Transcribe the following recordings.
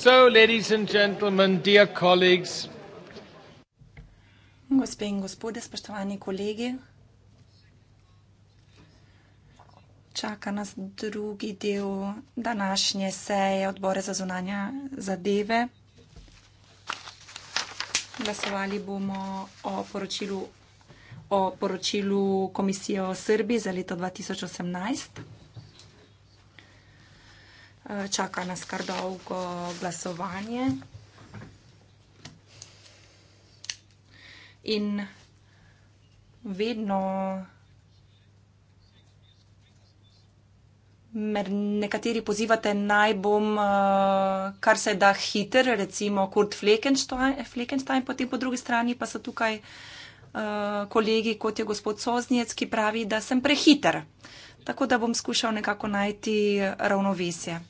So, ladies and gentlemen, dear colleagues. Gospe in gospode, spoštovani kolegi. Čaka nas drugi del današnje seje odbora za zunanje zadeve. Glasovali bomo o poročilu, o poročilu komisije o Srbiji za leto 2018. Eh, čaka nas kar dolgo glasovanje. In vedno, ker nekateri pozivate, naj bom uh, kar se da hiter, recimo Kurt Flekenstein, potem po drugi strani pa so tukaj uh, kolegi kot je gospod Soznjec, ki pravi, da sem prehiter. Tako da bom skušal nekako najti ravnovesje.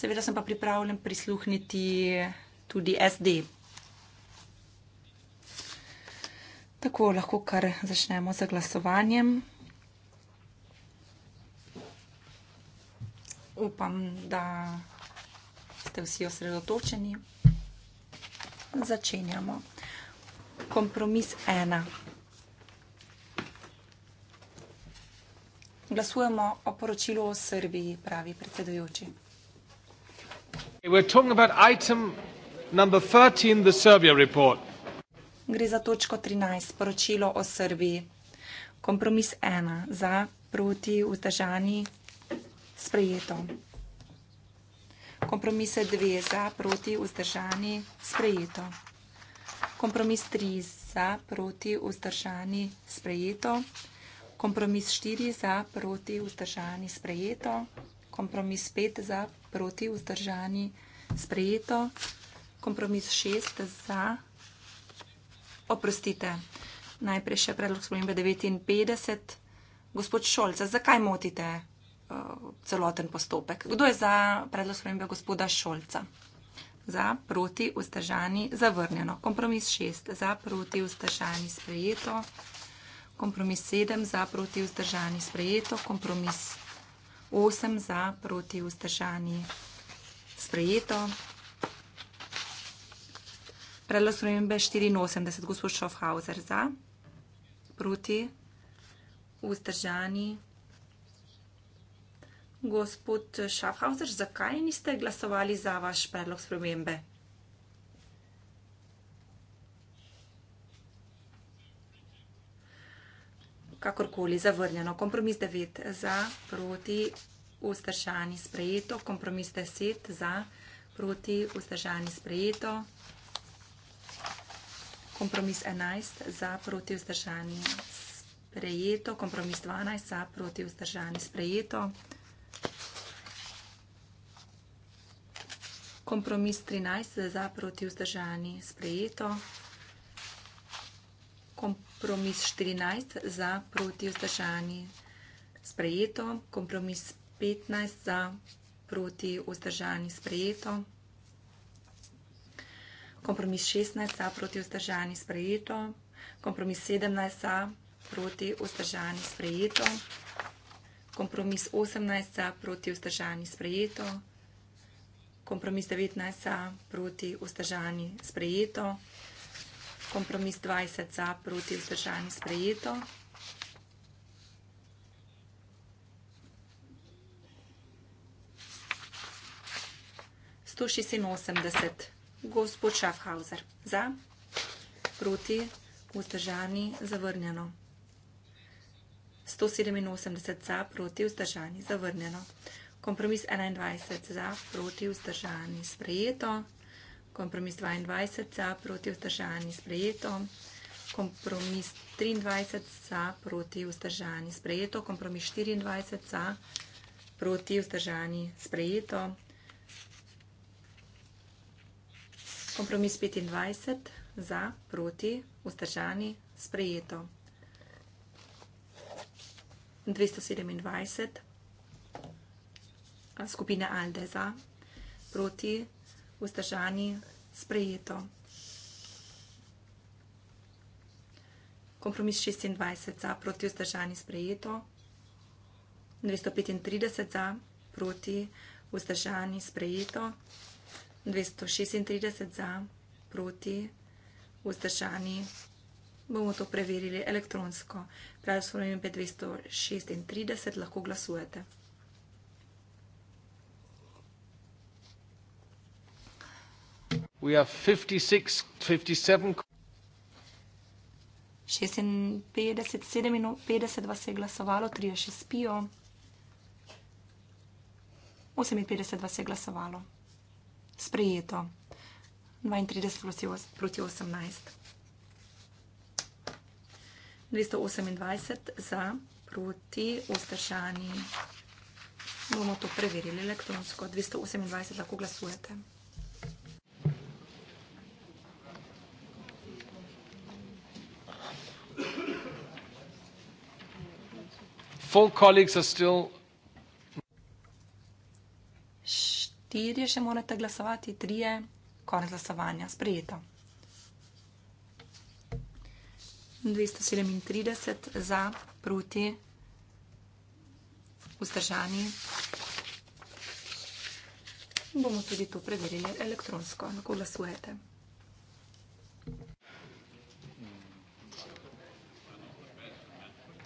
Seveda sem pa pripravljen prisluhniti tudi SD. Tako lahko kar začnemo z glasovanjem. Upam, da ste vsi osredotočeni. Začenjamo. Kompromis ena. Glasujemo o poročilu o Srbiji, pravi predsedujoči. Gre za točko 13, poročilo o Srbiji. Kompromis 1 za proti vzdržani sprejeto. Kompromise 2 za proti vzdržani sprejeto. Kompromis 3 za proti vzdržani sprejeto. Kompromis 4 za proti vzdržani sprejeto kompromis 5 za, proti, vzdržani, sprejeto, kompromis 6 za, oprostite. Najprej še predlog spremembe 59. Gospod Šolca, zakaj motite uh, celoten postopek? Kdo je za predlog spremembe gospoda Šolca? Za, proti, vzdržani, zavrnjeno. Kompromis 6 za, proti, vzdržani, sprejeto. Kompromis 7 za, proti, vzdržani, sprejeto. Kompromis 8 za, proti vzdržani. Sprejeto. Predlog spremembe 84, gospod Schaffhauser za, proti vzdržani. Gospod Schaffhauser, zakaj niste glasovali za vaš predlog spremembe? kakorkoli zavrnjeno. Kompromis 9 za, proti vzdržani sprejeto, kompromis 10 za, proti vzdržani sprejeto, kompromis 11 za, proti vzdržani sprejeto, kompromis 12 za, proti vzdržani sprejeto, kompromis 13 za, proti vzdržani sprejeto, kompromis 13 za, proti vzdržani sprejeto, kompromis 14 za proti vzdržani sprejeto, kompromis 15 za proti vzdržani sprejeto, kompromis 16 za proti vzdržani sprejeto, kompromis 17 za proti vzdržani sprejeto, kompromis 18 za proti vzdržani sprejeto, kompromis 19 za proti vzdržani sprejeto, kompromis 19 za proti vzdržani sprejeto, Kompromis 20 za, proti vzdržani, sprejeto. 186, gospod Schaffhauser, za, proti, vzdržani, zavrnjeno. 187 za, proti, vzdržani, zavrnjeno. Kompromis 21 za, proti, vzdržani, sprejeto. Kompromis 22 za proti vzdržani sprejeto. Kompromis 23 za proti vzdržani sprejeto. Kompromis 24 za proti vzdržani sprejeto. Kompromis 25 za proti vzdržani sprejeto. 227 skupina ALDE za proti vzdržani sprejeto vzdržani, sprejeto. Kompromis 26 za, proti vzdržani, sprejeto. 235 za, proti vzdržani, sprejeto. 236 za, proti vzdržani, bomo to preverili elektronsko. Pravzaprav imam 536, lahko glasujete. We have 56, 57. 56, 57 vas je glasovalo, 3 je še spijo. 58 vas je glasovalo. Sprejeto. 32 proti 18. 228 za proti ostršani. Bomo to preverili elektronsko. 228 lahko glasujete. Four colleagues are still. Štirje še morate glasovati, trije, konec glasovanja, sprejeto. 237 za, proti, vzdržani. Bomo tudi to preverili elektronsko, kako glasujete.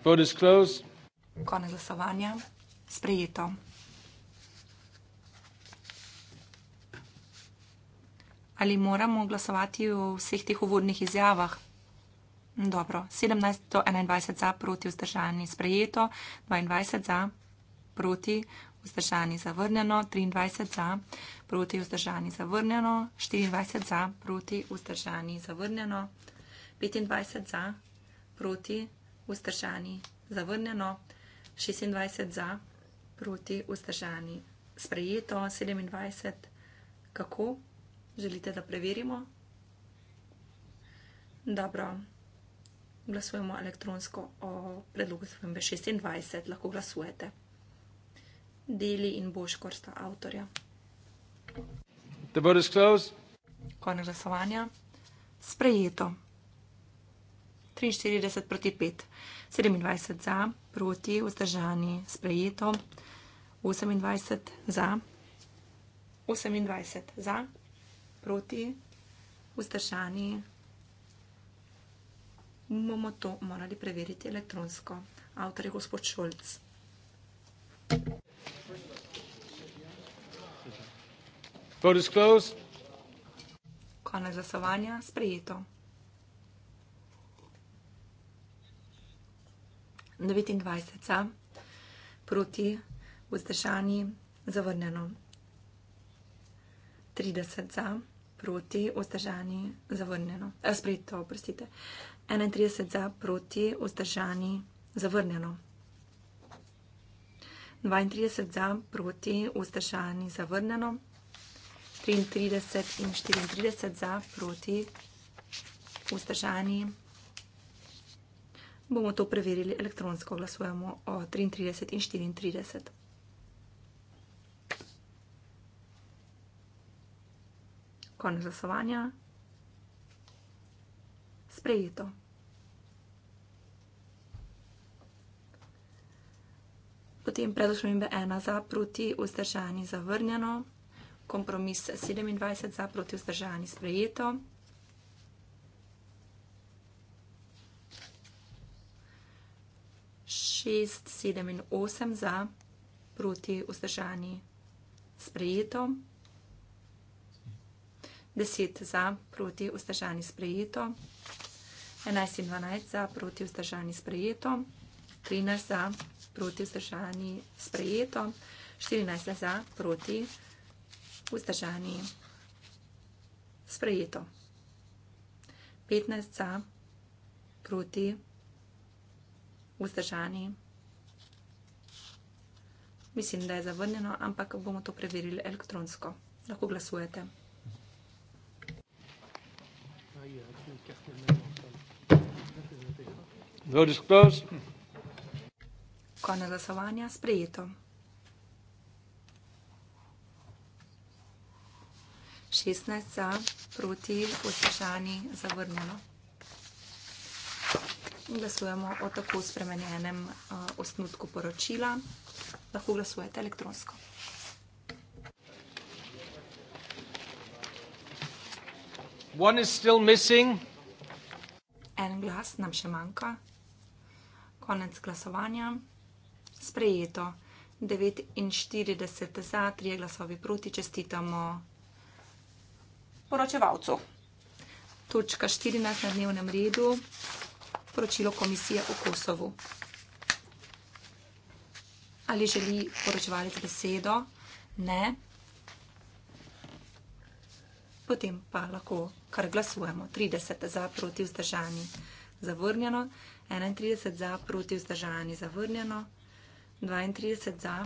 Vote je zaključen. Konec glasovanja. Sprejeto. Ali moramo glasovati o vseh teh uvodnih izjavah? Dobro, 17 do 21 za proti vzdržani sprejeto, 22 za proti vzdržani zavrnjeno, 23 za proti vzdržani zavrnjeno, 24 za proti vzdržani zavrnjeno, 25 za proti vzdržani zavrnjeno. 26 za, proti vzdržani. Sprejeto 27, kako želite, da preverimo? Dobro, glasujemo elektronsko o predlogu spremembe 26, lahko glasujete. Deli in boš korista avtorja. Konec glasovanja. Sprejeto. 43 proti 5, 27 za, proti, vzdržani, sprejeto, 28 za, 28 za, proti, vzdržani. Bomo to morali preveriti elektronsko. Avtor je gospod Šolc. Vote is closed. Konec glasovanja sprejeto. 29. proti vzdržani zavrnjeno. 30. proti vzdržani zavrnjeno. Eh, sprejeto, oprostite. 31. proti vzdržani zavrnjeno. 32 za, proti, vzdržani, zavrnjeno. 33 in 34 za, proti, vzdržani, zavrnjeno bomo to preverili elektronsko, glasujemo o 33 in 34. Konec glasovanja. Sprejeto. Potem predošljenje 1 za, proti, vzdržani, zavrnjeno. Kompromis 27 za, proti, vzdržani, sprejeto. 6, 7 in 8 za, proti vzdržani sprejeto. 10 za, proti vzdržani sprejeto. 11 in 12 za, proti vzdržani sprejeto. 13 za, proti vzdržani sprejeto. 14 za, proti vzdržani sprejeto. 15 za, proti vzdržani sprejeto vzdržani. Mislim, da je zavrnjeno, ampak bomo to preverili elektronsko. Lahko glasujete. Konec glasovanja sprejeto. Šestnajst za, proti, vzdržani, zavrnjeno glasujemo o tako spremenjenem uh, osnutku poročila. Lahko glasujete elektronsko. En glas nam še manjka. Konec glasovanja. Sprejeto. 49 za, 3 glasovi proti. Čestitamo poročevalcu. Točka 14 na dnevnem redu poročilo komisije v Kosovu. Ali želi poročevalec besedo? Ne. Potem pa lahko kar glasujemo. 30 za proti vzdržani zavrnjeno, 31 za proti vzdržani zavrnjeno, 32 za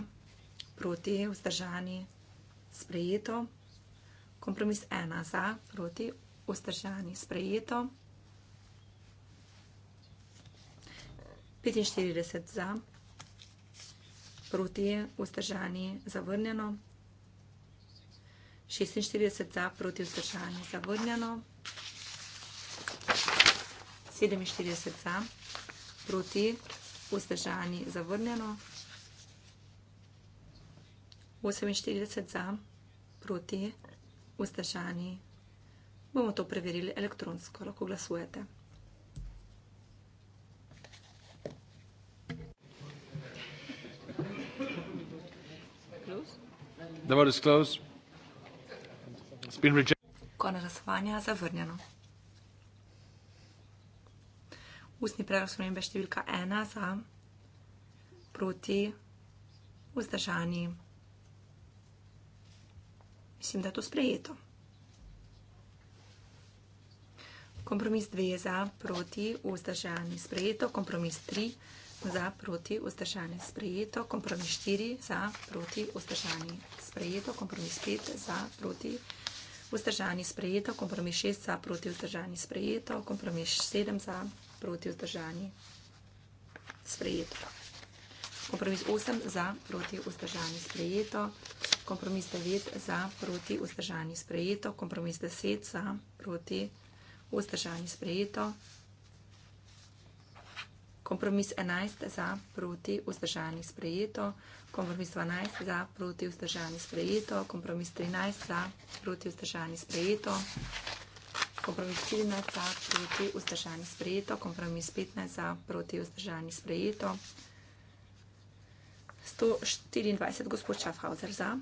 proti vzdržani sprejeto, kompromis 1 za proti vzdržani sprejeto. 45 za, proti, vzdržani, zavrnjeno. 46 za, proti, vzdržani, zavrnjeno. 47 za, proti, vzdržani, zavrnjeno. 48 za, proti, vzdržani. Bomo to preverili elektronsko, lahko glasujete. The vote is closed. It's been rejected. Konec glasovanja zavrnjeno. Ustni predlog spremembe številka ena za, proti, vzdržani. Mislim, da je to sprejeto. Kompromis dve je za, proti, vzdržani, sprejeto. Kompromis tri za, proti, vzdržani, sprejeto. Kompromis štiri za, proti, vzdržani, sprejeto sprejeto, kompromis 5 za proti vzdržani sprejeto, kompromis 6 za proti vzdržani sprejeto, kompromis 7 za proti vzdržani sprejeto. Kompromis 8 za proti vzdržani sprejeto, kompromis 9 za proti vzdržani sprejeto, kompromis 10 za proti vzdržani sprejeto. Kompromis 11 za proti vzdržani sprejeto. Kompromis 12 za proti vzdržani sprejeto. Kompromis 13 za proti vzdržani sprejeto. Kompromis 14 za proti vzdržani sprejeto. Kompromis 15 za proti vzdržani sprejeto. 124 gospod Schaffhauser za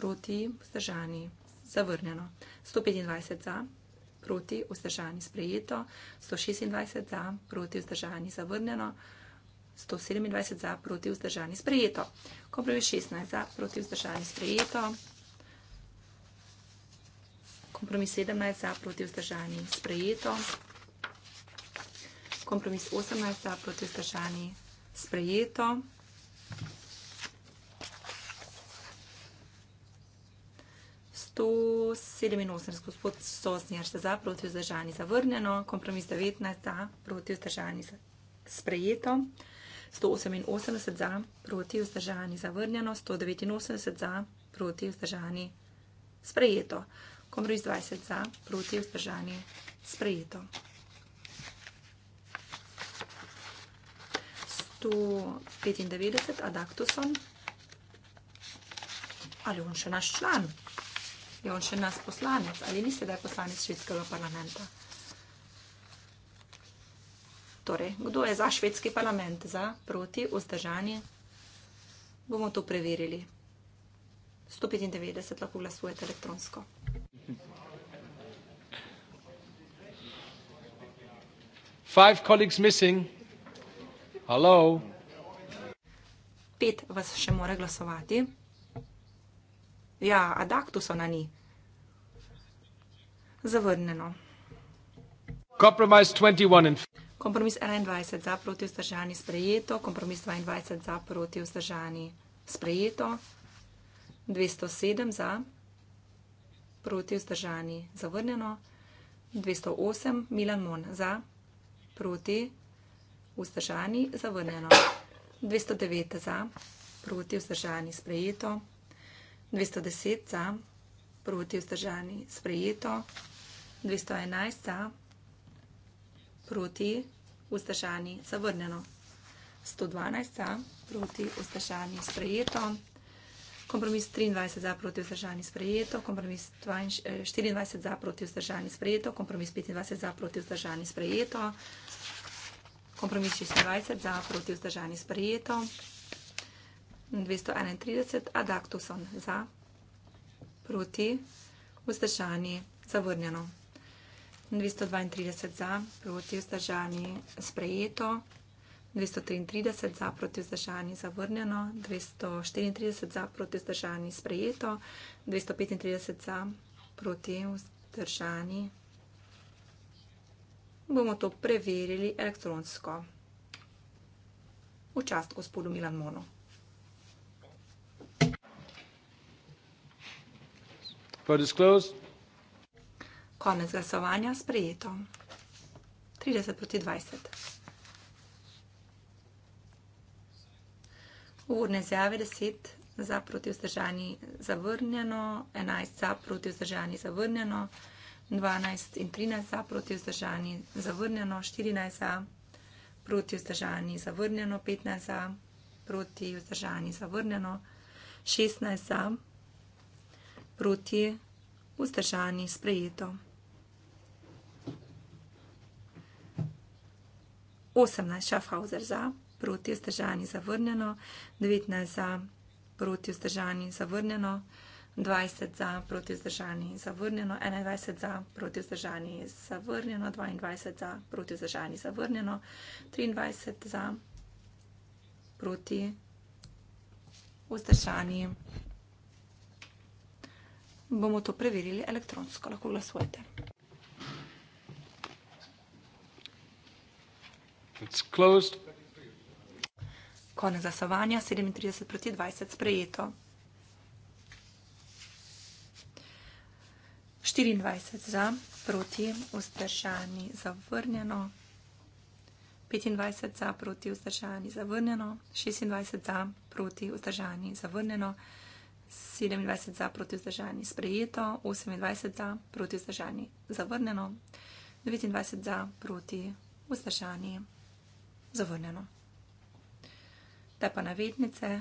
proti vzdržani zavrnjeno. 125 za proti vzdržani sprejeto proti vzdržani sprejeto, 126 za proti vzdržani zavrnjeno, 127 za proti vzdržani sprejeto. Ko pravi 16 za proti vzdržani sprejeto, kompromis 17 za proti vzdržani sprejeto, kompromis 18 za proti vzdržani sprejeto. 187, gospod 180 za, proti vzdržani zavrnjeno, kompromis 19 za, proti vzdržani sprejeto, 188 za, proti vzdržani zavrnjeno, 189 za, proti vzdržani sprejeto, kompromis 20 za, proti vzdržani sprejeto. 195 adaktuson. Ali on še naš član? je on še nas poslanec, ali ni sedaj poslanec švedskega parlamenta? Torej, kdo je za švedski parlament, za proti vzdržanje? Bomo to preverili. 195 lahko glasujete elektronsko. Five colleagues missing. Hello. Pet vas še mora glasovati. Ja, adaktusa na ni. Zavrnjeno. Kompromis 21 za proti vzdržani sprejeto, kompromis 22 za proti vzdržani sprejeto, 207 za proti vzdržani zavrnjeno, 208 Milan Mon za proti vzdržani zavrnjeno, 209 za proti vzdržani sprejeto. 210 za, proti vzdržani sprejeto, 211 za, proti vzdržani zavrnjeno, 112 za, proti vzdržani sprejeto, kompromis 23 za, proti vzdržani sprejeto, kompromis 24 eh, za, proti vzdržani sprejeto, kompromis 25 za, proti vzdržani sprejeto, kompromis 26 za, proti vzdržani sprejeto, kompromis 26 za, proti vzdržani sprejeto, 231, adaktuson za, proti, vzdržani, zavrnjeno. 232 za, proti, vzdržani, sprejeto. 233 za, proti, vzdržani, zavrnjeno. 234 za, proti, vzdržani, sprejeto. 235 za, proti, vzdržani. Bomo to preverili elektronsko. V čast gospodu Milan Mono. Konec glasovanja sprejeto. 30 proti 20. Uvodne izjave 10 za proti vzdržani zavrnjeno, 11 za proti vzdržani zavrnjeno, 12 in 13 za proti vzdržani zavrnjeno, 14 za proti vzdržani zavrnjeno, 15 za proti vzdržani zavrnjeno, 16 za proti vzdržani zavrnjeno proti vzdržani sprejeto. 18 Schaffhauser za, proti vzdržani zavrnjeno, 19 za, proti vzdržani zavrnjeno, 20 za, proti vzdržani zavrnjeno, 21 za, proti vzdržani zavrnjeno, 22 za, proti vzdržani zavrnjeno, 23 za, proti vzdržani zavrnjeno bomo to preverili elektronsko. Lahko glasujete. Konec glasovanja, 37 proti 20, sprejeto. 24 za, proti vzdržani, zavrnjeno. 25 za, proti vzdržani, zavrnjeno. 26 za, proti vzdržani, zavrnjeno. 27 za proti vzdržani sprejeto, 28 za proti vzdržani zavrnjeno, 29 za proti vzdržani zavrnjeno. Te pa navednice,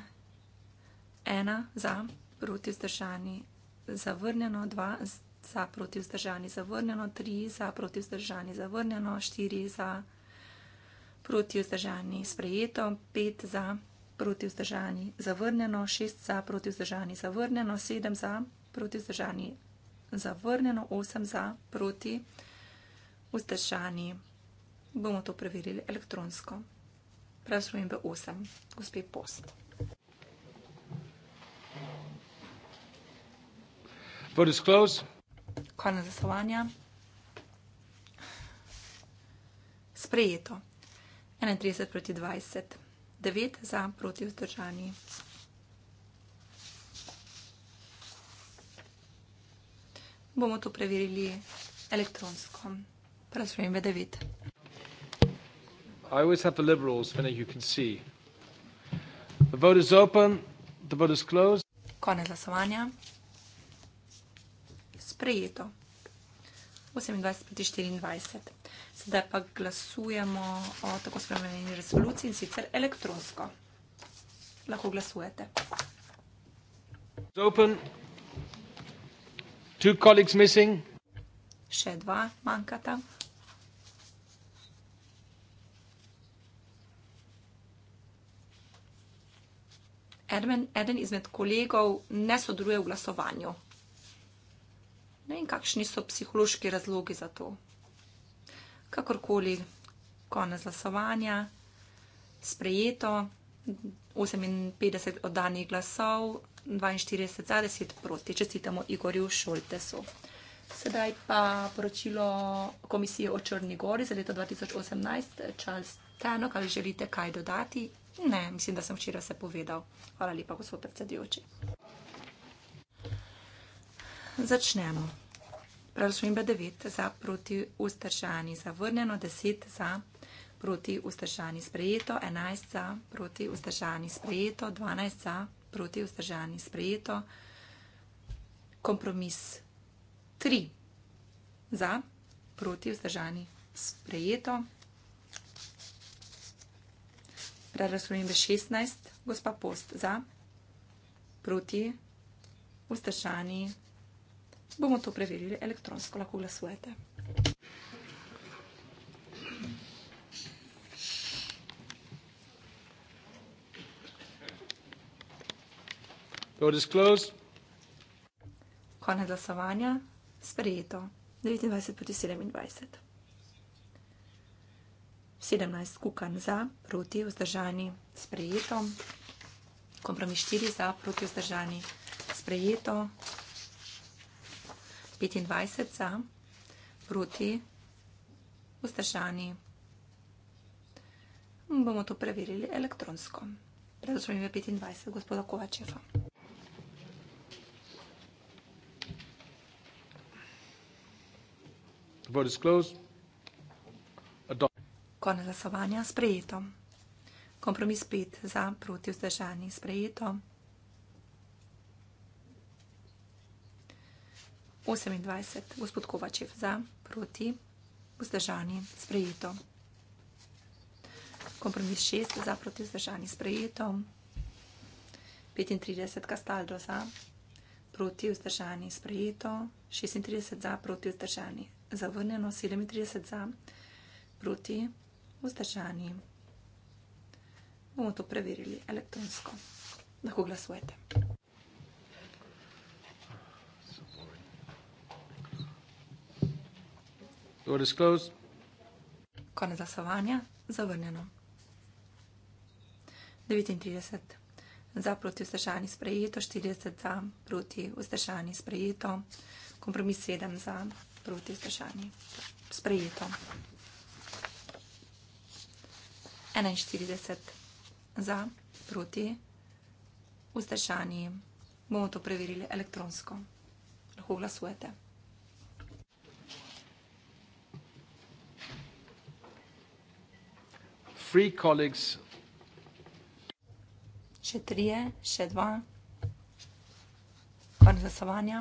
1 za proti vzdržani zavrnjeno, 2 za proti vzdržani zavrnjeno, 3 za proti vzdržani zavrnjeno, 4 za proti vzdržani sprejeto, 5 za proti vzdržani zavrnjeno proti vzdržani, zavrnjeno, 6 za proti vzdržani, zavrnjeno, 7 za proti vzdržani, zavrnjeno, 8 za proti vzdržani. Bomo to preverili elektronsko. Prosim, B8, gospe Post. Vote is closed. Konec zasovanja. Sprejeto. 31 proti 20. 9 za proti vzdržani. Bomo to preverili elektronsko. Prosim, v 9. I always have the liberals, when you can see. The vote is open, the vote is closed. Konec glasovanja. Sprejeto. 28 proti 24. Zdaj pa glasujemo o tako spremenjeni resoluciji in sicer elektronsko. Lahko glasujete. Še dva manjkata. Eden, eden izmed kolegov ne sodeluje v glasovanju. Ne vem, kakšni so psihološki razlogi za to kakorkoli, konec glasovanja, sprejeto, 58 oddanih glasov, 42 za 10 proti, če citamo Igorju Šoltesu. Sedaj pa poročilo Komisije o Črni Gori za leto 2018, Charles Tenok, ali želite kaj dodati? Ne, mislim, da sem včeraj se povedal. Hvala lepa, gospod predsedujoči. Začnemo. Vprašanje 9 za proti ustrašani zavrnjeno, 10 za proti ustrašani sprejeto, 11 za proti ustrašani sprejeto, 12 za proti ustrašani sprejeto, kompromis 3 za proti ustrašani sprejeto. Vprašanje 16, gospa Post, za proti ustrašani sprejeto bomo to preverili elektronsko, lahko glasujete. Konec glasovanja, sprejeto 29 proti 27. 17 kukan za, proti vzdržani, sprejeto. Kompromis 4 za, proti vzdržani, sprejeto. 25 za, proti, vzdržani. Bomo to preverili elektronsko. Predvsem ime 25, gospoda Kovačeva. Konec glasovanja, sprejeto. Kompromis 5 za, proti, vzdržani, sprejeto. 28, gospod Kovačev za, proti, vzdržani, sprejeto. Kompromis 6, za, proti, vzdržani, sprejeto. 35, Kastaldo za, proti, vzdržani, sprejeto. 36, za, proti, vzdržani, zavrnjeno. 37, za, proti, vzdržani. Bomo to preverili elektronsko. Lahko glasujete. Door is closed. Konec glasovanja. Zavrnjeno. 39. Za proti vzdržani sprejeto, 40 za proti vzdržani sprejeto, kompromis 7 za proti vzdržani sprejeto. 41 za proti vzdržani. Bomo to preverili elektronsko. Lahko glasujete. three colleagues. Še trije, še dva. Konec glasovanja.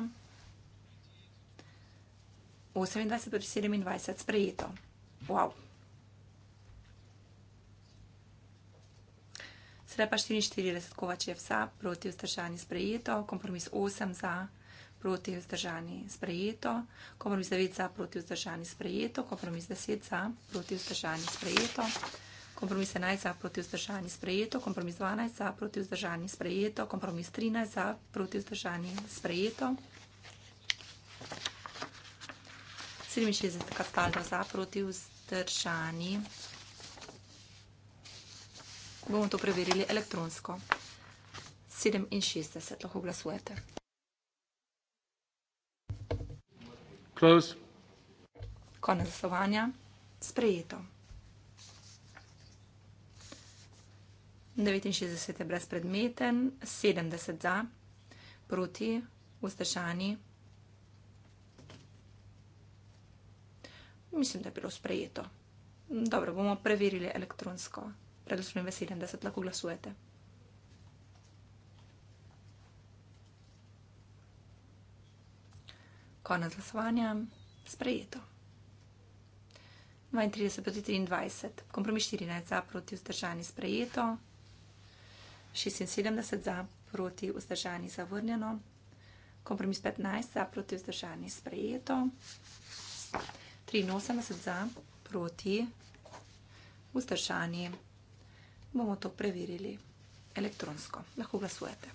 28 proti 27, sprejeto. Wow. Sedaj pa 44, Kovačev za, proti vzdržani sprejeto, kompromis 8 za, proti vzdržani sprejeto, kompromis 9 za, proti vzdržani sprejeto, kompromis 10 za, proti vzdržani sprejeto kompromis 11 za proti vzdržanju sprejeto, kompromis 12 za proti vzdržanju sprejeto, kompromis 13 za proti vzdržanju sprejeto. 67 kastalno za proti vzdržanji. Bomo to preverili elektronsko. 67 lahko glasujete. Close. Konec zasovanja. Sprejeto. 69 je brezpredmeten, 70 za, proti, vzdržani. Mislim, da je bilo sprejeto. Dobro, bomo preverili elektronsko. Predvsem veselim, da se lahko glasujete. Konec glasovanja, sprejeto. 32 proti 23, kompromis 14 za proti vzdržani sprejeto. 76 za, proti vzdržani zavrnjeno, kompromis 15 za, proti vzdržani sprejeto, 83 za, proti vzdržani. Bomo to preverili elektronsko. Lahko glasujete.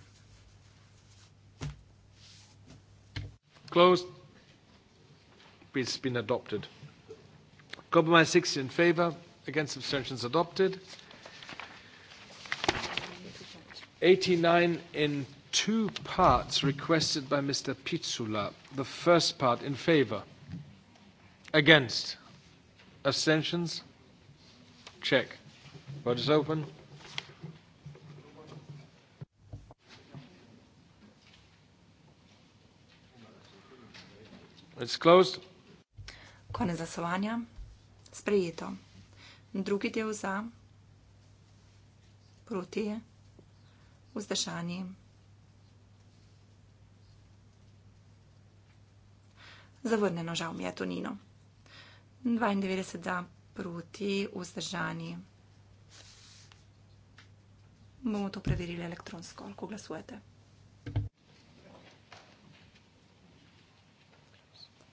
Closed. It's been adopted. Compromise 60 in favor. Against abstentions adopted. 89 in two parts requested by Mr. Pizzula. The first part in favor. Against. Abstentions? Check. Vote is open. It's closed. Konec zasovanja. Sprejeto. Drugi del za. Proti je vzdržani. Zavrneno žal mi je to Nino. 92 za proti vzdržani. Bomo to preverili elektronsko, ko glasujete.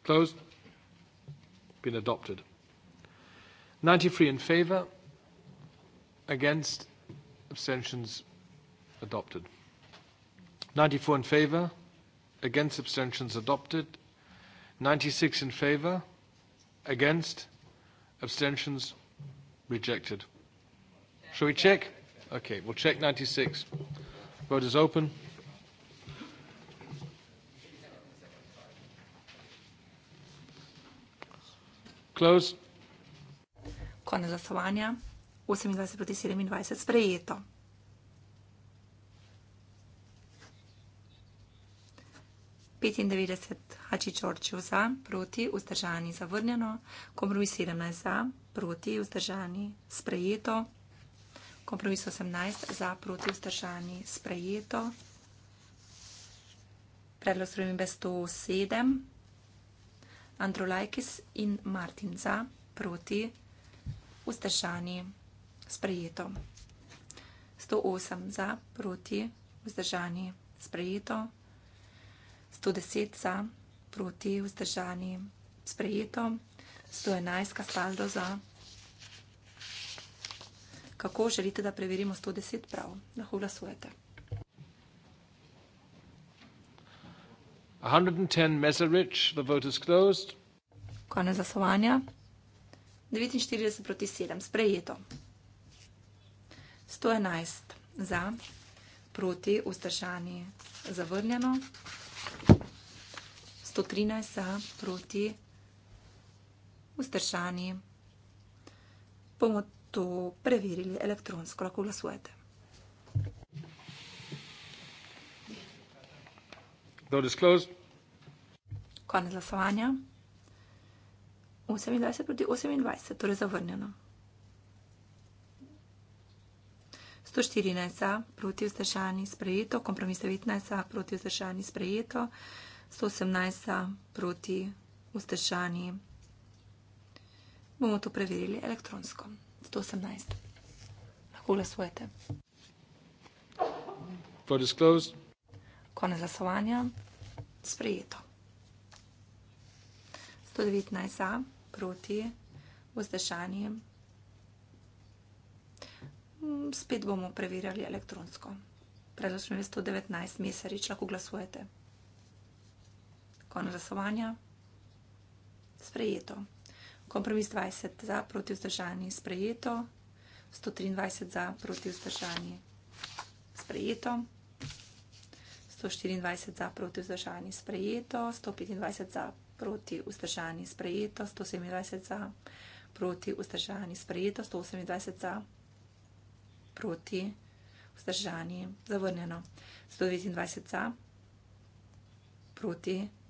Closed. Been adopted. 93 in favor. Against. Abstentions adopted. 94 in favor, against abstentions adopted. 96 in favor, against abstentions rejected. Shall we check? Okay, we'll check 96. Vote is open. Close. Konec glasovanja. 28 proti 27 sprejeto. 95 Hači Čorčev za, proti vzdržani zavrnjeno, kompromis 17 za, proti vzdržani sprejeto, kompromis 18 za, proti vzdržani sprejeto, predlog spremembe 107, Androlajkis in Martin za, proti vzdržani sprejeto. 108 za, proti vzdržani sprejeto. 110 za, proti, vzdržani, sprejeto, 111 kaspaldo za. Kako želite, da preverimo 110 prav? Lahko glasujete. 110 Meserich, the vote is closed. Konec glasovanja. 49 proti 7, sprejeto. 111 za, proti, vzdržani, zavrnjeno. 113 za proti vzdržani. Bomo to preverili elektronsko, lahko glasujete. Konec glasovanja. 28 proti 28, torej zavrnjeno. 114 za proti vzdržani sprejeto, kompromis 19 za proti vzdržani sprejeto. 118 proti ustešani. Bomo to preverili elektronsko. 118. Lahko glasujete. Konec glasovanja. Sprejeto. 119 za proti ustešani. Spet bomo preverjali elektronsko. Predvsem je 119 mesarič, lahko glasujete. Konec glasovanja. Sprejeto. Kompromis 20 za proti vzdržanju. Sprejeto. 123 za proti vzdržanju. Sprejeto. 124 za proti vzdržanju. Sprejeto. 125 za proti vzdržanju. Sprejeto. 127 za proti vzdržanju. Sprejeto. 128 za proti vzdržanju. Zavrnjeno. 129 za proti vzdržanju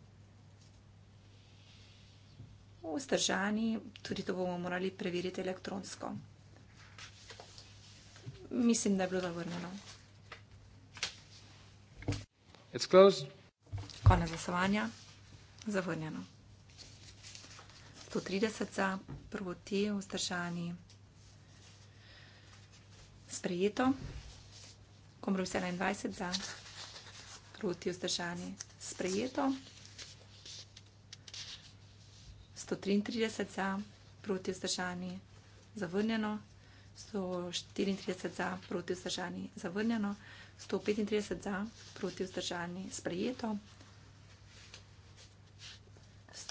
vzdržani, tudi to bomo morali preveriti elektronsko. Mislim, da je bilo zavrnjeno. Konec glasovanja. Zavrnjeno. 130 za, proti, vzdržani. Sprejeto. Kompromis 21 za, proti, vzdržani. Sprejeto. 133 za, proti vzdržani, zavrnjeno, 134 za, proti vzdržani, zavrnjeno, 135 za, proti vzdržani, sprejeto,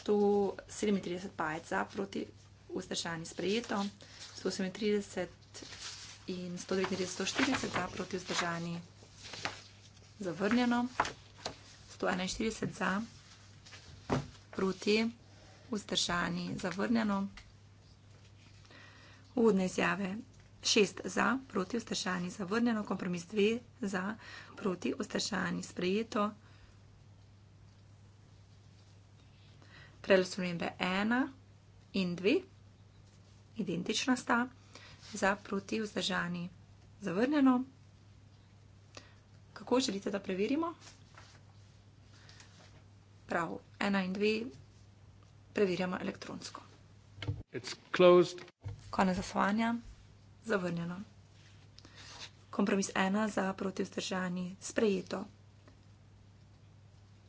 137 pa je za, proti vzdržani, sprejeto, 138 in 139, 140 za, proti vzdržani, zavrnjeno, 141 za, proti vzdržani, vzdržani, zavrnjeno. Uvodne izjave 6 za, proti vzdržani, zavrnjeno, kompromis 2 za, proti vzdržani, sprejeto. Predlog spremembe 1 in 2, identična sta, za, proti vzdržani, zavrnjeno. Kako želite, da preverimo? Prav, 1 in 2 preverjamo elektronsko. Konec zasvanja, zavrnjeno. Kompromis ena za proti vzdržani sprejeto.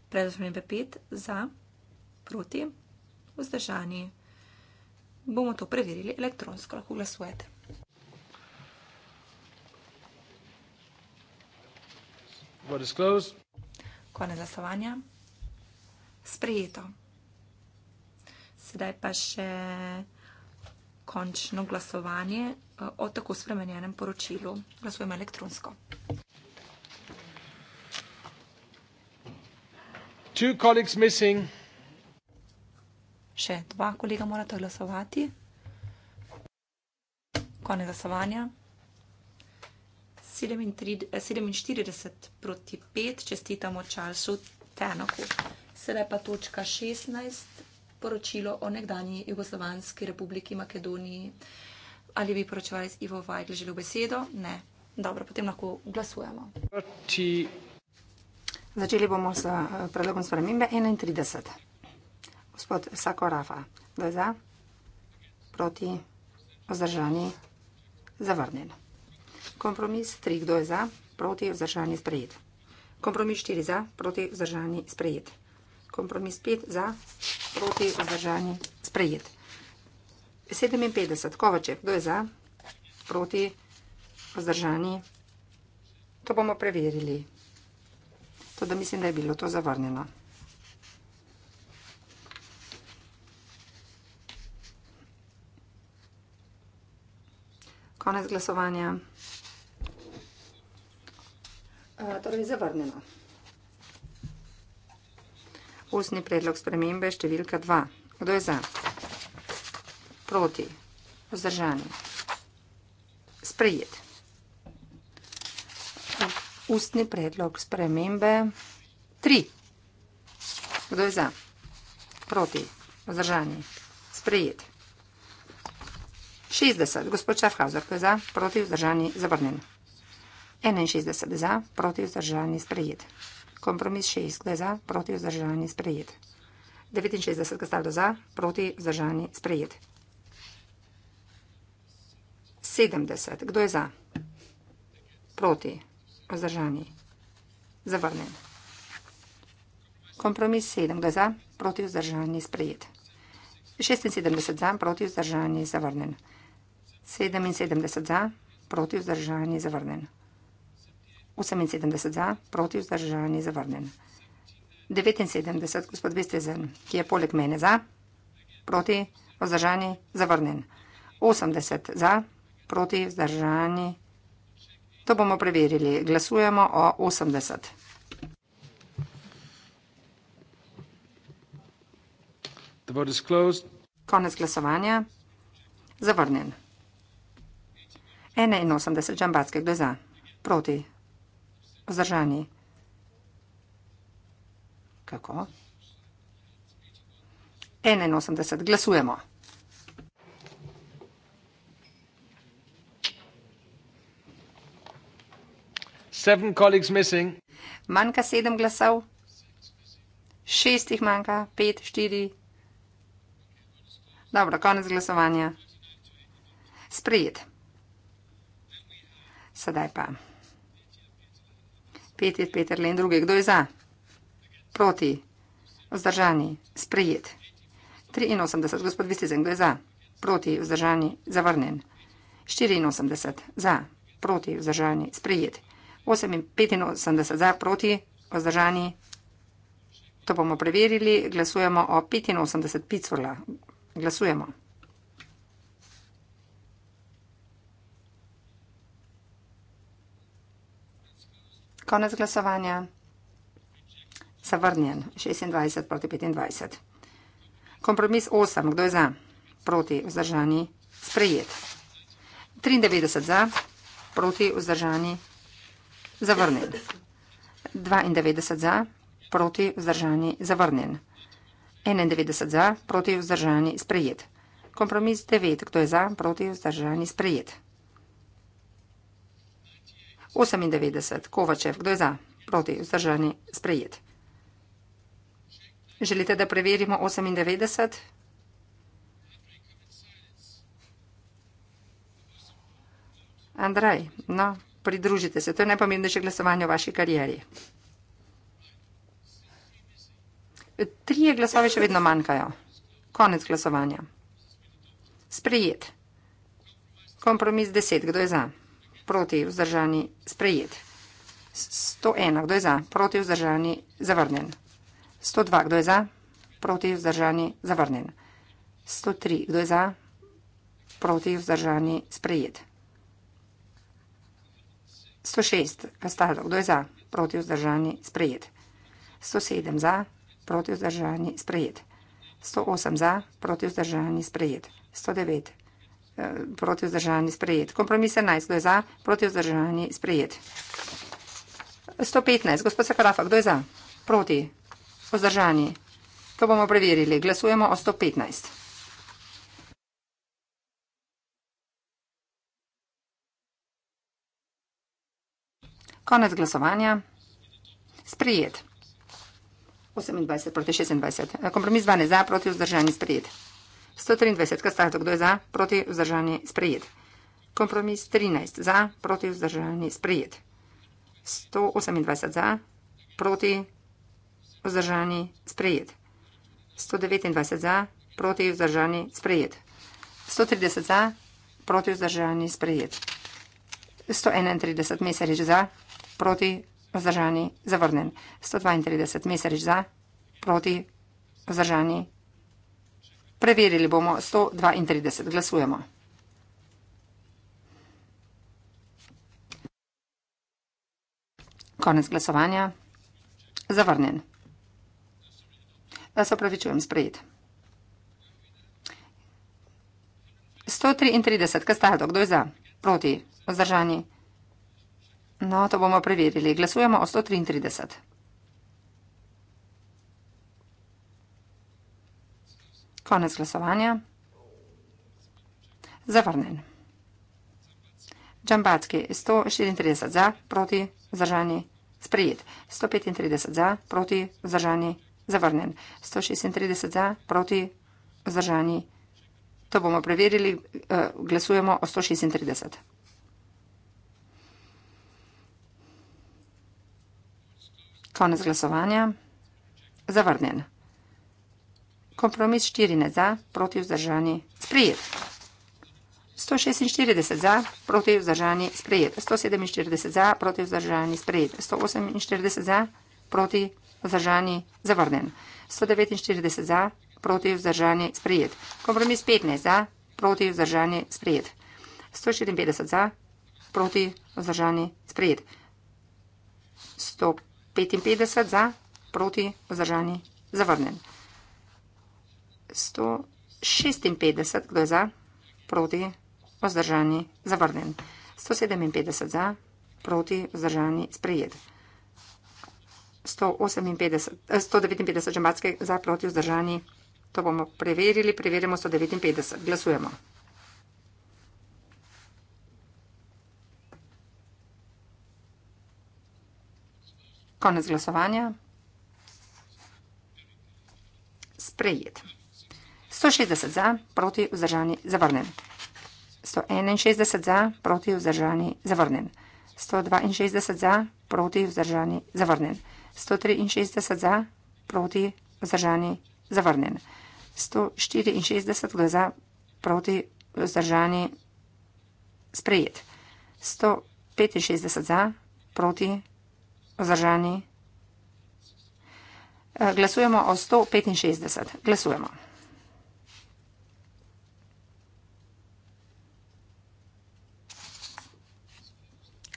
Predozmenjbe pet za proti vzdržani. Bomo to preverili elektronsko, lahko glasujete. Konec zasvanja, sprejeto sedaj pa še končno glasovanje eh, o tako spremenjenem poročilu. Glasujemo elektronsko. Two colleagues missing. Še dva kolega morata glasovati. Konec glasovanja. 47 eh, proti 5, čestitamo Charlesu Tenoku. Sedaj pa točka 16 poročilo o nekdanji Jugoslovanski republiki Makedoniji. Ali bi poročevalec Ivo Vajgl želel besedo? Ne. Dobro, potem lahko glasujemo. Proti. Začeli bomo s eh, predlogom spremembe 31. Gospod Sako Rafa, da je za, proti, vzdržani, zavrnjen. Kompromis 3, kdo je za, proti, vzdržani, sprejet. Kompromis 4 za, proti, vzdržani, sprejet kompromis 5 za proti vzdržanje sprejet. 57, Kovačev, kdo je za proti vzdržanje? To bomo preverili. To da mislim, da je bilo to zavrnjeno. Konec glasovanja. E, torej, zavrnjeno ustni predlog spremembe številka 2. Kdo je za? Proti? Vzdržani? Sprejet. Ustni predlog spremembe 3. Kdo je za? Proti? Vzdržani? Sprejet. 60. Gospod Šafhauser, kdo je za? Proti? Vzdržani? Zabrnen. 61. Za? Proti? Vzdržani? Sprejet. 62 kompromis 6 glasov za, proti vzdržanje sprejet. 69 glasov za, proti vzdržanje sprejet. 70. Kdo je za? Proti. Vzdržani. Zavrnen. Kompromis 7. Kdo je za? Proti. Vzdržani. Sprejet. 76. Za. Proti. Vzdržani. Zavrnen. 77. Za. Proti. Vzdržani. Zavrnen. 78 za, proti vzdržanje zavrnjen. 79, gospod Vestezen, ki je poleg mene za, proti vzdržanje zavrnjen. 80 za, proti vzdržanje. To bomo preverili. Glasujemo o 80. Konec glasovanja. Zavrnjen. 81 Džambatske gleza. Proti Vzdržani. Kako? 81. Glasujemo. Seven colleagues missing. Manjka sedem glasov. Šest jih manjka. Pet, štiri. Dobro, konec glasovanja. Sprejet. Sedaj pa. 5 je Peter Len, drugi. Kdo je za? Proti. Vzdržani. Sprejet. 83. Gospod Vistizen, kdo je za? Proti. Vzdržani. Zavrnen. 84. Za. Proti. Vzdržani. Sprejet. 85. Za. Proti. Vzdržani. To bomo preverili. Glasujemo o 85 picula. Glasujemo. Konec glasovanja. Zavrnjen. 26 proti 25. Kompromis 8. Kdo je za? Proti vzdržani. Sprejet. 93 za. Proti vzdržani. Zavrnjen. 92 za. Proti vzdržani. Zavrnjen. 91 za. Proti vzdržani. Sprejet. Kompromis 9. Kdo je za? Proti vzdržani. Sprejet. 98. Kovačev, kdo je za? Proti, vzdržani, sprejet. Želite, da preverimo 98? Andrej, no, pridružite se, to je najpomembnejše glasovanje v vaši karieri. Trije glasovi še vedno manjkajo. Konec glasovanja. Sprejet. Kompromis 10. Kdo je za? proti vzdržani sprejet. 101, kdo je za, proti vzdržani zavrnen. 102, kdo je za, proti vzdržani zavrnen. 103, kdo je za, proti vzdržani sprejet. 106, ostalo, kdo je za, proti vzdržani sprejet. 107 za, proti vzdržani sprejet. 108 za, proti vzdržani sprejet. 109 za proti vzdržani sprejet. Kompromis 11, kdo je za, proti vzdržani sprejet. 115, gospod Sakarafa, kdo je za, proti, vzdržani. To bomo preverili. Glasujemo o 115. Konec glasovanja. Sprijet. 28 proti 26. Kompromis 12 za proti vzdržani sprijet. 123, kaj stavite, kdo je za, proti, vzdržani, sprejet. Kompromis 13, za, proti, vzdržani, sprejet. 128 za, proti, vzdržani, sprejet. 129 za, proti, vzdržani, sprejet. 130 za, proti, vzdržani, sprejet. 131 mesarič za, proti, vzdržani, zavrnen. 132 mesarič za, proti, vzdržani, sprejet. Preverili bomo 132. Glasujemo. Konec glasovanja. Zavrnen. Se opravičujem, sprejet. 133. Kastado, kdo je za? Proti? Vzdržani? No, to bomo preverili. Glasujemo o 133. Konec glasovanja. Zavrnen. Džambacki 134 za, proti vzdržani sprejet. 135 za, proti vzdržani zavrnen. 136 za, proti vzdržani. To bomo preverili, eh, glasujemo o 136. Konec glasovanja. Zavrnjen. Kompromis 4 ne za, proti vzdržani sprejet. 146 za, proti vzdržani sprejet. 147 za, proti vzdržani sprejet. 148 za, proti vzdržani zavrnen. 149 za, proti vzdržani sprejet. Kompromis 15 za, proti vzdržani sprejet. 154 za, proti vzdržani sprejet. 155 za, proti vzdržani zavrnen. 156 kdo je za, proti, vzdržani, zavrnen. 157 za, proti, vzdržani, sprejet. 159 eh, žambatske za, proti, vzdržani, to bomo preverili, preverimo 159, glasujemo. Konec glasovanja. Sprejet. 160 za, proti vzdržani, zavrnen. 161 za, proti vzdržani, zavrnen. 162 za, proti vzdržani, zavrnen. 163 za, proti vzdržani, zavrnen. 164 za, proti vzdržani, sprejet. 165 za, proti vzdržani, glasujemo o 165. Glasujemo.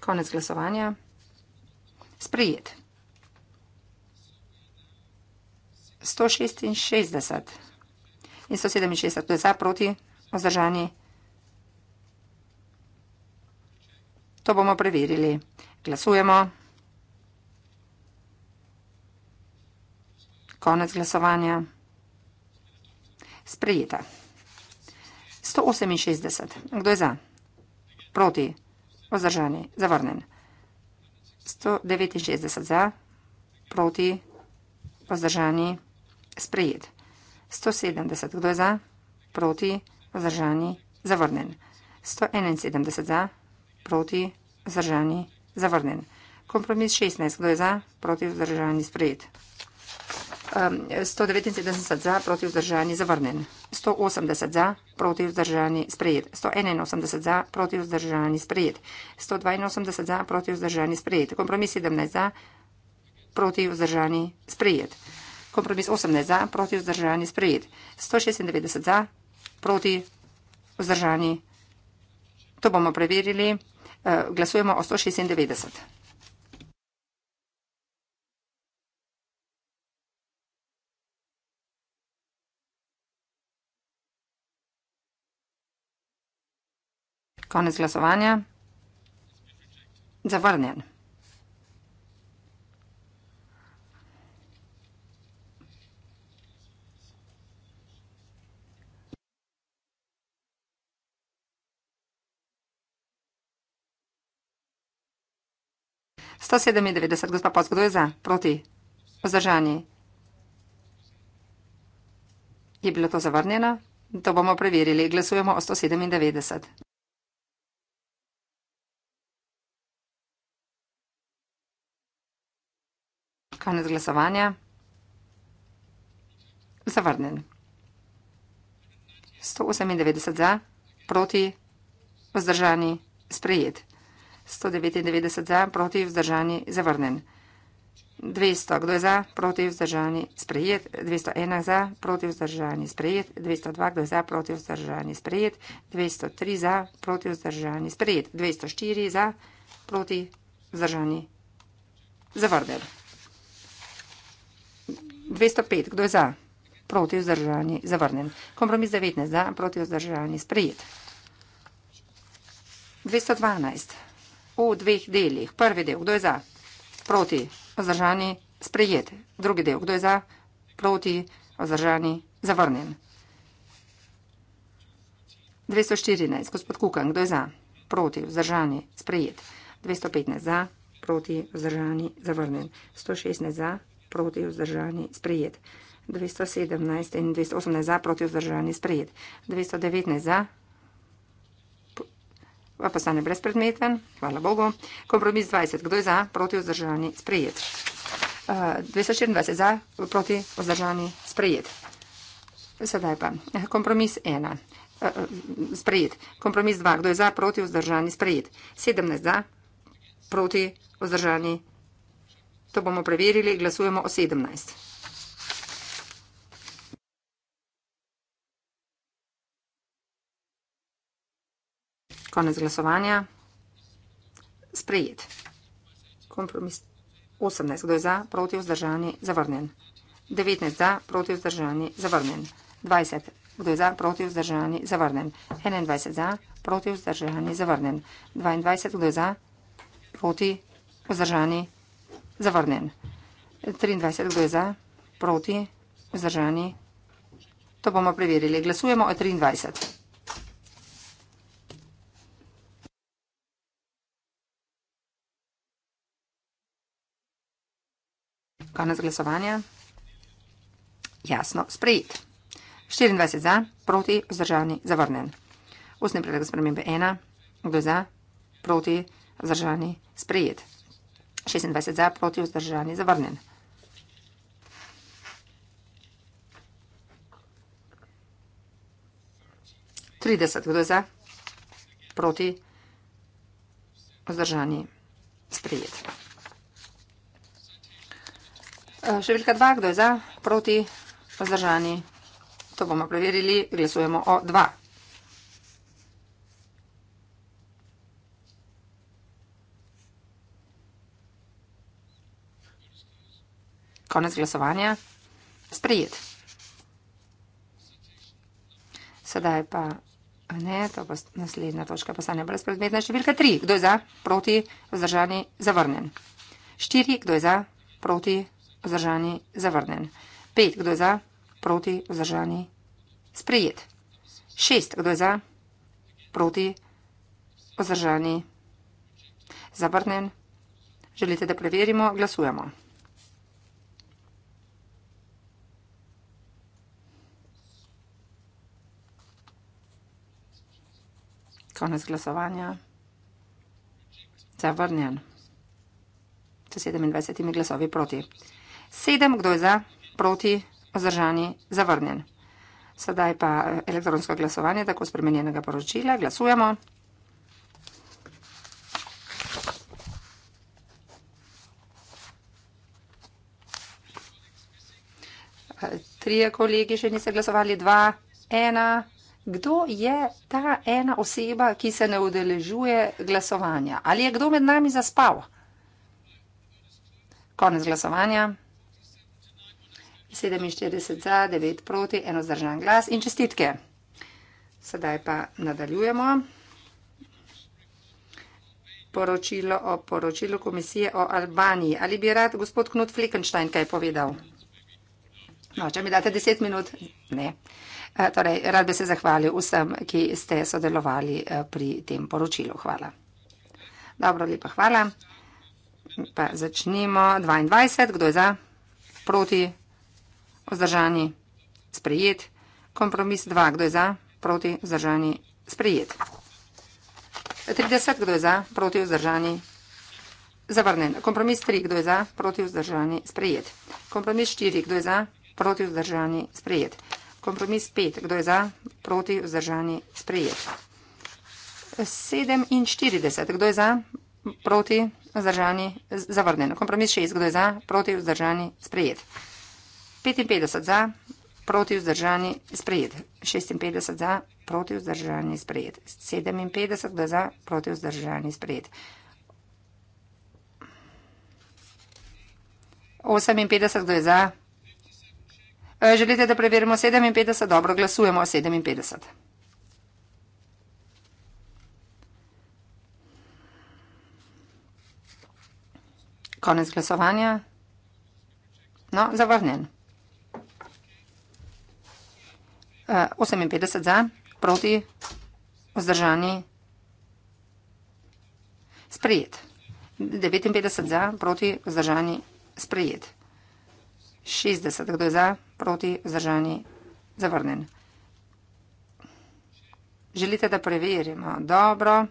Konec glasovanja. Sprejet. 166 in 167, to je za, proti, vzdržani. To bomo preverili. Glasujemo. Konec glasovanja. Sprejeta. 168. Kdo je za? Proti. Vzdržani. Zavrnjen. 169 za. Proti. Vzdržani. Sprejet. 170. Kdo je za? Proti. Vzdržani. Zavrnjen. 171 za. Proti. Vzdržani. Zavrnjen. Kompromis 16. Kdo je za? Proti. Vzdržani. Sprejet. 179 um, za, proti vzdržani, zavrnen. 180 za, proti vzdržani, sprejet. 181 za, proti vzdržani, sprejet. 182 za, proti vzdržani, sprejet. Kompromis 17 za, proti vzdržani, sprejet. Kompromis 18 za, proti vzdržani, sprejet. 196 za, proti vzdržani. To bomo preverili. Uh, glasujemo o 196. Konec glasovanja. Zavrnjen. Sto sedemindevetdeset, gospa Poc, kdo je za? Proti? Vzdržani? Je bilo to zavrnjeno? To bomo preverili. Glasujemo o sto sedemindevetdeset. konec glasovanja. Zavrnen. 198 za, proti, vzdržani, sprejet. 199 za, proti, vzdržani, zavrnen. 200, kdo je za, proti, vzdržani, sprejet. 201 za, proti, vzdržani, sprejet. 202, kdo je za, proti, vzdržani, sprejet. 203 za, proti, vzdržani, sprejet. 204 za, proti, vzdržani, zavrnen. 205, kdo je za? Proti vzdržani, zavrnjen. Kompromis 19, za, proti vzdržani, sprejet. 212, v dveh delih. Prvi del, kdo je za? Proti vzdržani, sprejet. Drugi del, kdo je za? Proti vzdržani, zavrnjen. 214, gospod Kukan, kdo je za? Proti vzdržani, sprejet. 215, za, proti vzdržani, zavrnjen. 116, za proti vzdržani sprejet. 217 in 218 za proti vzdržani sprejet. 219 za. Pa postane brezpredmeten. Hvala Bogu. Kompromis 20. Kdo je za proti vzdržani sprejet? Uh, 224 za proti vzdržani sprejet. Sedaj pa. Eh, kompromis 1. Uh, eh, eh, sprejet. Kompromis 2. Kdo je za proti vzdržani sprejet? 17 za proti vzdržani sprejet. To bomo preverili, glasujemo o 17. Konec glasovanja. Sprejet. Kompromis 18. Kdo je za? Proti vzdržani? Zavrnen. 19. Za? Proti vzdržani? Zavrnen. 20. Kdo je za? Proti vzdržani? Zavrnen. 21. Za? Proti vzdržani? Zavrnen. 22. Kdo je za? Proti vzdržani? Zavrnen zavrnjen. 23, kdo je za, proti, vzdržani. To bomo preverili. Glasujemo o 23. Konec glasovanja. Jasno, sprejet. 24 za, proti, vzdržani, zavrnen. Ustni predlog spremembe 1. Kdo je za, proti, vzdržani, sprejet. 26 za, proti vzdržanje zavrnen. Trideset, kdo je za? Proti vzdržanji sprejet. Eh, številka dva, kdo je za? Proti vzdržanji. To bomo preverili. Glasujemo o dva. konec glasovanja. Sprijet. Sedaj pa ne, to pa naslednja točka postane brezpredmetna. Številka 3. Kdo je za? Proti? Vzdržani? Zavrnen. 4. Kdo je za? Proti? Vzdržani? Zavrnen. 5. Kdo je za? Proti? Vzdržani? Sprijet. 6. Kdo je za? Proti? Vzdržani? Zavrnen. Želite, da preverimo? Glasujemo. Konec glasovanja. Zavrnjen. Z 27 glasovi proti. 7, kdo je za, proti, vzdržani, zavrnjen. Sedaj pa elektronsko glasovanje tako spremenjenega poročila. Glasujemo. Trije kolegi še niso glasovali, dva, ena kdo je ta ena oseba, ki se ne udeležuje glasovanja. Ali je kdo med nami zaspal? Konec glasovanja. 47 za, 9 proti, eno zdržan glas in čestitke. Sedaj pa nadaljujemo. Poročilo o poročilu komisije o Albaniji. Ali bi rad gospod Knut Flickenstein kaj povedal? No, če mi date 10 minut, ne. Uh, Eh, torej, rad bi se zahvalil vsem, ki ste sodelovali eh, pri tem poročilu. Hvala. Dobro, lepa hvala. Pa začnimo. 22. Kdo je za? Proti? Vzdržani? Sprejet. Kompromis 2. Kdo je za? Proti? Vzdržani? Sprejet. 30. Kdo je za? Proti? Vzdržani? Zavrnen. Kompromis 3. Kdo je za? Proti? Vzdržani? Sprejet. Kompromis 4. Kdo je za? Proti? Vzdržani? Sprejet. Kompromis 5. Kdo je za? Proti vzdržani sprejet. 47. Kdo je za? Proti vzdržani zavrnjen. Kompromis 6. Kdo je za? Proti vzdržani sprejet. 55 za, proti vzdržani sprejet. 56 za, proti vzdržani sprejet. 57 kdo je za, proti vzdržani sprejet. 58 kdo je za, Eh, želite, da preverimo 57? Dobro, glasujemo 57. Konec glasovanja. No, zavrnjen. 58 eh, za, proti, vzdržani, sprejet. 59 za, proti, vzdržani, sprejet. 60. Kdo je za? Proti? Vzdržani? Zavrnen. Želite, da preverimo? Dobro.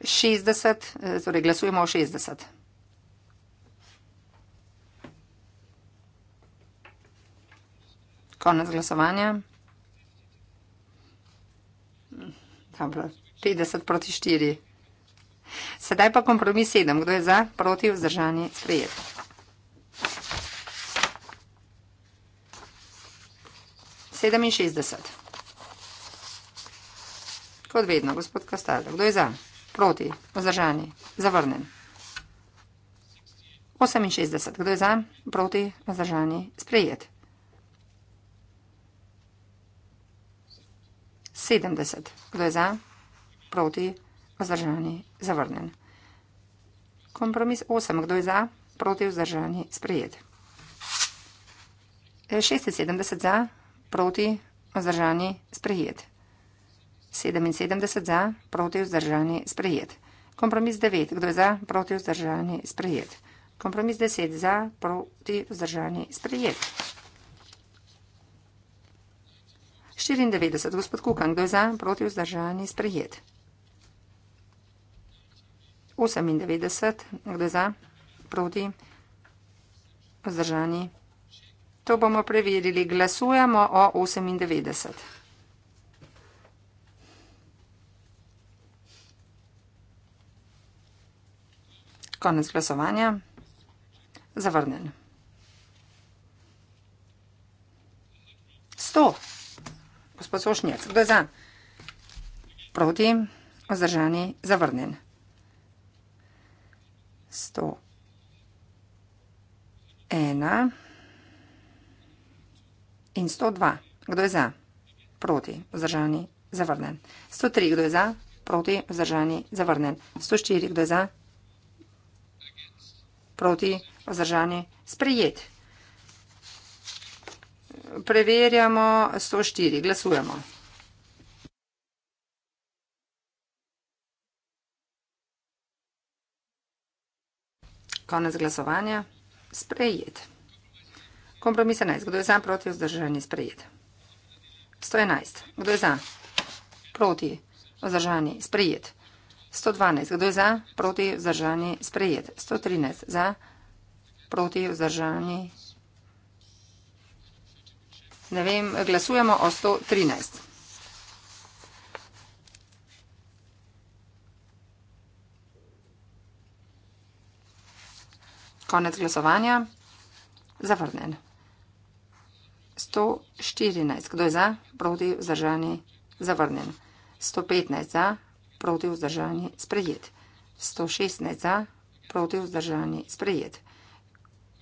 60. Eh, torej, glasujemo o 60. Konec glasovanja. Dobro. 50 proti 4. Sedaj pa kompromis 7. Kdo je za? Proti? Vzdržani? Sprijeti. 67. Kot vedno, gospod Kastar, kdo je za? Proti, vzdržani, zavrnen. 68. Kdo je za? Proti, vzdržani, sprejet. 70. Kdo je za? Proti, vzdržani, zavrnen. Kompromis 8. Kdo je za? Proti, vzdržani, sprejet. 76 e, za, proti vzdržani sprejet. 77 za, proti vzdržani sprejet. Kompromis 9. Kdo je za, proti vzdržani sprejet. Kompromis 10 za, proti vzdržani sprejet. 94. Gospod Kukan, kdo je za, proti vzdržani sprejet. 98. Kdo je za, proti vzdržani sprejet. To bomo preverili. Glasujemo o 98. Konec glasovanja. Zavrnen. 100. Gospod Sošnjec, kdo je za? Proti, ozdržani, zavrnen. 100. 1 in 102. Kdo je za? Proti. Vzdržani. Zavrnen. 103. Kdo je za? Proti. Vzdržani. Zavrnen. 104. Kdo je za? Proti. Vzdržani. Sprejet. Preverjamo 104. Glasujemo. Konec glasovanja. Sprejet. Kompromis 11. Kdo je za, proti, vzdržanje, sprejet? 111. Kdo je za, proti, vzdržanje, sprejet? 112. Kdo je za, proti, vzdržanje, sprejet? 113. Za, proti, vzdržanje, ne vem, glasujemo o 113. Konec glasovanja. Zavrnen. 114, kdo je za, proti vzdržani, zavrnjen. 115 za, proti vzdržani, sprejet. 116 za, proti vzdržani, sprejet.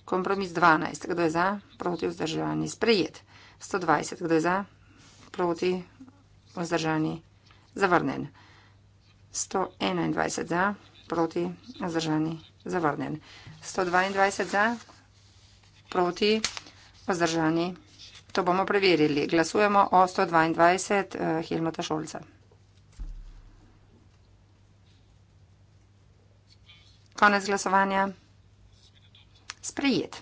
Kompromis 12, kdo je za, proti vzdržani, sprejet. 120, kdo je za, proti vzdržani, zavrnjen. 121 za, proti vzdržani, zavrnjen. 122 za, proti vzdržani, zavrnjen. To bomo preverili. Glasujemo o 122 uh, eh, Helmuta Šolca. Konec glasovanja. Sprejet.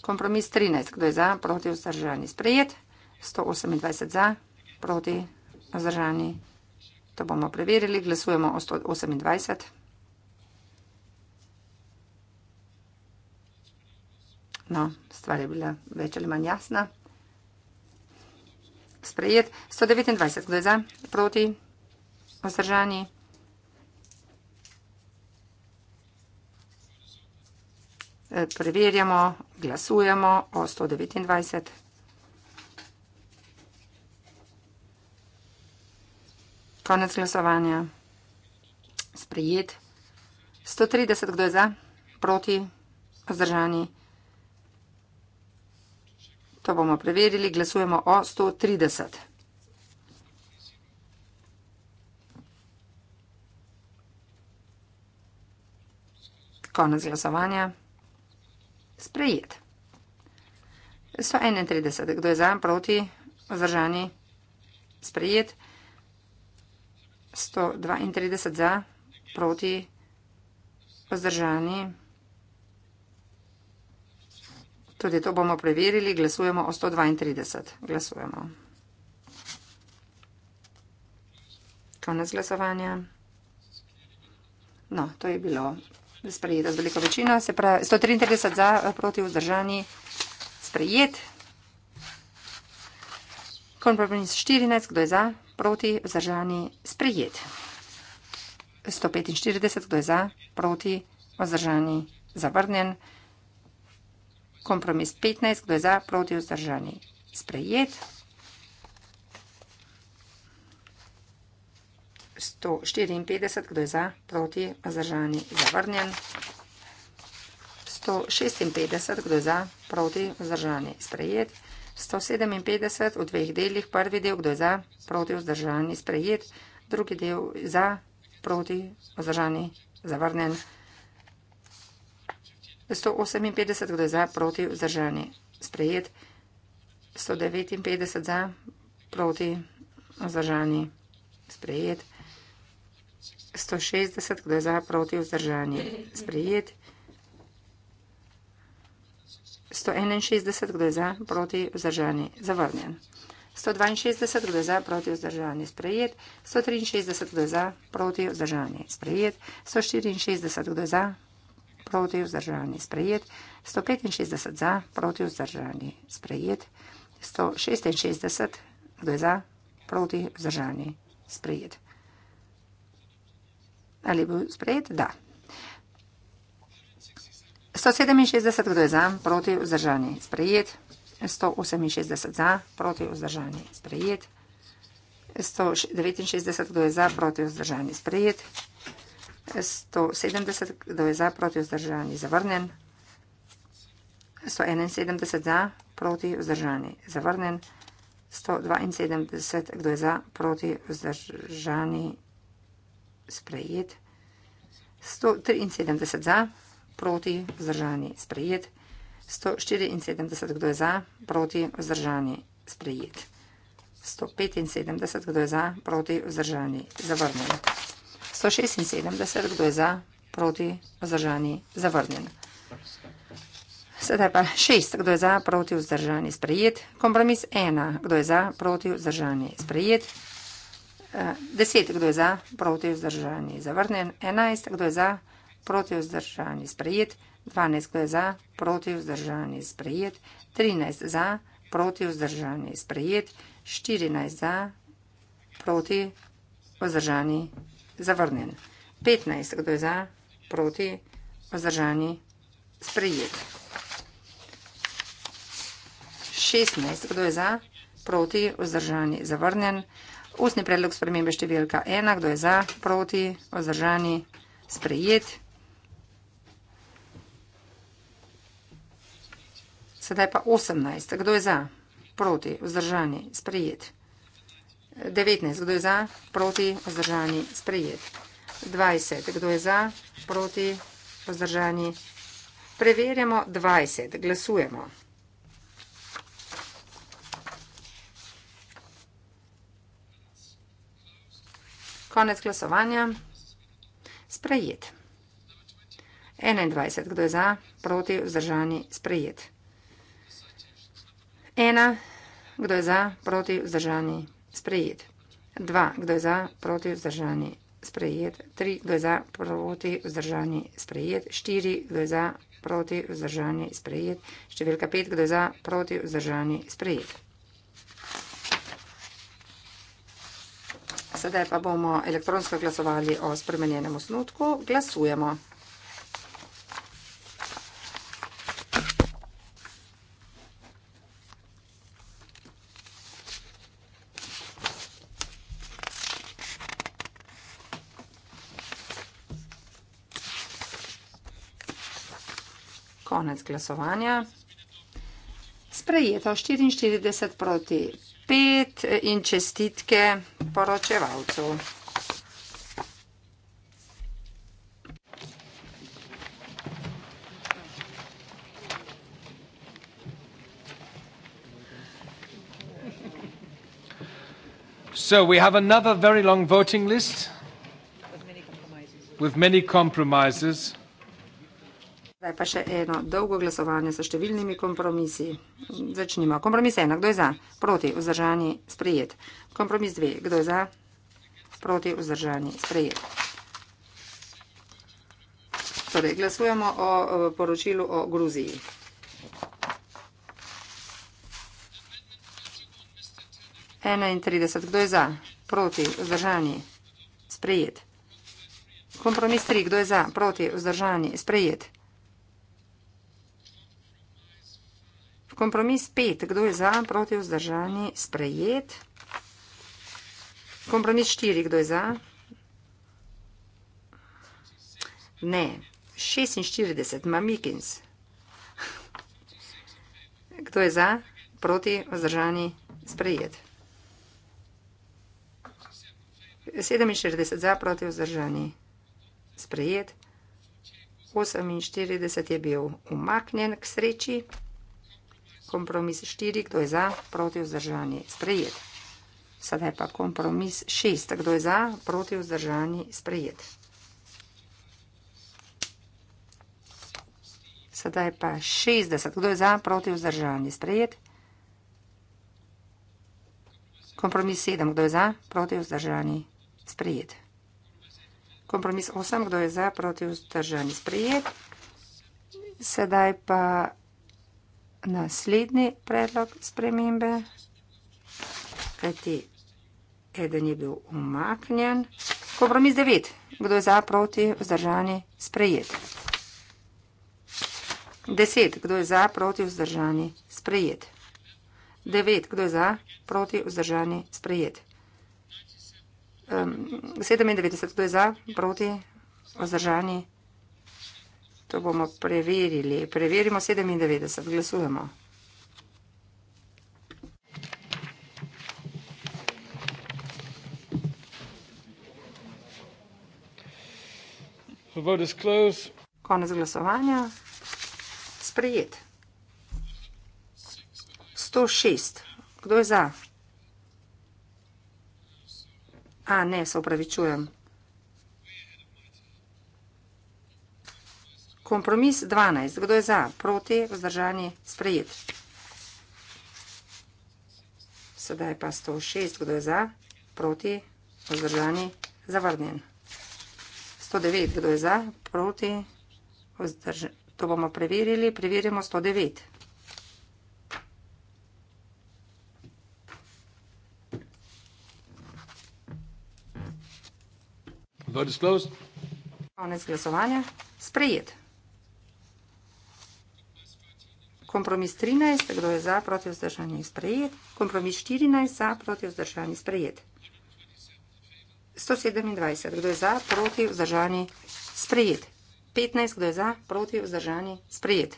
Kompromis 13. Kdo je za? Proti vzdržani. Sprejet. 128 za. Proti vzdržani. To bomo preverili. Glasujemo o 128. No, stvar je bila več ali manj jasna sprejet. 129, kdo je za? Proti? Vzdržani? E, preverjamo, glasujemo o 129. Konec glasovanja. Sprejet. 130, kdo je za? Proti? Vzdržani? Vzdržani? To bomo preverili, glasujemo o 130. Konec glasovanja. Sprejet. 131. Kdo je za, proti, vzdržani? Sprejet. 132 za, proti, vzdržani? Tudi to bomo preverili. Glasujemo o 132. Glasujemo. Konec glasovanja. No, to je bilo sprejeto z veliko večino. Se pravi, 133 za proti vzdržani sprejet. Konpromis 14, kdo je za proti vzdržani sprejet. 145, kdo je za proti vzdržani zavrnjen kompromis 15, kdo je za, proti vzdržani. Sprejet. 154, kdo je za, proti vzdržani, zavrnjen. 156, kdo je za, proti vzdržani, sprejet. 157 v dveh delih, prvi del, kdo je za, proti vzdržani, sprejet, drugi del za, proti vzdržani, zavrnen, 158, kdo je za, proti, vzdržani. Sprejet. 159 za, proti, vzdržani. Sprejet. 160, kdo je za, proti, vzdržani. Sprejet. 161, kdo je za, proti, vzdržani. Zavrnjen. 162, kdo je za, proti, vzdržani. Sprejet. 163, kdo je za, proti, vzdržani. Sprejet. 164, kdo je za, proti vzdržani sprejet, 165 za, proti vzdržani sprejet, 166, kdo je za, proti vzdržani sprejet. Ali je bil sprejet? Da. 167, kdo je za, proti vzdržani sprejet, 168 za, proti vzdržani sprejet, 169, kdo je za, proti vzdržani sprejet, 170, kdo je za, proti vzdržani, zavrnen. 171 za, proti vzdržani, zavrnen. 172, kdo je za, proti vzdržani, sprejet. 173 za, proti vzdržani, sprejet. 174, kdo je za, proti vzdržani, sprejet. 175, kdo je za, proti vzdržani, zavrnen. 176, kdo je za, proti, vzdržani, zavrnjen. Sedaj pa šest, kdo je za, proti, vzdržani, sprejet. Kompromis ena, kdo je za, proti, vzdržani, sprejet. Eh, deset, kdo je za, proti, vzdržani, zavrnjen. Enajst, kdo je za, proti, vzdržani, sprejet. Dvanajst, kdo je za, proti, vzdržani, sprejet. Trinajst za, proti, vzdržani, sprejet. Štirinajst za, proti, vzdržani, zavrnjen. 15, kdo je za, proti, vzdržani, sprejet. 16, kdo je za, proti, vzdržani, zavrnjen. Ustni predlog spremembe številka 1, kdo je za, proti, vzdržani, sprejet. Sedaj pa 18, kdo je za, proti, vzdržani, sprejet. 19. 19. Kdo je za? Proti? Vzdržani? Sprejet. 20. Kdo je za? Proti? Vzdržani? Preverjamo 20. Glasujemo. Konec glasovanja. Sprejet. 21. Kdo je za? Proti? Vzdržani? Sprejet. 1. Kdo je za? Proti? Vzdržani? Sprejet sprejet. 2. Kdo je za, proti vzdržani sprejet. 3. Kdo je za, proti vzdržani sprejet. 4. Kdo je za, proti vzdržani sprejet. Številka 5. Kdo je za, proti vzdržani sprejet. Sedaj pa bomo elektronsko glasovali o spremenjenem osnutku. Glasujemo. glasovanja. Sprejeto 44 proti 5 in čestitke poročevalcu. So we have another very long voting list with many compromises. With many compromises. Zdaj pa še eno dolgo glasovanje sa številnimi kompromisi. Začnimo. Kompromis 1. Kdo je za? Proti. Vzdržani. Sprejet. Kompromis 2. Kdo je za? Proti. Vzdržani. Sprejet. Torej, glasujemo o poročilu o Gruziji. Ena in trideset. Kdo je za? Proti. Vzdržani. Sprejet. Kompromis tri. Kdo je za? Proti. Vzdržani. Sprejet. Kompromis 5. Kdo je za, proti vzdržani, sprejet. Kompromis 4. Kdo je za? Ne. 46. Mamikins. Kdo je za, proti vzdržani, sprejet. 47. Za, proti vzdržani, sprejet. 48 je bil umaknjen k sreči kompromis 4, kdo je za, proti vzdržani, sprejet. Sedaj pa kompromis 6, kdo je za, proti vzdržani, sprejet. Sedaj pa 60, kdo je za, proti vzdržani, sprejet. Kompromis 7, kdo je za, proti vzdržani, sprejet. Kompromis 8, kdo je za, proti vzdržani, sprejet. Sedaj pa naslednji predlog spremembe, kajti eden je bil umaknjen. Kompromis 9. Kdo je za, proti, vzdržani, sprejet. 10. Kdo je za, proti, vzdržani, sprejet. 9. Kdo je za, proti, vzdržani, sprejet. 97. Um, ehm, kdo je za, proti, vzdržani, sprejet. To bomo preverili. Preverimo 97. Glasujemo. Konec glasovanja. Sprejet. 106. Kdo je za? A, ne, se upravičujem. Kompromis 12. Kdo je za? Proti? Vzdržanje? Sprejet. Sedaj pa 106. Kdo je za? Proti? Vzdržanje? Zavrnjen. 109. Kdo je za? Proti? Vzdržanje? To bomo preverili. Preverimo 109. Vzdržanje? Konec glasovanja. Sprejet. Kompromis 13, kdo je za, proti vzdržanje in sprejet. Kompromis 14, za, proti vzdržanje in sprejet. 127, kdo je za, proti vzdržanje in sprejet. 15, kdo je za, proti vzdržanje in sprejet.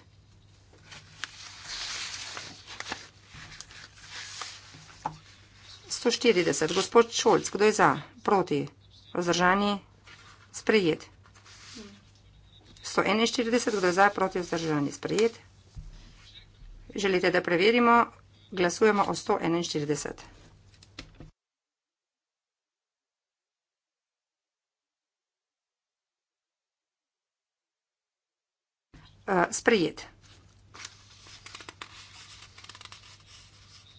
Gospod Šolc, kdo je za? Proti. Vzdržanje sprejet. 141, kdo je za? Proti vzdržanje sprejet. Želite, da preverimo? Glasujemo o 141. Eh, sprejet.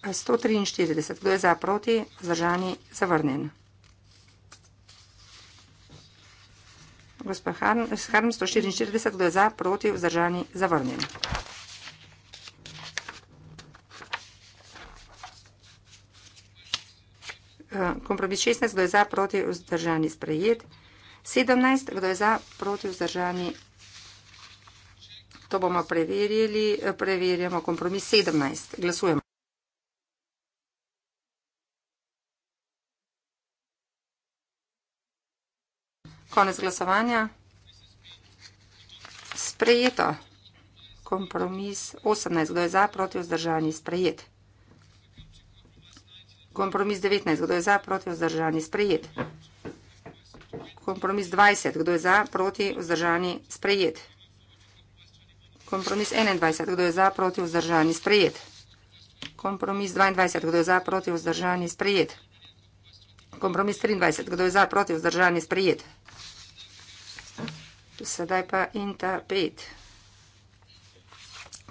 143. Eh, Kdo je za proti? Zdržani zavrnen. Gospod Harm, 144. Kdo je za proti? Zdržani zavrnen. kompromis 16, kdo je za, proti, vzdržani, sprejet. 17, kdo je za, proti, vzdržani, to bomo preverili, preverjamo kompromis 17, glasujemo. Konec glasovanja. Sprejeto. Kompromis 18, kdo je za, proti, vzdržani, sprejet. Kompromis 19. Kdo je za, proti, vzdržani, sprejet? Kompromis 20. Kdo je za, proti, vzdržani, sprejet? Kompromis 21. Kdo je za, proti, vzdržani, sprejet? Kompromis 22. Kdo je za, proti, vzdržani, sprejet? Kompromis 23. Kdo je za, proti, vzdržani, sprejet? Sedaj pa inta 5.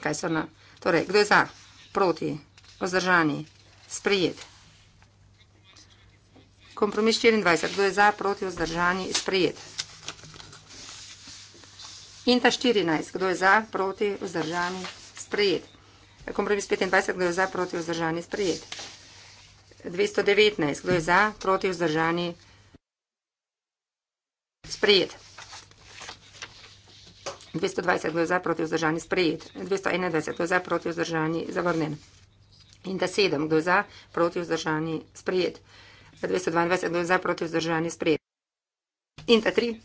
Kaj so na... Torej, kdo je za, proti, vzdržani, sprejet? Sprejet. Kompromis 24. Kdo je za, proti, vzdržani, sprejet? In ta 14. Kdo je za, proti, vzdržani, sprejet? Kompromis 25. Kdo je za, proti, vzdržani, sprejet? 219. Kdo je za, proti, vzdržani, sprejet? 220. Kdo je za, proti, vzdržani, sprejet? 221. Kdo je za, proti, vzdržani, zavrnen? In ta 7. Kdo je za, proti, vzdržani, sprejet? 222. 222 za proti vzdržanje sprejet. In ta tri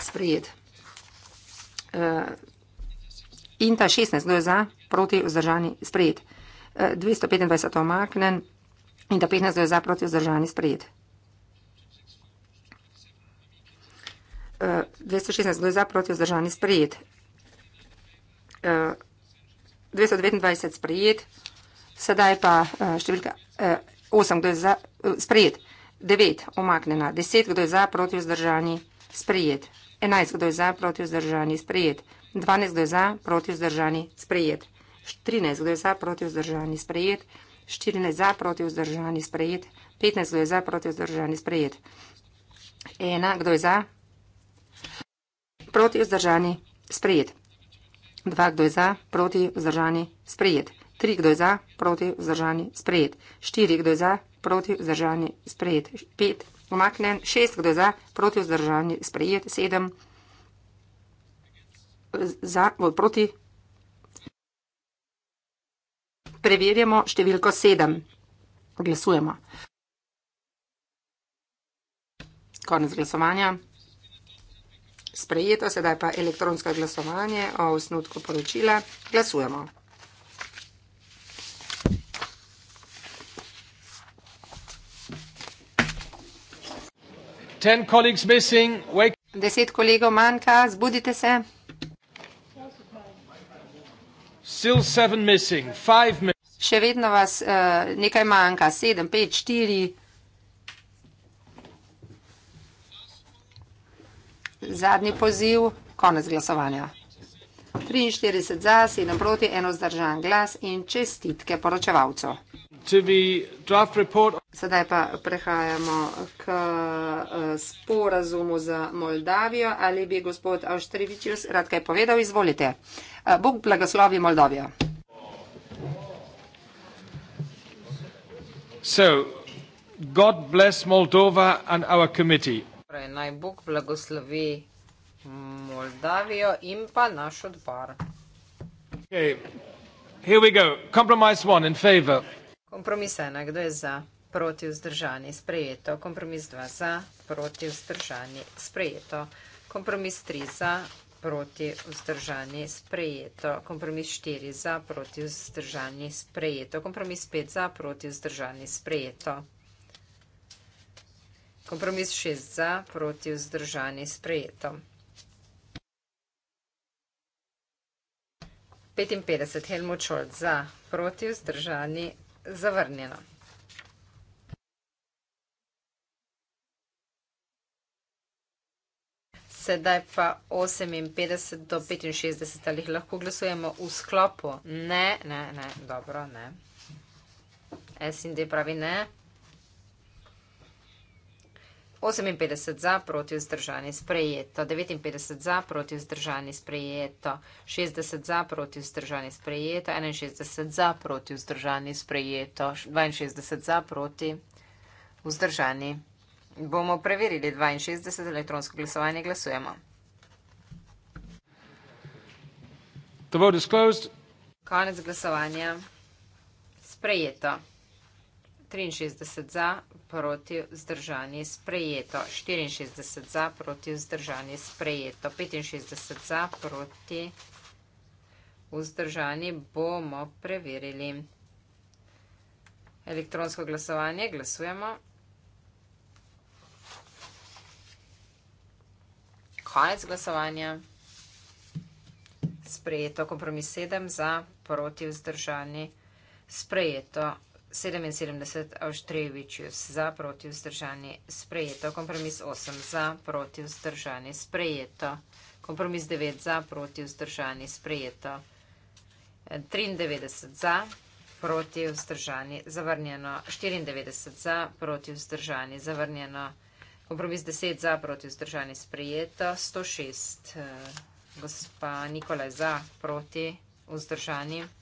sprejet. Uh, in ta 16 do za proti vzdržanje sprejet. Uh, e, 225 omaknen in ta 15 do za proti vzdržanje sprejet. Uh, 216 do za proti vzdržanje sprejet. Uh, e, 229 sprejet. Sedaj pa uh, številka. Uh, 8, kdo je za, eh, sprejet, 9, omaknjena, 10, kdo je za, proti vzdržani, sprejet, 11, kdo je za, proti vzdržani, sprejet, 12, kdo je za, proti vzdržani, sprejet, 13, kdo je za, proti vzdržani, sprejet, 14, za, proti vzdržani, sprejet, 15, kdo je za, proti vzdržani, sprejet, 1, kdo je za, proti vzdržani, sprejet, 2, kdo je za, proti vzdržani, sprejet, 3, kdo je za, proti, vzdržani, sprejet. 4, kdo je za, proti, vzdržani, sprejet. 5, umaknen. 6, kdo je za, proti, vzdržani, sprejet. 7, za, proti. Preverjamo številko 7. Glasujemo. Konec glasovanja. Sprejeto, sedaj pa elektronsko glasovanje o osnutku poročila. Glasujemo. Deset kolegov manjka, zbudite se. Še vedno vas uh, nekaj manjka, sedem, pet, štiri. Zadnji poziv, konec glasovanja. 43 za, 7 proti, 1 zdržan glas in čestitke poročevalcu. Sedaj pa prehajamo k eh, sporazumu za Moldavijo. Ali bi gospod Avštrivičius rad kaj povedal? Izvolite. Eh, Bog blagoslovi Moldavijo. So, God bless Moldova and our committee. Torej, naj Bog blagoslovi Moldavijo in pa naš odbor. Okay. Kompromis ena, kdo je za, proti vzdržani, sprejeto. Kompromis dva za, proti vzdržani, sprejeto. Kompromis tri za, proti vzdržani, sprejeto. Kompromis štiri za, proti vzdržani, sprejeto. Kompromis pet za, proti vzdržani, sprejeto. Kompromis šest za, proti vzdržani, sprejeto. Kompromis 55, Helmut Scholz za, proti vzdržani, zavrnjeno. Sedaj pa 58 do 65, ali lahko glasujemo v sklopu? Ne, ne, ne, dobro, ne. SND pravi ne. 58 za, proti vzdržani sprejeto. 59 za, proti vzdržani sprejeto. 60 za, proti vzdržani sprejeto. 61 za, proti vzdržani sprejeto. 62 za, proti vzdržani. Bomo preverili 62 elektronsko glasovanje. Glasujemo. Konec glasovanja. Sprejeto. 63 za, proti vzdržanje sprejeto. 64 za, proti vzdržanje sprejeto. 65 za, proti vzdržanje bomo preverili. Elektronsko glasovanje glasujemo. Konec glasovanja. Sprejeto kompromis 7 za, proti vzdržanje sprejeto. 77 Avštrevičius za proti vzdržanje sprejeto. Kompromis 8 za proti vzdržanje sprejeto. Kompromis 9 za proti vzdržanje sprejeto. 93 za proti vzdržanje zavrnjeno. 94 za proti vzdržanje zavrnjeno. Kompromis 10 za proti vzdržanje sprejeto. 106 eh, gospa Nikolaj za proti vzdržanje sprejeto.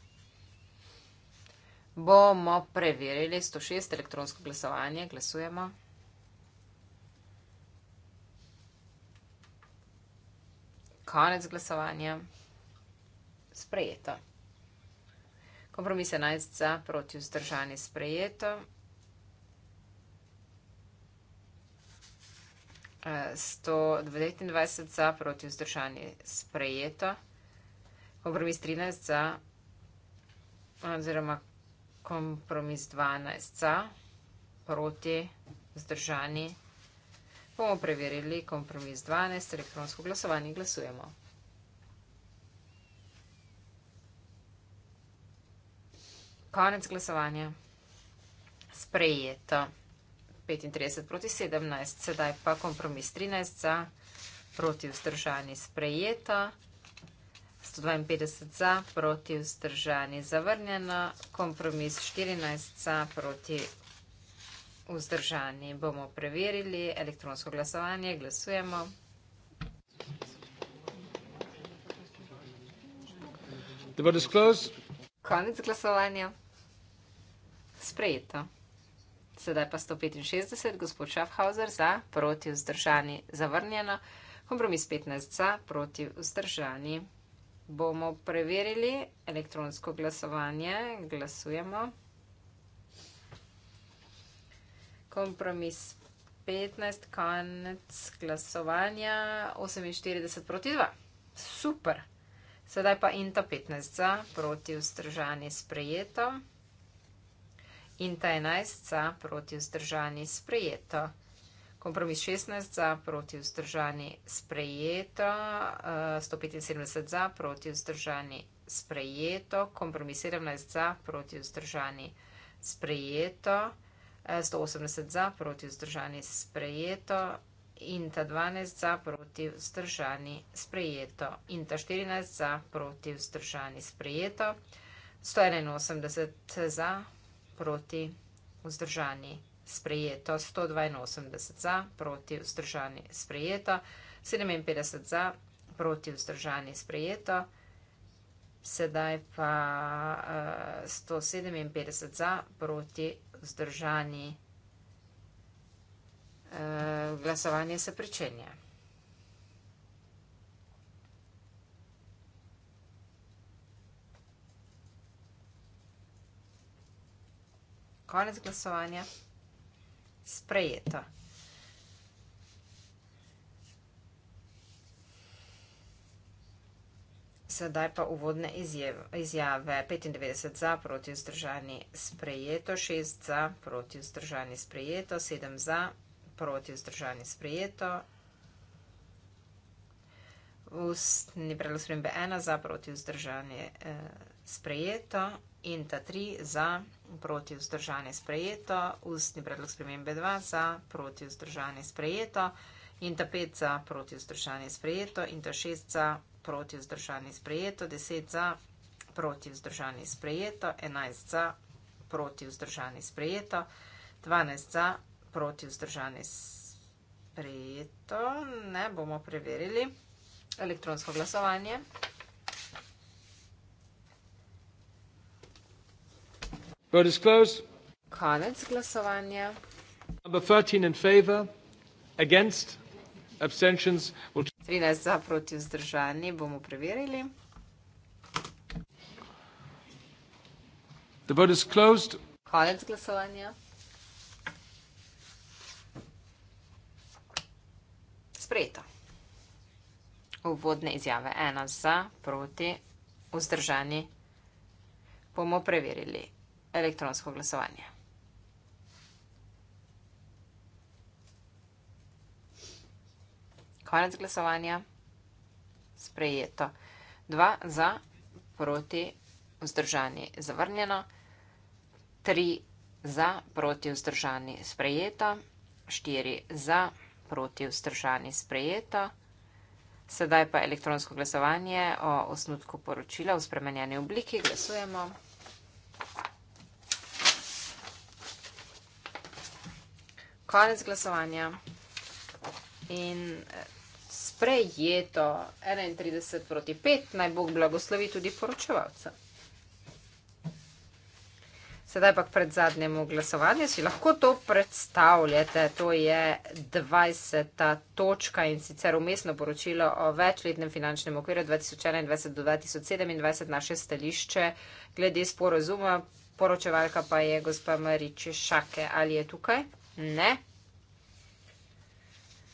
Bomo preverili 106 elektronsko glasovanje. Glasujemo. Konec glasovanja. Sprejeto. Kompromis 11 za proti vzdržanje sprejeto. E, 129 za proti vzdržanje sprejeto. Kompromis 13 za oziroma kompromis 12 za, proti, vzdržani. Bomo preverili kompromis 12, elektronsko glasovanje glasujemo. Konec glasovanja. Sprejeto. 35 proti 17, sedaj pa kompromis 13 za, proti vzdržani sprejeto. 152 za, proti vzdržani, zavrnjeno, kompromis 14 za, proti vzdržani. Bomo preverili elektronsko glasovanje, glasujemo. The vote is closed. Konec glasovanja. Sprejeto. Sedaj pa 165, gospod Schaffhauser za, proti vzdržani, zavrnjeno. Kompromis 15 za, proti vzdržani bomo preverili elektronsko glasovanje. Glasujemo. Kompromis 15, konec glasovanja 48 proti 2. Super. Sedaj pa INTA 15 za proti vzdržanje sprejeto. INTA 11 za proti vzdržanje sprejeto. Kompromis 16 za proti vzdržani sprejeto, 175 eh, za proti vzdržani sprejeto, kompromis 17 za proti vzdržani sprejeto, 180 eh, za proti vzdržani sprejeto in ta 12 za proti vzdržani sprejeto in ta 14 za proti vzdržani sprejeto, 181 za proti vzdržani sprejeto sprejeto, 182 za, proti vzdržani sprejeto, 57 za, proti vzdržani sprejeto, sedaj pa uh, eh, 157 za, proti vzdržani. Uh, glasovanje se pričenja. Konec glasovanja sprejeta. Sedaj pa uvodne izjave 95 za proti vzdržani sprejeto, 6 za proti vzdržani sprejeto, 7 za proti vzdržani sprejeto, ustni predlog spremembe 1 za proti vzdržani eh, sprejeto, in ta tri za, proti vzdržanje sprejeto, ustni predlog spremembe dva za, proti vzdržanje sprejeto, in ta pet za, proti vzdržanje sprejeto, in ta šest za, proti vzdržanje sprejeto, deset za, proti vzdržanje sprejeto, enajst za, proti vzdržanje sprejeto, dvanajst za, proti vzdržanje sprejeto, ne bomo preverili elektronsko glasovanje. Vote is closed. Konec glasovanja. Number 13 in favor, against, abstentions. Will... 13 za proti vzdržani bomo preverili. The vote is closed. Konec glasovanja. Sprejeto. Uvodne izjave. Ena za, proti, vzdržani. Bomo preverili elektronsko glasovanje. Konec glasovanja. Sprejeto. Dva za, proti, vzdržani, zavrnjeno. Tri za, proti, vzdržani, sprejeto. Štiri za, proti, vzdržani, sprejeto. Sedaj pa elektronsko glasovanje o osnutku poročila v spremenjeni obliki. Glasujemo. konec glasovanja in eh, sprejeto 31 proti 5, naj Bog blagoslovi tudi poročevalca. Sedaj pa pred zadnjemu glasovanju si lahko to predstavljate. To je 20. točka in sicer umestno poročilo o večletnem finančnem okviru 2021 do 2027 naše stališče glede sporozuma. Poročevalka pa je gospa Mariče Šake. Ali je tukaj? Ne.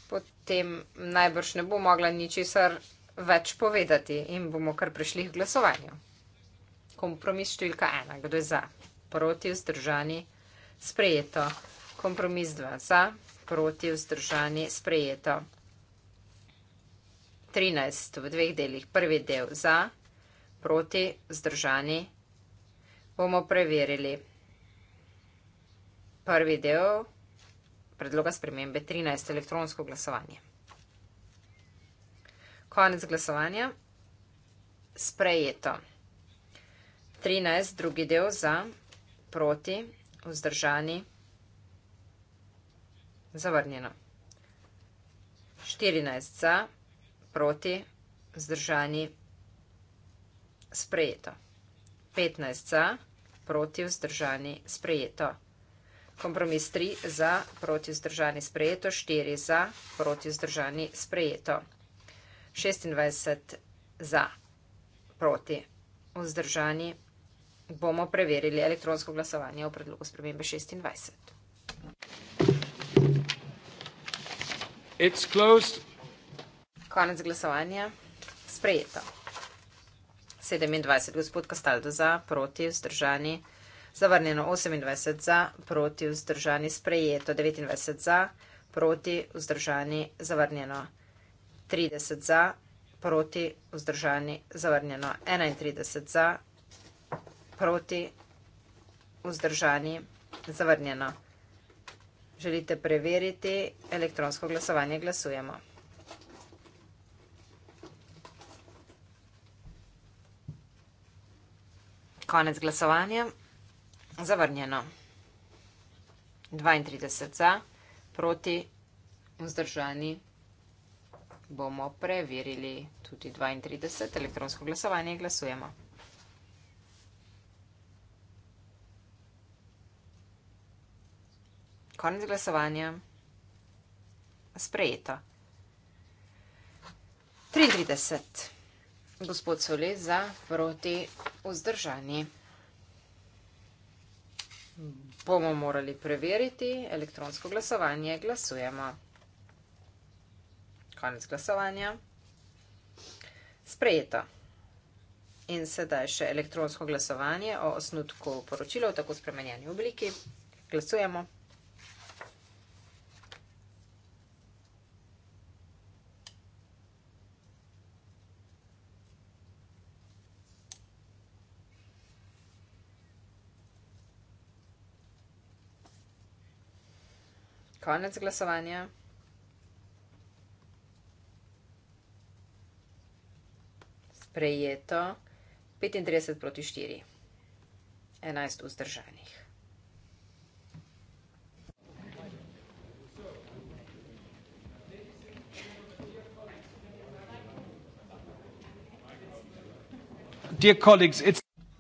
Potem najbrž ne bo mogla ničesar več povedati in bomo kar prišli k glasovanju. Kompromis številka ena. Kdo je za? Proti vzdržani? Sprejeto. Kompromis dva. Za? Proti vzdržani? Sprejeto. 13 v dveh delih. Prvi del za, proti, zdržani. Bomo preverili. Prvi del predloga spremembe 13 elektronsko glasovanje. Konec glasovanja. Sprejeto. 13 drugi del za, proti, vzdržani, zavrnjeno. 14 za, proti, vzdržani, sprejeto. 15 za, proti, vzdržani, sprejeto kompromis 3 za, proti vzdržani sprejeto, 4 za, proti vzdržani sprejeto, 26 za, proti vzdržani bomo preverili elektronsko glasovanje v predlogu spremembe 26. It's closed. Konec glasovanja sprejeto. 27 gospod Kastaldo za, proti vzdržani sprejeto zavrnjeno 28 za, proti vzdržani sprejeto 29 za, proti vzdržani zavrnjeno 30 za, proti vzdržani zavrnjeno 31 za, proti vzdržani zavrnjeno. Želite preveriti elektronsko glasovanje, glasujemo. Konec glasovanja. Zavrnjeno. 32 za, proti vzdržani bomo preverili tudi 32. Elektronsko glasovanje glasujemo. Konec glasovanja. Sprejeto. 33. Gospod Soli za proti vzdržanje. Bomo morali preveriti elektronsko glasovanje. Glasujemo. Konec glasovanja. Sprejeto. In sedaj še elektronsko glasovanje o osnutku poročila v tako spremenjeni obliki. Glasujemo. konec glasovanja. Sprejeto 35 proti 4, 11 vzdržanih.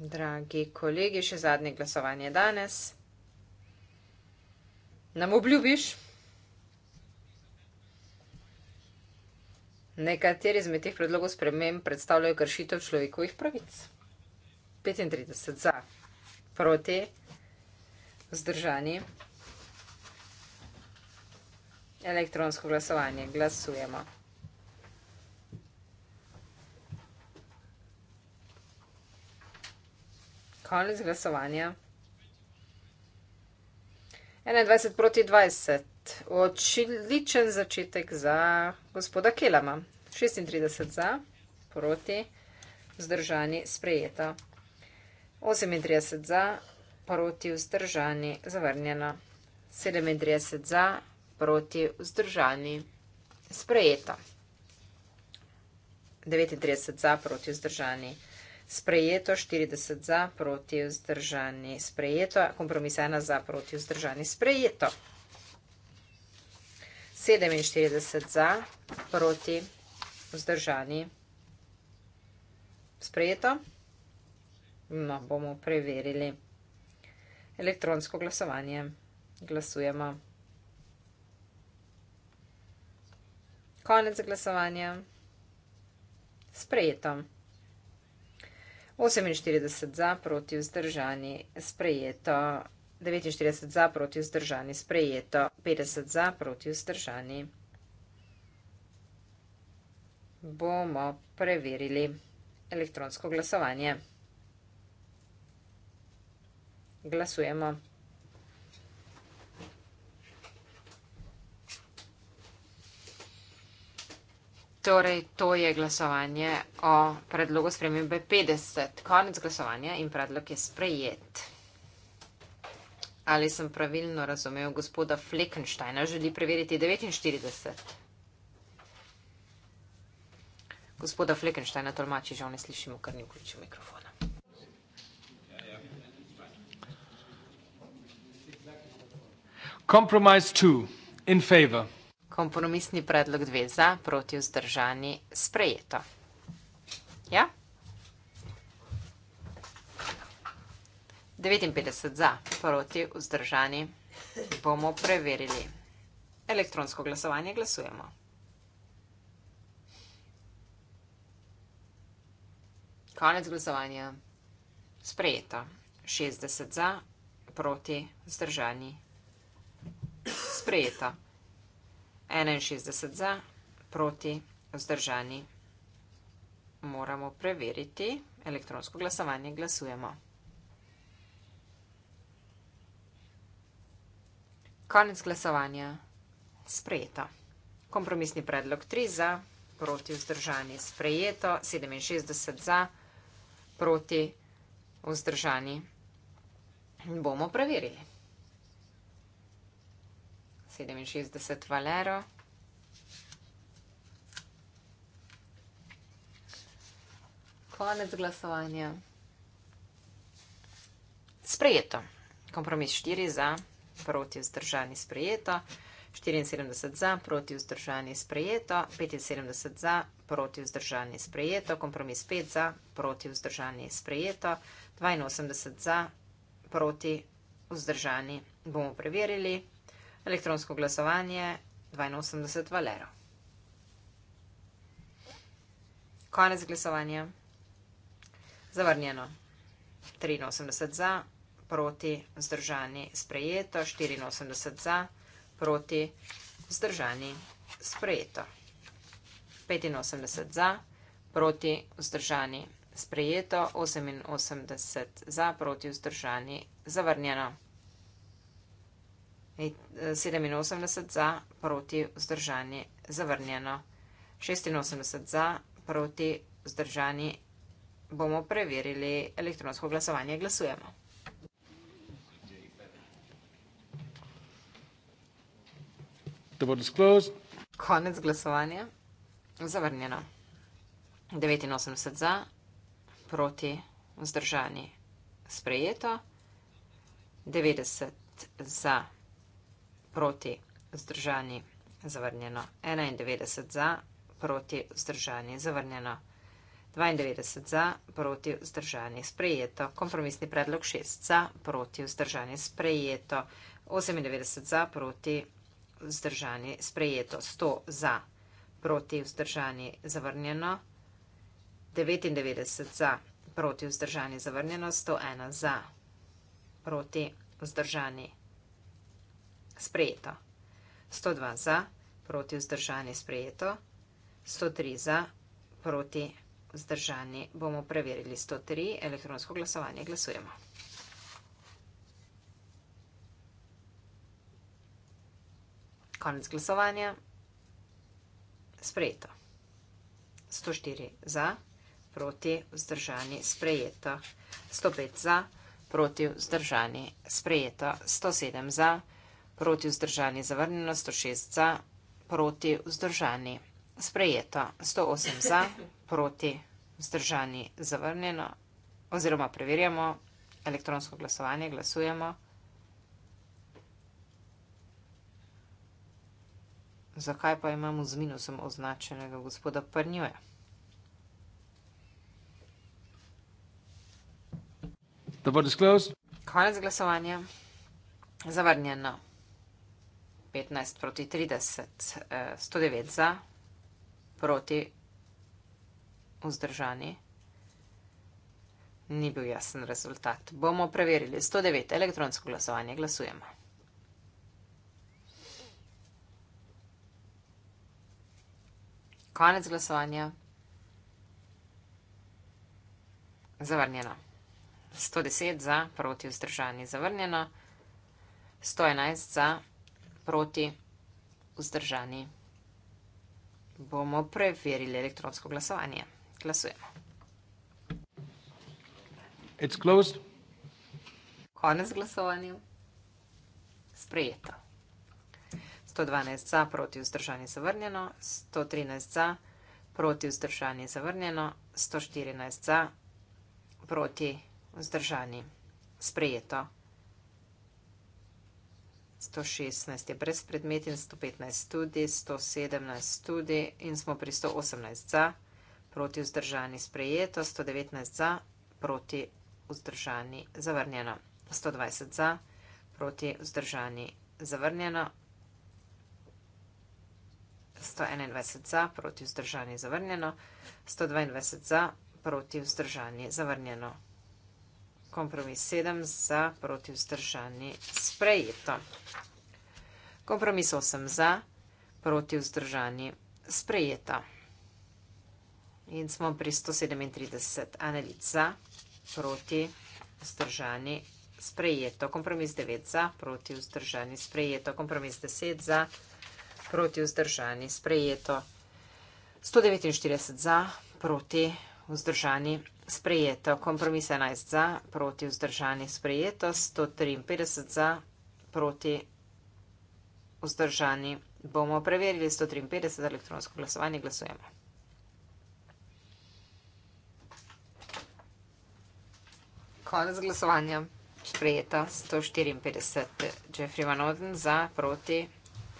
Dragi kolegi, še zadnje glasovanje danes. Nam obljubiš? Nekateri izmed teh predlogov sprememb predstavljajo kršitev človekovih pravic. 35 za, proti, vzdržani. Elektronsko glasovanje. Glasujemo. Konec glasovanja. 21 proti 20. Odličen začetek za gospoda Kelama. 36 za, proti, vzdržani, sprejeta. 38 za, proti, vzdržani, zavrnjena. 37 za, proti, vzdržani, sprejeta. 39 za, proti, vzdržani, zavrnjena sprejeto 40 za proti vzdržani sprejeto, kompromis 1 za proti vzdržani sprejeto. 47 za proti vzdržani sprejeto. No, bomo preverili elektronsko glasovanje. Glasujemo. Konec glasovanja. Sprejetom. 48 za proti vzdržani sprejeto. 49 za proti vzdržani sprejeto. 50 za proti vzdržani. Bomo preverili elektronsko glasovanje. Glasujemo. Torej, to je glasovanje o predlogu spremembe 50. Konec glasovanja in predlog je sprejet. Ali sem pravilno razumel gospoda Fleckensteina? Želi preveriti 49. Gospoda Fleckensteina tolmači, žal ne slišimo, ker ni vključil mikrofona. Compromise 2. In favor kompromisni predlog dve za, proti vzdržani sprejeto. Ja? 59 za, proti vzdržani bomo preverili. Elektronsko glasovanje glasujemo. Konec glasovanja. Sprejeto. 60 za, proti vzdržani. Sprejeto. 61 za, proti, vzdržani. Moramo preveriti elektronsko glasovanje. Glasujemo. Konec glasovanja. Sprejeto. Kompromisni predlog 3 za, proti, vzdržani. Sprejeto. 67 za, proti, vzdržani. Bomo preverili. 67 Valero. Konec glasovanja. Sprejeto. Kompromis 4 za, proti vzdržani sprejeto. 74 za, proti vzdržani sprejeto. 75 za, proti vzdržani sprejeto. Kompromis 5 za, proti vzdržani sprejeto. 82 za, proti vzdržani bomo preverili. Elektronsko glasovanje 82 Valero. Konec glasovanja. Zavrnjeno. 83 za, proti, zdržani, sprejeto. 84 za, proti, zdržani, sprejeto. 85 za, proti, zdržani, sprejeto. 88 za, proti, zdržani, zavrnjeno. 87 eh, za, proti vzdržani, zavrnjeno. 86 za, proti vzdržani. Bomo preverili elektronsko glasovanje. Glasujemo. Konec glasovanja. Zavrnjeno. 89 za, proti vzdržani. Sprejeto. 90 za proti, vzdržani, zavrnjeno. 91 za, proti, vzdržani, zavrnjeno. 92 za, proti, vzdržani, sprejeto. Kompromisni predlog 6 za, proti, vzdržani, sprejeto. 98 za, proti, vzdržani, sprejeto. 100 za, proti, vzdržani, zavrnjeno. 99 za, proti, vzdržani, zavrnjeno. 101 za, proti, vzdržani, zavrnjeno. Sprejeto. 102 za, proti vzdržani sprejeto. 103 za, proti vzdržani bomo preverili. 103, elektronsko glasovanje glasujemo. Konec glasovanja. Sprejeto. 104 za, proti vzdržani sprejeto. 105 za, proti vzdržani sprejeto. 107 za, proti vzdržani sprejeto proti vzdržani zavrnjeno 106 za, proti vzdržani sprejeto 108 za, proti vzdržani zavrnjeno oziroma preverjamo elektronsko glasovanje, glasujemo. Zakaj pa imamo z minusom označenega gospoda Prnjuja? Dobro disclose. Konec glasovanja. Zavrnjeno. 15 proti 30, 109 eh, za, proti vzdržani. Ni bil jasen rezultat. Bomo preverili. 109 elektronsko glasovanje. Glasujemo. Konec glasovanja. Zavrnjeno. 110 za, proti vzdržani. Zavrnjeno. 111 za, proti vzdržani proti, vzdržani. Bomo preverili elektronsko glasovanje. Glasujemo. It's closed. Konec glasovanja. Sprejeto. 112 za, proti vzdržanje zavrnjeno, 113 za, proti vzdržanje zavrnjeno, 114 za, proti vzdržanje sprejeto. 116 je brez predmet in 115 tudi, 117 tudi in smo pri 118 za, proti vzdržani sprejeto, 119 za, proti vzdržani zavrnjeno, 120 za, proti vzdržani zavrnjeno, 121 za, proti vzdržani zavrnjeno, 122 za, proti vzdržani zavrnjeno kompromis 7 za, proti vzdržani sprejeto. Kompromis 8 za, proti vzdržani sprejeto. In smo pri 137 analit za, proti vzdržani sprejeto. Kompromis 9 za, proti vzdržani sprejeto. Kompromis 10 za, proti vzdržani sprejeto. 149 za, proti vzdržani sprejeto sprejeto. Kompromis 11 za, proti vzdržani sprejeto, 153 za, proti vzdržani. Bomo preverili 153 elektronsko glasovanje, glasujemo. Konec glasovanja, sprejeto 154. Jeffrey Van Oden za, proti,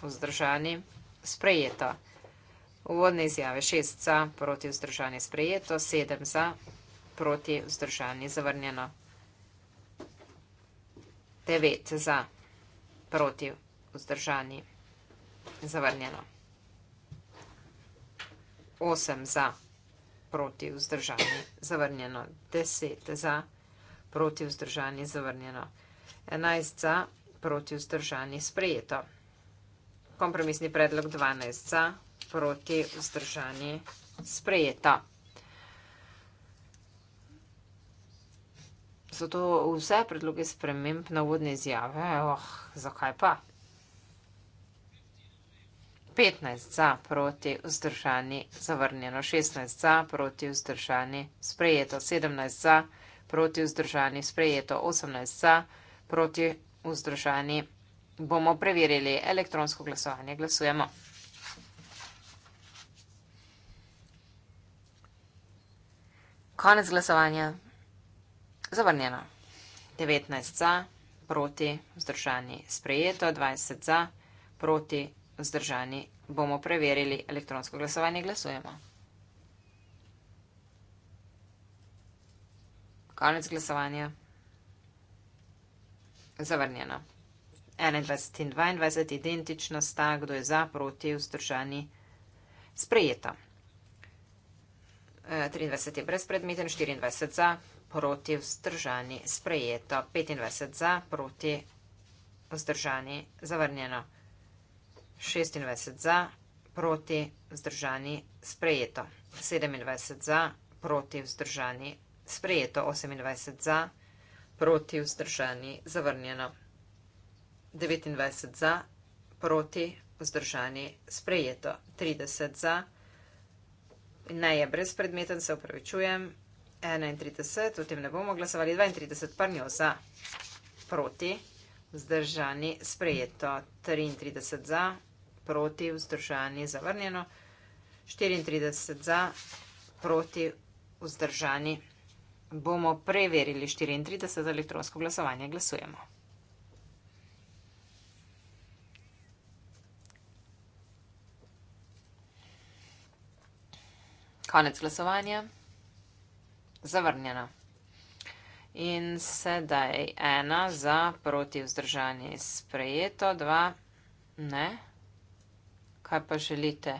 vzdržani, sprejeto. Uvodne izjave 6 za, proti, vzdržani, sprejeto 7 za, proti vzdržani zavrnjeno. 9 za proti vzdržani zavrnjeno. 8 za proti vzdržani zavrnjeno. 10 za proti vzdržani zavrnjeno. 11 za proti vzdržani sprejeto. Kompromisni predlog 12 za proti vzdržani sprejeto. Zato vse predloge sprememb na vodne izjave, oh, zakaj pa? 15 za proti vzdržani zavrnjeno, 16 za proti vzdržani sprejeto, 17 za proti vzdržani sprejeto, 18 za proti vzdržani bomo preverili elektronsko glasovanje. Glasujemo. Konec glasovanja. Zavrnjeno. 19 za, proti, vzdržani, sprejeto. 20 za, proti, vzdržani. Bomo preverili elektronsko glasovanje. Glasujemo. Konec glasovanja. Zavrnjeno. 21 in 22 identično sta, kdo je za, proti, vzdržani, sprejeto. 23 eh, je brez predmeten, 24 za, proti vzdržani sprejeto, 25 za proti vzdržani zavrnjeno, 26 za proti vzdržani sprejeto, 27 za proti vzdržani sprejeto, 28 za proti vzdržani zavrnjeno, 29 za proti vzdržani sprejeto, 30 za. Ne je brez predmeten, se upravičujem, 31, o tem ne bomo glasovali, 32, parnjosa proti, vzdržani, sprejeto, 33 za, proti, vzdržani, zavrnjeno, 34 za, proti, vzdržani. Bomo preverili 34 za elektronsko glasovanje. Glasujemo. Konec glasovanja zavrnjena. In sedaj ena za proti vzdržanje sprejeto, dva, ne, kaj pa želite?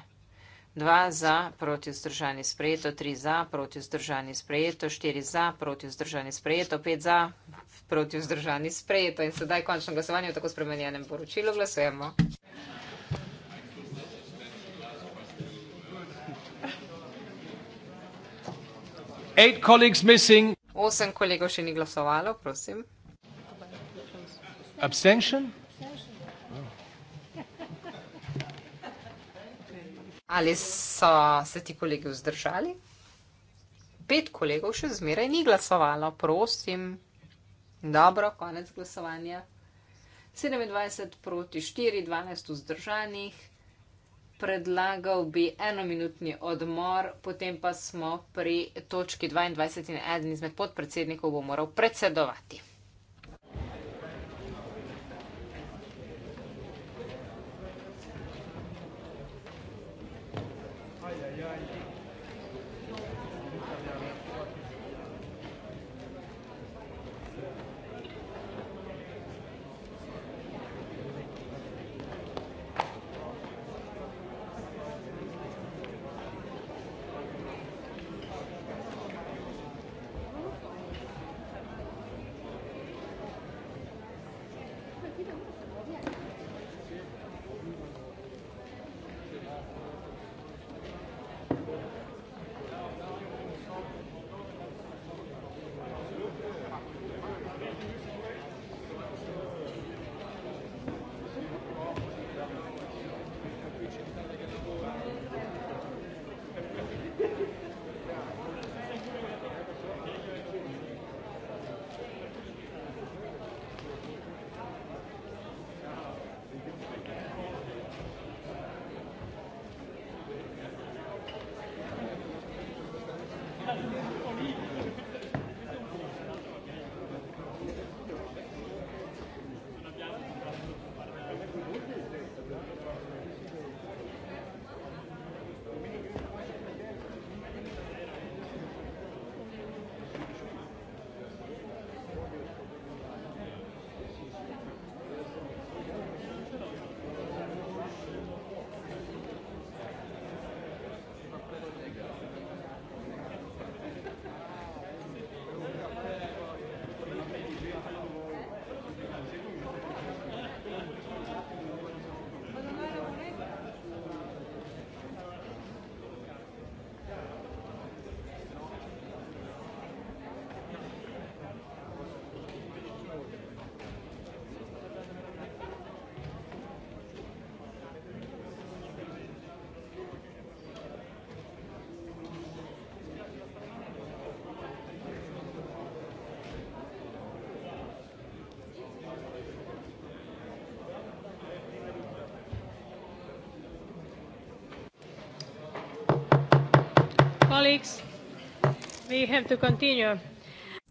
Dva za proti vzdržanje sprejeto, tri za proti vzdržanje sprejeto, štiri za proti vzdržanje sprejeto, pet za proti vzdržanje sprejeto. In sedaj končno glasovanje v tako spremenjenem poročilu glasujemo. Eight colleagues missing. Osem kolegov še ni glasovalo, prosim. Abstention? Ali so se ti kolegi vzdržali? Pet kolegov še zmeraj ni glasovalo, prosim. Dobro, konec glasovanja. 27 proti 4, 12 vzdržanih predlagal bi enominutni odmor, potem pa smo pri točki 22 in eden izmed podpredsednikov bo moral predsedovati.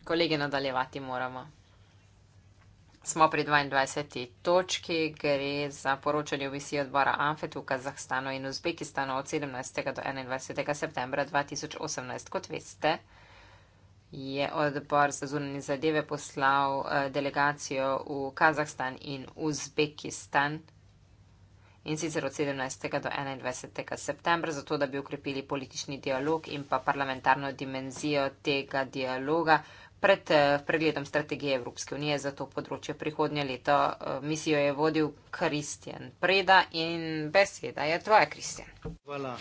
Kolegi, nadaljevati moramo. Smo pri 22. točki, gre za poročanje obisi odbora Amfet v Kazahstanu in Uzbekistanu od 17. do 21. septembra 2018. Kot veste, je odbor za zunanje zadeve poslal eh, delegacijo v Kazahstan in Uzbekistan in sicer od 17. do 21. septembra, zato da bi ukrepili politični dialog in pa parlamentarno dimenzijo tega dialoga pred eh, pregledom strategije Evropske unije za to področje prihodnje leto. Eh, misijo je vodil Kristjan Preda in beseda je tvoja, Kristjan. Hvala.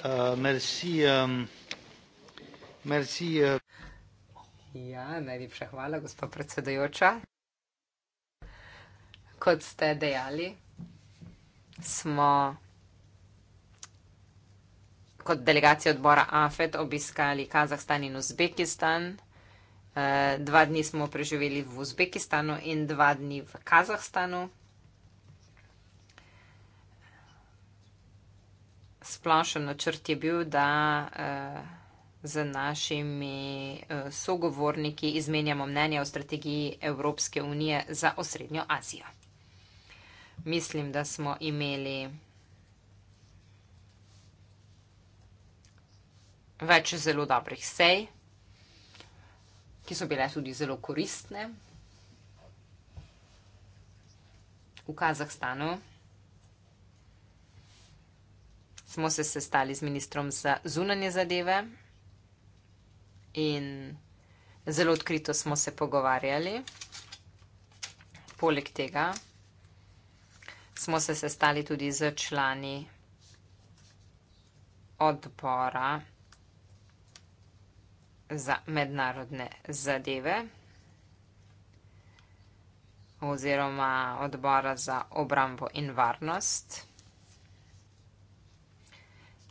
Uh, merci, um, merci, uh. Ja, najlepša hvala, gospod predsedajoča kot ste dejali, smo kot delegacija odbora AFET obiskali Kazahstan in Uzbekistan. Eh, dva dni smo preživeli v Uzbekistanu in dva dni v Kazahstanu. Splošen načrt je bil, da eh, z našimi eh, sogovorniki izmenjamo mnenje o strategiji Evropske unije za osrednjo Azijo mislim, da smo imeli več zelo dobrih sej, ki so bile tudi zelo koristne v Kazahstanu. Smo se sestali z ministrom za zunanje zadeve in zelo odkrito smo se pogovarjali. Poleg tega smo se sestali tudi z člani odbora za mednarodne zadeve oziroma odbora za obrambo in varnost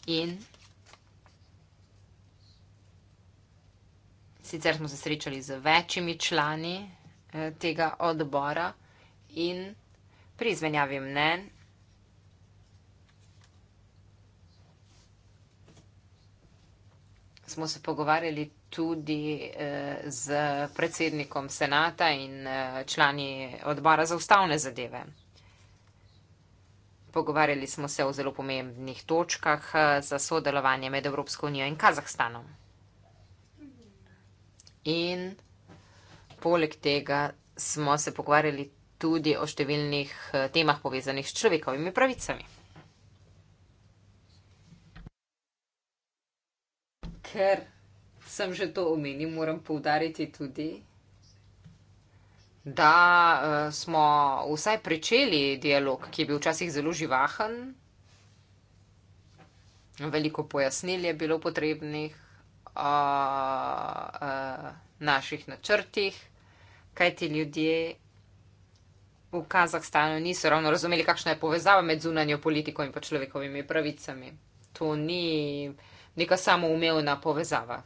in sicer smo se srečali z večimi člani eh, tega odbora in pri izmenjavi mnen smo se pogovarjali tudi eh, z predsednikom senata in eh, člani odbora za ustavne zadeve. Pogovarjali smo se o zelo pomembnih točkah eh, za sodelovanje med Evropsko unijo in Kazahstanom. In poleg tega smo se pogovarjali tudi o številnih eh, temah povezanih s človekovimi pravicami. Ker sem že to omenil, moram povdariti tudi, da uh, smo vsaj pričeli dialog, ki je bil včasih zelo živahen. Veliko pojasnil je bilo potrebnih o uh, uh, naših načrtih, kajti ljudje v Kazahstanu niso ravno razumeli, kakšna je povezava med zunanjo politiko in pa človekovimi pravicami. To ni neka samoumevna povezava.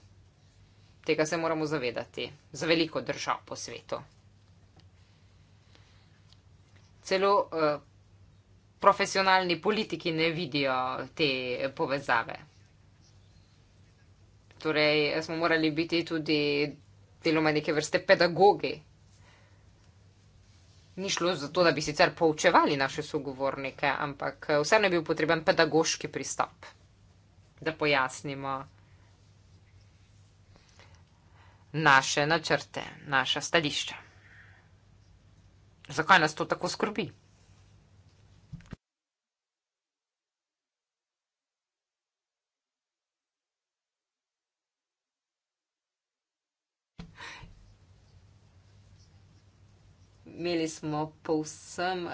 Tega se moramo zavedati za veliko držav po svetu. Celo uh, profesionalni politiki ne vidijo te povezave. Torej, smo morali biti tudi deloma neke vrste pedagogi ni šlo za to, da bi sicer poučevali naše sogovornike, ampak eh, vseeno je bil potreben pedagoški pristop, da pojasnimo naše načrte, naša stališča. Zakaj nas to tako skrbi? imeli smo povsem uh,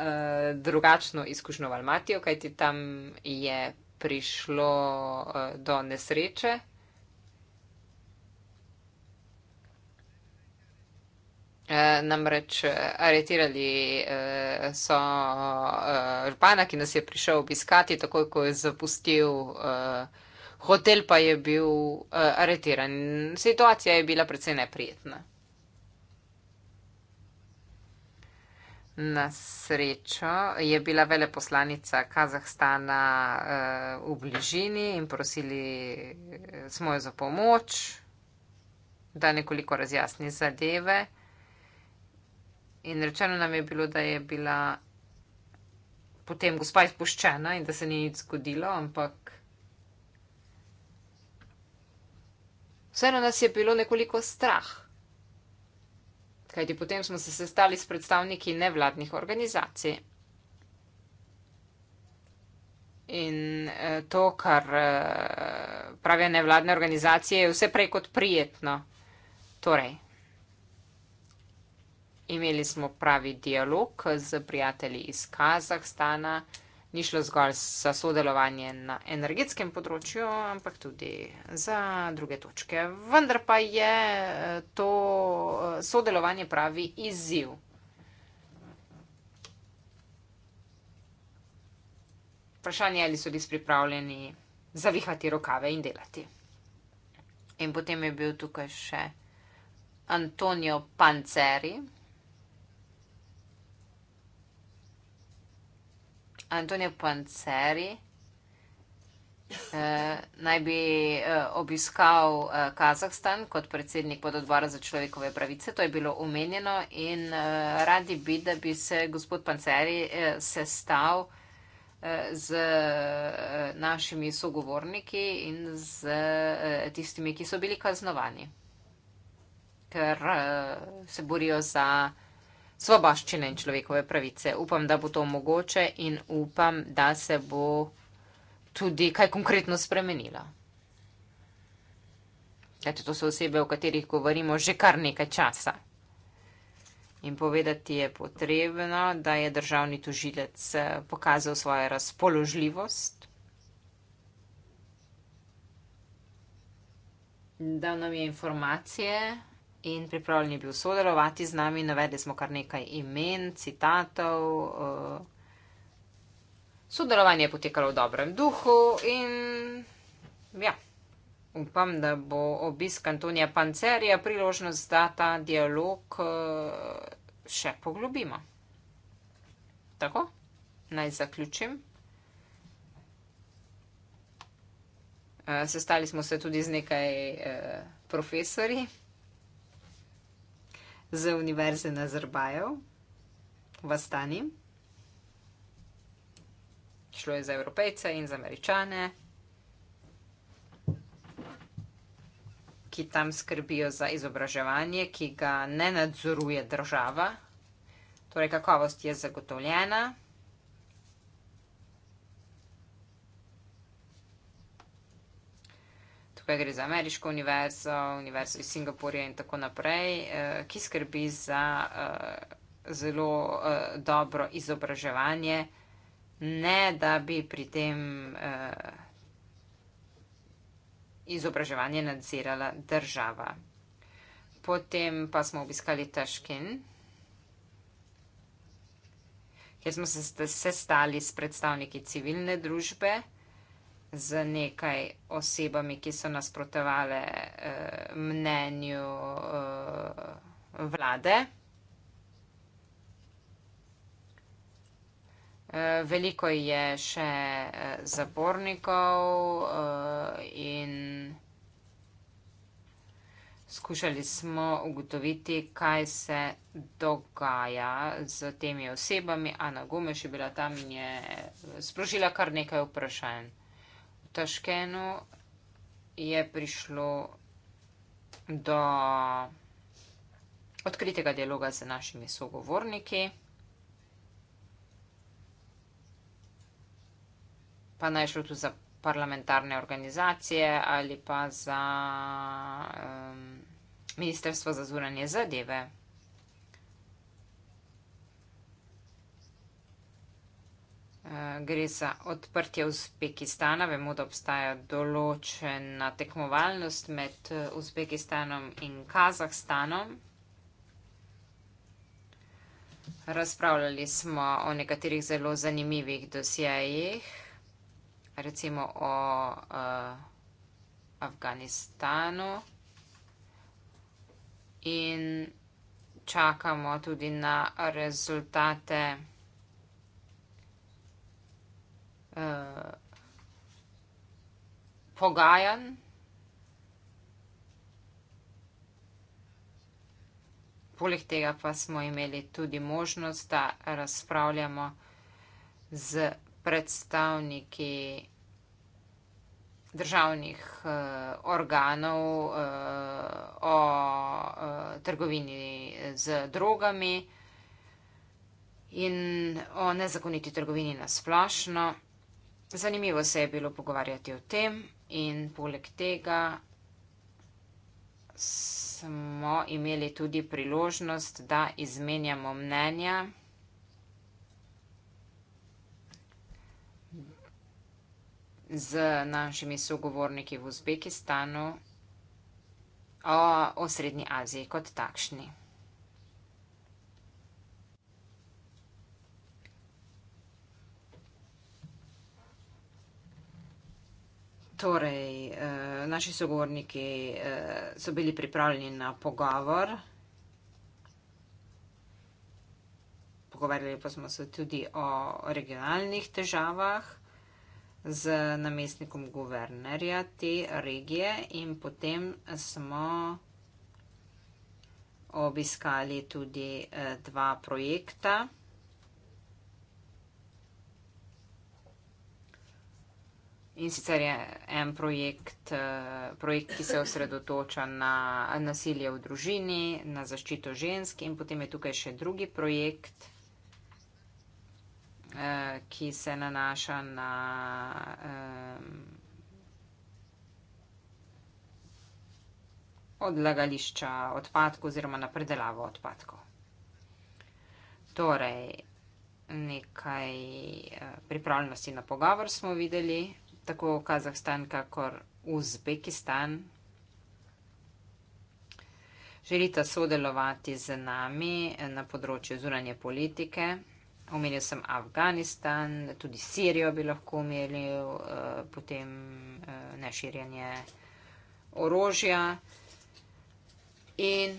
drugačno izkušnjo v Almatijo, kajti tam je prišlo uh, do nesreče. Uh, namreč aretirali uh, so uh, župana, ki nas je prišel obiskati, takoj ko je zapustil uh, hotel, pa je bil uh, aretiran. Situacija je bila precej neprijetna. Na srečo je bila veleposlanica Kazahstana eh, v bližini in prosili eh, smo jo za pomoč, da nekoliko razjasni zadeve. In rečeno nam je bilo, da je bila potem gospa izpuščena in da se ni nič zgodilo, ampak vseeno nas je bilo nekoliko strah kajti potem smo se sestali s predstavniki nevladnih organizacij. In eh, to, kar eh, pravijo nevladne organizacije, je vse prej kot prijetno. Torej, imeli smo pravi dialog z prijatelji iz Kazahstana ni šlo zgolj za sodelovanje na energetskem področju, ampak tudi za druge točke. Vendar pa je eh, to eh, sodelovanje pravi izziv. Vprašanje je, ali so res pripravljeni zavihati rokave in delati. In potem je bil tukaj še Antonio Panceri. Antonio Panceri eh, naj bi eh, obiskal eh, Kazahstan kot predsednik pododbora za človekove pravice. To je bilo omenjeno in eh, radi bi, da bi se gospod Panceri eh, sestal eh, z eh, našimi sogovorniki in z eh, tistimi, ki so bili kaznovani, ker se borijo za svoboščine in človekove pravice. Upam, da bo to mogoče in upam, da se bo tudi kaj konkretno spremenilo. Kajte, to so osebe, o katerih govorimo že kar nekaj časa. In povedati je potrebno, da je državni tožilec eh, pokazal svojo razpoložljivost, da nam je informacije in pripravljen je bil sodelovati z nami. Navedli smo kar nekaj imen, citatov. Eh, sodelovanje je potekalo v dobrem duhu in ja, upam, da bo obisk Antonija Pancerija priložnost, da ta dialog eh, še poglobimo. Tako, naj zaključim. Eh, sestali smo se tudi z nekaj eh, profesori, z Univerze Nazarbajev v Astani. Šlo je za evropejce in za američane, ki tam skrbijo za izobraževanje, ki ga ne nadzoruje država. Torej, kakovost je zagotovljena. tukaj gre za ameriško univerzo, univerzo iz Singapurja in tako naprej, eh, ki skrbi za eh, zelo eh, dobro izobraževanje, ne da bi pri tem izobraževanje nadzirala država. Potem pa smo obiskali Taškin, kjer smo se stali s predstavniki civilne družbe z nekaj osebami, ki so nasprotovali uh, eh, mnenju uh, vlade. Eh, veliko je še zapornikov in skušali smo ugotoviti, kaj se dogaja z temi osebami. Ana Gomeš je bila tam in je sprožila kar nekaj vprašanj. Taškenu je prišlo do odkritega dialoga z našimi sogovorniki. Pa naj šlo tudi za parlamentarne organizacije ali pa za um, Ministrstvo za zunanje zadeve. gre za odprtje Uzbekistana. Vemo, da obstaja določena tekmovalnost med eh, Uzbekistanom in Kazahstanom. Razpravljali smo o nekaterih zelo zanimivih dosjejih, recimo o uh, Afganistanu in čakamo tudi na rezultate uh, pogajanj, poleg tega pa smo imeli tudi možnost, da razpravljamo z predstavniki državnih uh, organov uh, o uh, trgovini z drogami in o nezakoniti trgovini nasplošno. Zanimivo se je bilo pogovarjati o tem in poleg tega smo imeli tudi priložnost, da izmenjamo mnenja. z našimi sogovorniki v Uzbekistanu o, o Srednji Aziji kot takšni. Torej, eh, naši sogovorniki eh, so bili pripravljeni na pogovor. Pogovarjali pa smo se tudi o regionalnih težavah z namestnikom guvernerja te regije in potem smo obiskali tudi eh, dva projekta. In sicer je en projekt, eh, projekt, ki se osredotoča na nasilje v družini, na zaščito žensk in potem je tukaj še drugi projekt, eh, ki se nanaša na eh, odlagališča odpadkov oziroma na predelavo odpadkov. Torej, nekaj pripravljenosti na pogovor smo videli, tako Kazahstan, kakor Uzbekistan, želita sodelovati z nami na področju zunanje politike. Omenil sem Afganistan, tudi Sirijo bi lahko omenil, eh, potem eh, neširjanje orožja. In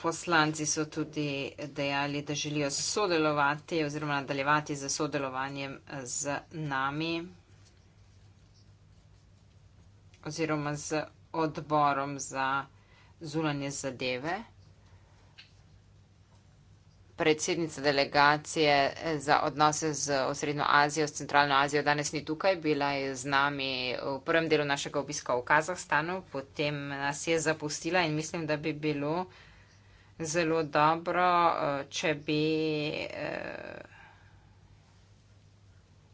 poslanci so tudi dejali, da želijo sodelovati oziroma nadaljevati z sodelovanjem z nami oziroma z odborom za zunanje zadeve. Predsednica delegacije za odnose z osrednjo Azijo, s centralno Azijo, danes ni tukaj, bila je z nami v prvem delu našega obiska v Kazahstanu, potem nas je zapustila in mislim, da bi bilo zelo dobro, eh, če bi eh,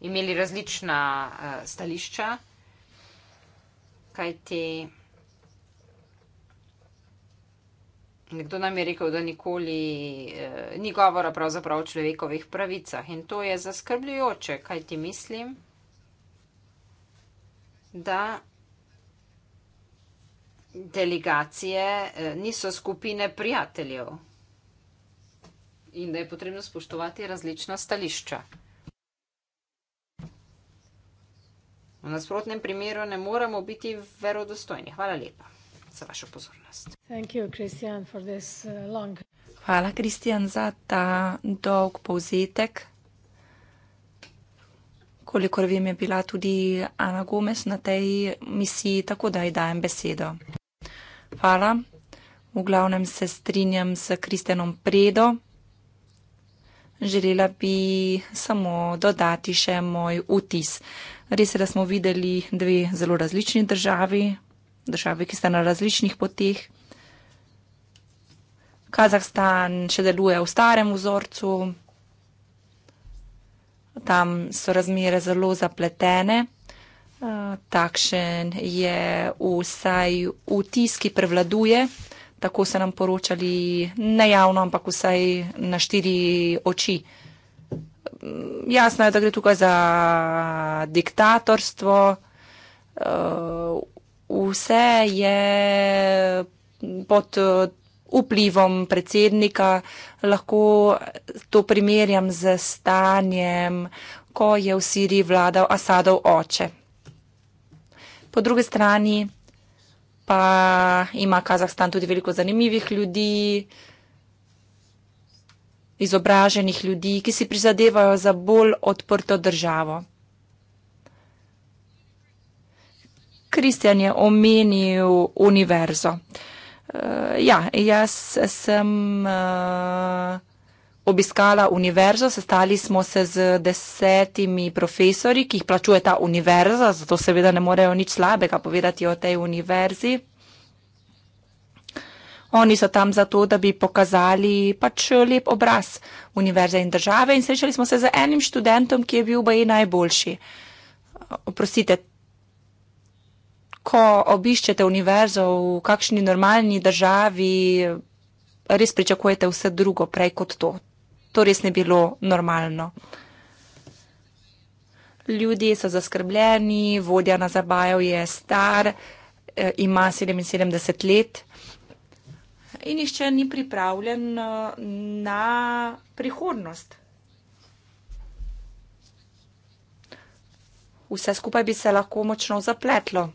imeli različna eh, stališča, kajti nekdo nam je rekel, da nikoli ni govora pravzaprav o človekovih pravicah in to je zaskrbljujoče, kajti mislim, da delegacije eh, niso skupine prijateljev in da je potrebno spoštovati različna stališča. V nasprotnem primeru ne moremo biti verodostojni. Hvala lepa za vašo pozornost. Uh, Hvala, Kristjan, za ta dolg povzetek. Kolikor vem, je bila tudi Ana Gomez na tej misiji, tako da ji dajem besedo. Hvala. V glavnem se strinjam s Kristjanom Predo. Želela bi samo dodati še moj vtis. Res je, da smo videli dve zelo različni državi, državi, ki sta na različnih poteh. Kazahstan še deluje v starem vzorcu, tam so razmere zelo zapletene. Eh, takšen je vsaj vtis, ki prevladuje. Tako so nam poročali ne javno, ampak vsaj na štiri oči. Mm, jasno je, da gre tukaj za diktatorstvo. Eh, vse je pod eh, vplivom predsednika. Lahko to primerjam z stanjem, ko je v Siriji vladal Asadov oče po drugi strani pa ima Kazahstan tudi veliko zanimivih ljudi, izobraženih ljudi, ki si prizadevajo za bolj odprto državo. Kristjan je omenil univerzo. Uh, ja, jaz sem. Uh, obiskala univerzo, sestali smo se z desetimi profesori, ki jih plačuje ta univerza, zato seveda ne morejo nič slabega povedati o tej univerzi. Oni so tam zato, da bi pokazali pač lep obraz univerze in države in srečali smo se z enim študentom, ki je bil baj najboljši. Oprostite, ko obiščete univerzo v kakšni normalni državi, res pričakujete vse drugo prej kot to to res ni bilo normalno. Ljudje so zaskrbljeni, vodja Nazarbajev je star, eh, ima 77 let in nišče ni pripravljen eh, na prihodnost. Vse skupaj bi se lahko močno zapletlo.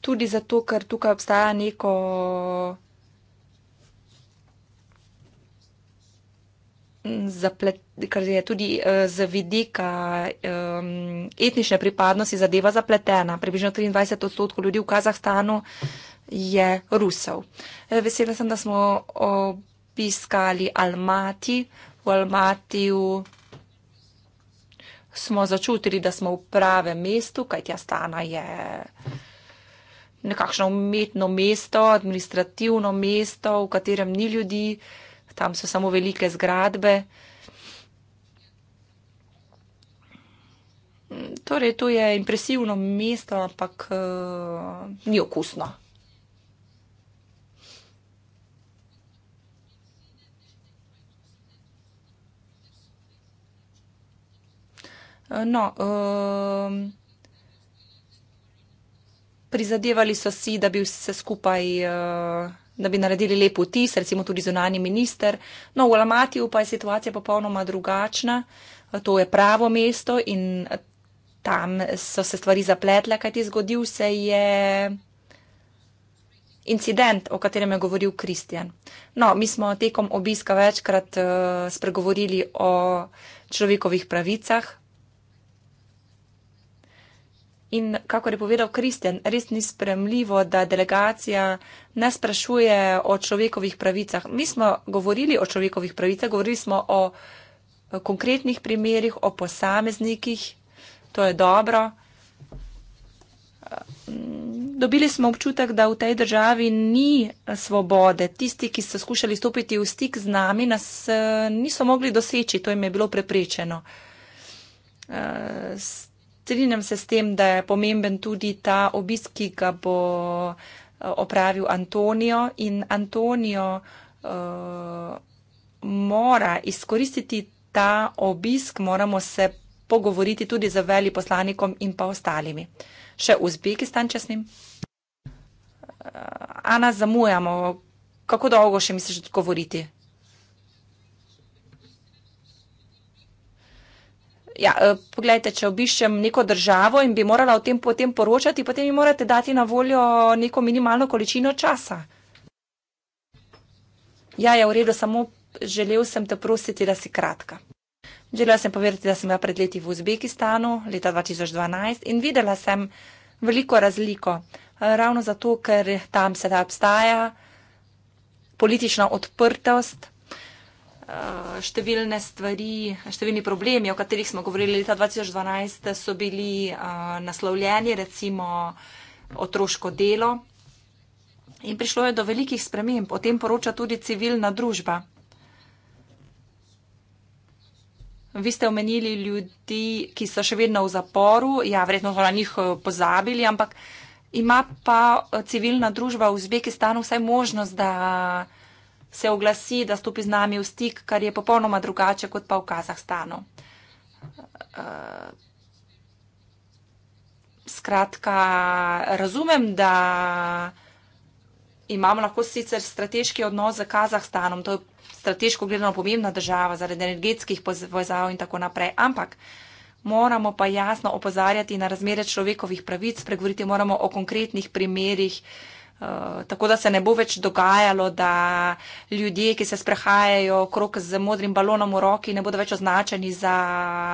Tudi zato, ker tukaj obstaja neko kar je tudi eh, z vidika etnične pripadnosti zadeva zapletena. Približno 23 odstotkov ljudi v Kazahstanu je Rusov. Eh, vesela sem, da smo obiskali Almati. V Almatiju smo začutili, da smo v pravem mestu, kajti Astana je nekakšno umetno mesto, administrativno mesto, v katerem ni ljudi. Uh, tam so samo velike zgradbe. Torej, to je impresivno mesto, ampak uh, ni okusno. Eh, no, um, prizadevali so si, da bi vse skupaj uh, da bi naredili lep vtis, recimo tudi zunani minister. No, v Alamatiju pa je situacija popolnoma drugačna, to je pravo mesto in tam so se stvari zapletle, kajti zgodil se je incident, o katerem je govoril Kristjan. No, mi smo tekom obiska večkrat eh, spregovorili o človekovih pravicah, In kakor je povedal Kristjan, res ni spremljivo, da delegacija ne sprašuje o človekovih pravicah. Mi smo govorili o človekovih pravicah, govorili smo o konkretnih primerjih, o posameznikih, to je dobro. Dobili smo občutek, da v tej državi ni svobode. Tisti, ki so skušali stopiti v stik z nami, nas eh, niso mogli doseči, to jim je bilo preprečeno. Eh, strinjam se s tem, da je pomemben tudi ta obisk, ki ga bo eh, opravil Antonijo in Antonijo uh, eh, mora izkoristiti ta obisk, moramo se pogovoriti tudi z veli poslanikom in pa ostalimi. Še Uzbekistan, če smem. Uh, Ana, zamujamo. Kako dolgo še misliš govoriti? Ja, e, poglejte, če obiščem neko državo in bi morala o tem potem poročati, potem mi morate dati na voljo neko minimalno količino časa. Ja, je ja, v redu, samo želel sem te prositi, da si kratka. Želela sem povedati, da sem bila pred leti v Uzbekistanu, leta 2012, in videla sem veliko razliko. E, ravno zato, ker tam sedaj obstaja politična odprtost, Eh, številne stvari, številni problemi, o katerih smo govorili leta 2012, so bili eh, naslovljeni, recimo otroško delo. In prišlo je do velikih sprememb. O tem poroča tudi civilna družba. Vi ste omenili ljudi, ki so še vedno v zaporu. Ja, vredno smo na njih eh, pozabili, ampak ima pa civilna družba v Uzbekistanu vsaj možnost, da se oglasi, da stopi z nami v stik, kar je popolnoma drugače kot pa v Kazahstanu. Uh, skratka, razumem, da imamo lahko sicer strateški odnos z Kazahstanom, to je strateško gledano pomembna država zaradi energetskih povezav in tako naprej, ampak moramo pa jasno opozarjati na razmere človekovih pravic, pregovoriti moramo o konkretnih primerjih. Uh, Eh, tako da se ne bo več dogajalo, da ljudje, ki se sprehajajo krok z modrim balonom v roki, ne bodo več označeni za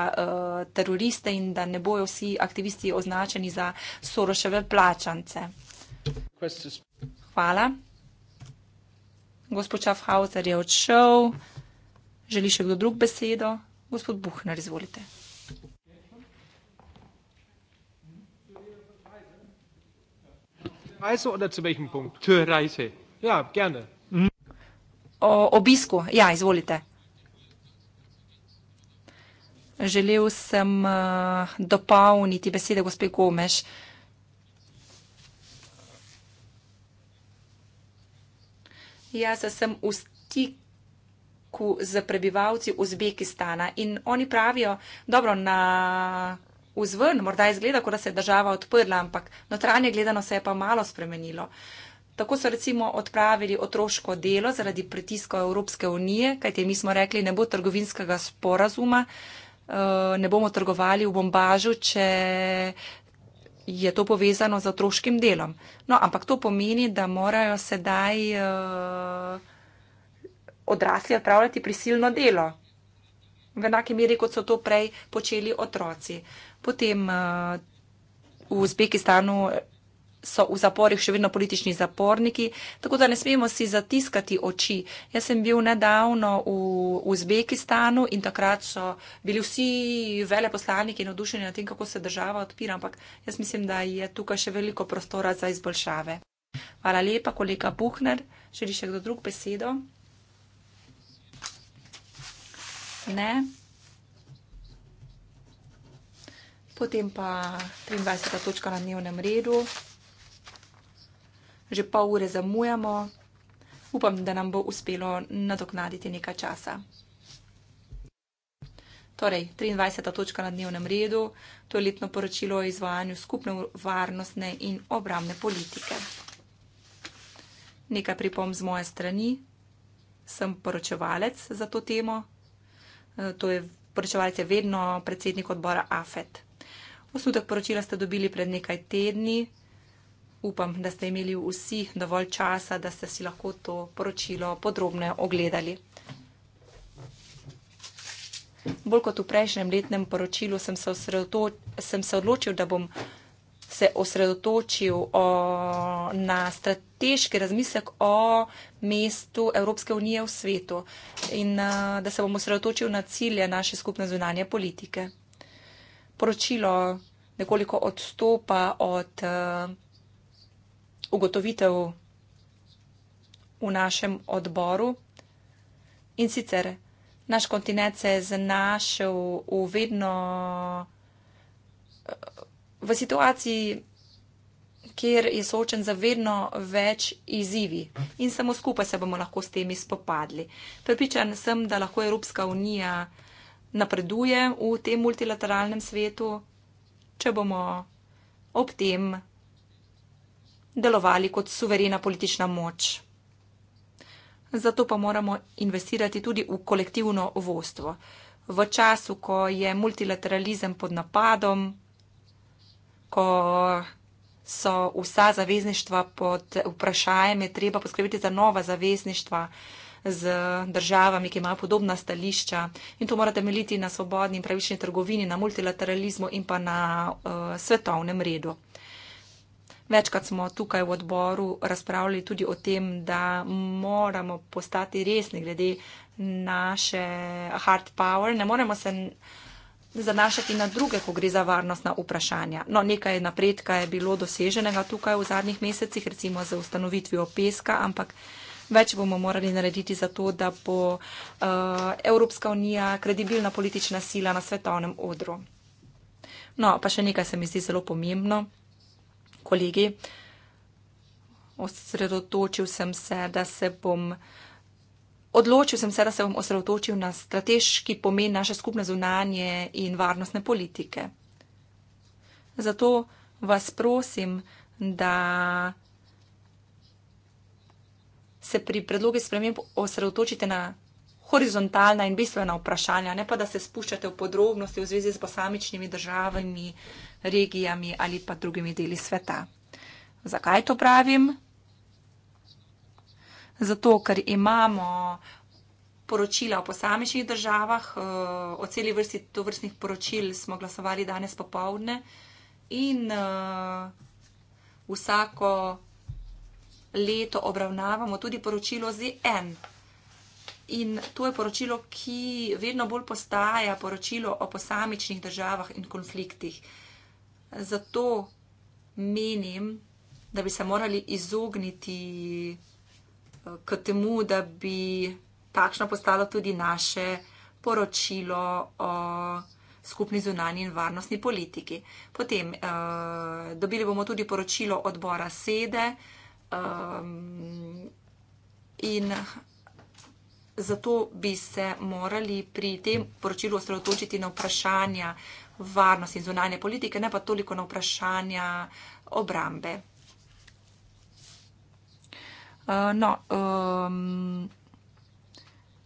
uh, teroriste in da ne bojo vsi aktivisti označeni za soroševe plačance. Hvala. Gospod Schaffhauser je odšel. Želi še kdo drug besedo? Gospod Buhner, izvolite. Reise oder zu welchem Punkt? Zur Reise. Ja, gerne. O obisku, ja, izvolite. Želel sem uh, dopolniti besede gospe Gomeš. Jaz sem v stiku z prebivalci Uzbekistana in oni pravijo, dobro, na vzven, morda izgleda, kot da se je država odprla, ampak notranje gledano se je pa malo spremenilo. Tako so recimo odpravili otroško delo zaradi pritiska Evropske unije, kajte mi smo rekli, ne bo trgovinskega sporazuma, eh, ne bomo trgovali v bombažu, če je to povezano z otroškim delom. No, ampak to pomeni, da morajo sedaj eh, odrasli odpravljati prisilno delo v enaki meri, kot so to prej počeli otroci. Potem eh, v Uzbekistanu eh, so v zaporih še vedno politični zaporniki, tako da ne smemo si zatiskati oči. Jaz sem bil nedavno v Uzbekistanu in takrat so bili vsi veleposlaniki navdušeni na tem, kako se država odpira, ampak jaz mislim, da je tukaj še veliko prostora za izboljšave. Hvala lepa, kolega Buhner. Želi še kdo drug besedo? Ne. Potem pa 23. točka na dnevnem redu. Že pol ure zamujamo. Upam, da nam bo uspelo nadoknaditi nekaj časa. Torej, 23. točka na dnevnem redu, to je letno poročilo o izvajanju skupne varnostne in obramne politike. Nekaj pripom z moje strani, sem poročevalec za to temo. Eh, to je poročevalec je vedno predsednik odbora AFET. Osnutek poročila ste dobili pred nekaj tedni. Upam, da ste imeli vsi dovolj časa, da ste si lahko to poročilo podrobno ogledali. Bolj kot v prejšnjem letnem poročilu sem se, sem se odločil, da bom se osredotočil o, na strateški razmislek o mestu Evropske unije v svetu in da se bom osredotočil na cilje naše skupne zunanje politike. Poročilo nekoliko odstopa od ugotovitev v našem odboru in sicer naš kontinent se je znašel v vedno v situaciji, kjer je soočen za vedno več izzivi in samo skupaj se bomo lahko s temi spopadli. Pripričan sem, da lahko Evropska unija napreduje v tem multilateralnem svetu, če bomo ob tem delovali kot suverena politična moč. Zato pa moramo investirati tudi v kolektivno vodstvo. V času, ko je multilateralizem pod napadom, ko so vsa zavezništva pod vprašanjem, je treba poskrbeti za nova zavezništva z državami, ki imajo podobna stališča. In to mora temeljiti na svobodni in pravični trgovini, na multilateralizmu in pa na uh, svetovnem redu. Večkrat smo tukaj v odboru razpravljali tudi o tem, da moramo postati resni glede naše hard power. Ne moremo se zanašati na druge, ko gre za varnostna vprašanja. No, nekaj napredka je bilo doseženega tukaj v zadnjih mesecih, recimo z ustanovitvijo peska, ampak več bomo morali narediti za to, da bo uh, Evropska unija kredibilna politična sila na svetovnem odru. No, pa še nekaj se mi zdi zelo pomembno, kolegi. Osredotočil sem se, da se bom. Uh, Odločil sem se, da se bom osredotočil na strateški pomen naše skupne zunanje in varnostne politike. Zato vas prosim, da se pri predlogi sprememb osredotočite na horizontalna in bistvena vprašanja, ne pa da se spuščate v podrobnosti v zvezi z posamičnimi državami, regijami ali pa drugimi deli sveta. Zakaj to pravim? zato ker imamo poročila o posamešnih državah, eh, o celi vrsti tovrstnih poročil smo glasovali danes popovdne in eh, vsako leto obravnavamo tudi poročilo ZN. In to je poročilo, ki vedno bolj postaja poročilo o posamičnih državah in konfliktih. Zato menim, da bi se morali izogniti k temu, da bi takšno postalo tudi naše poročilo o skupni zunanji in varnostni politiki. Potem uh, dobili bomo tudi poročilo odbora sede um, in zato bi se morali pri tem poročilu osredotočiti na vprašanja varnosti in zunanje politike, ne pa toliko na vprašanja obrambe. Eh, no, um,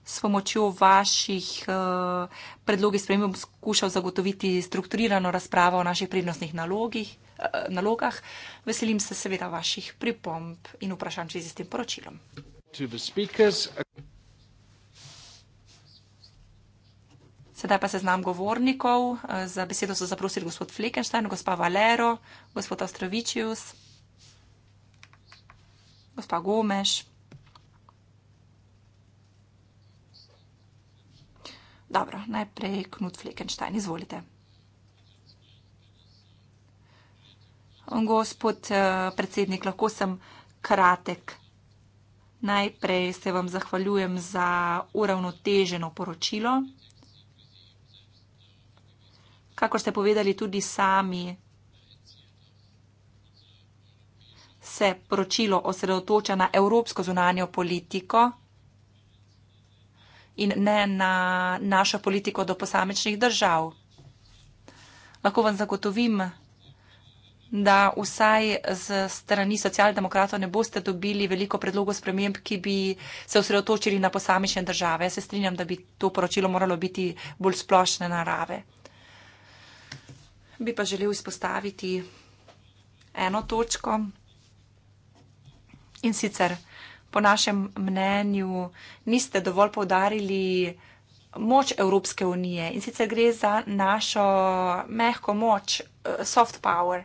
s pomočjo vaših uh, eh, predlogi sprememb bom skušal zagotoviti strukturirano razpravo o naših prednostnih nalogih, uh, nalogah. Veselim se seveda vaših pripomb in vprašanj, če je z tem poročilom. Sedaj pa se znam govornikov. Za besedo so zaprosili gospod Flekenstein, gospa Valero, gospod Ostrovičius gospa Gomeš. Dobro, najprej Knut Flekenštajn, izvolite. Gospod eh, predsednik, lahko sem kratek. Najprej se vam zahvaljujem za uravnoteženo poročilo. Kako ste povedali tudi sami, se poročilo osredotoča na evropsko zunanjo politiko in ne na našo politiko do posamečnih držav. Lahko vam zagotovim, da vsaj z strani socialdemokratov ne boste dobili veliko predlogov sprememb, ki bi se osredotočili na posamečne države. Jaz se strinjam, da bi to poročilo moralo biti bolj splošne narave. Bi pa želel izpostaviti eno točko. In sicer, po našem mnenju, niste dovolj poudarili moč Evropske unije in sicer gre za našo mehko moč, eh, soft power.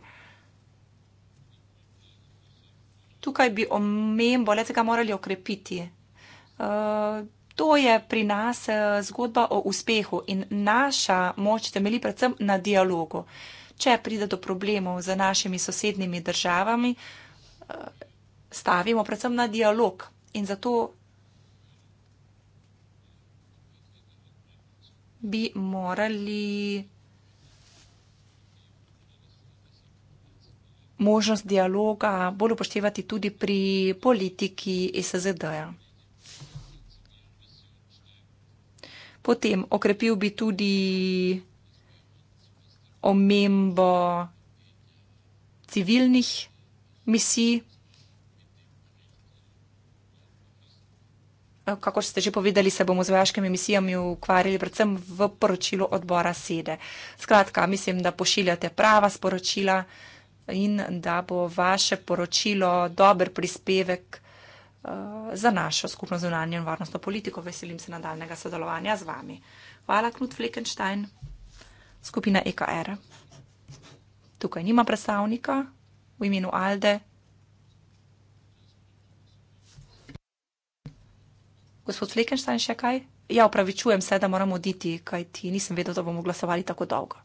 Tukaj bi omembo le tega morali okrepiti. Eh, to je pri nas eh, zgodba o uspehu in naša moč temeli predvsem na dialogu. Če pride do problemov z našimi sosednjimi državami, stavimo predvsem na dialog in zato bi morali možnost dialoga bolj upoštevati tudi pri politiki SZD-ja. Potem okrepil bi tudi omembo civilnih misij. Kako ste že povedali, se bomo z vojaškimi misijami ukvarjali predvsem v poročilu odbora sede. Skratka, mislim, da pošiljate prava sporočila in da bo vaše poročilo dober prispevek eh, za našo skupno zunanje in varnostno politiko. Veselim se nadaljnega sodelovanja z vami. Hvala, Knut Flekenstein, skupina EKR. Tukaj nima predstavnika v imenu Alde. Gospod Flekenstein, še kaj? Ja, upravičujem se, da moram oditi, kaj ti nisem vedel, da bomo glasovali tako dolgo.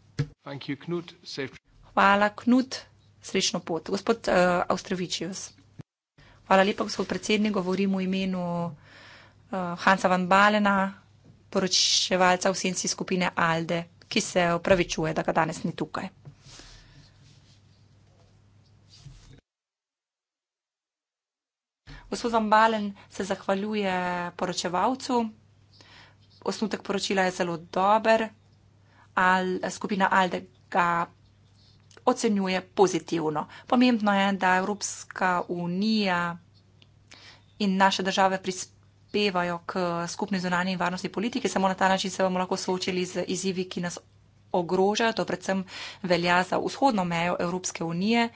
You, Knut. Hvala, Knut. Srečno pot. Gospod uh, eh, Austrovičius. Hvala lepa, gospod predsednik. Govorim v imenu uh, Hansa van Balena, poročevalca v senci skupine Alde, ki se upravičuje, da ga danes ni tukaj. Gospod Zambalen se zahvaljuje poročevalcu. Osnutek poročila je zelo dober. Al, skupina Alde ga ocenjuje pozitivno. Pomembno je, da Evropska unija in naše države prispevajo k skupni zunanji in varnostni politiki. Samo na ta način se bomo lahko soočili z izzivi, ki nas ogrožajo. To predvsem velja za vzhodno mejo Evropske unije. Uh,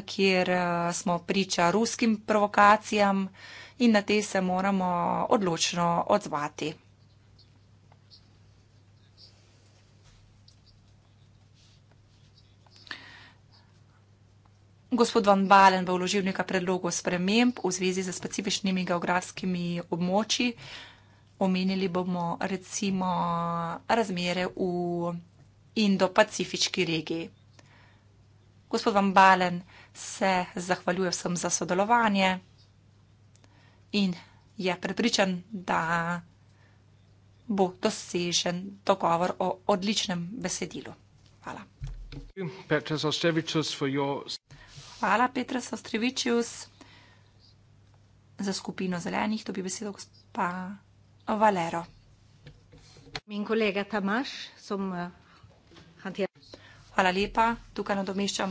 kjer eh, smo priča ruskim provokacijam in na te se moramo odločno odzvati. Gospod Van Balen bo vložil nekaj predlogov sprememb v zvezi z specifičnimi geografskimi območji. Omenili bomo recimo razmere v Indo-Pacifički regiji. Gospod Van Balen se zahvaljuje vsem za sodelovanje in je prepričan, da bo dosežen dogovor o odličnem besedilu. Hvala. Hvala, Petra Sostrevičius. Za skupino zelenih dobi besedo gospa Valero. Min kolega Tamaš, som eh, Hvala lepa. Tukaj nadomeščam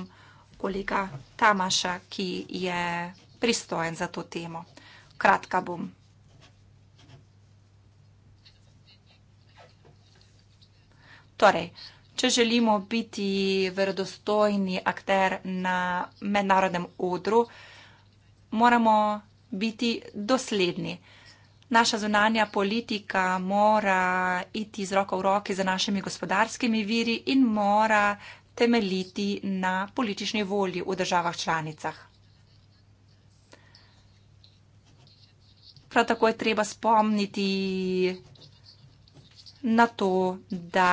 kolega Tamaša, ki je pristojen za to temo. Kratka bom. Torej, če želimo biti verodostojni akter na mednarodnem odru, moramo biti dosledni. Naša zunanja politika mora iti z roko v roki za našimi gospodarskimi viri in mora temeljiti na politični volji v državah članicah. Prav tako je treba spomniti na to, da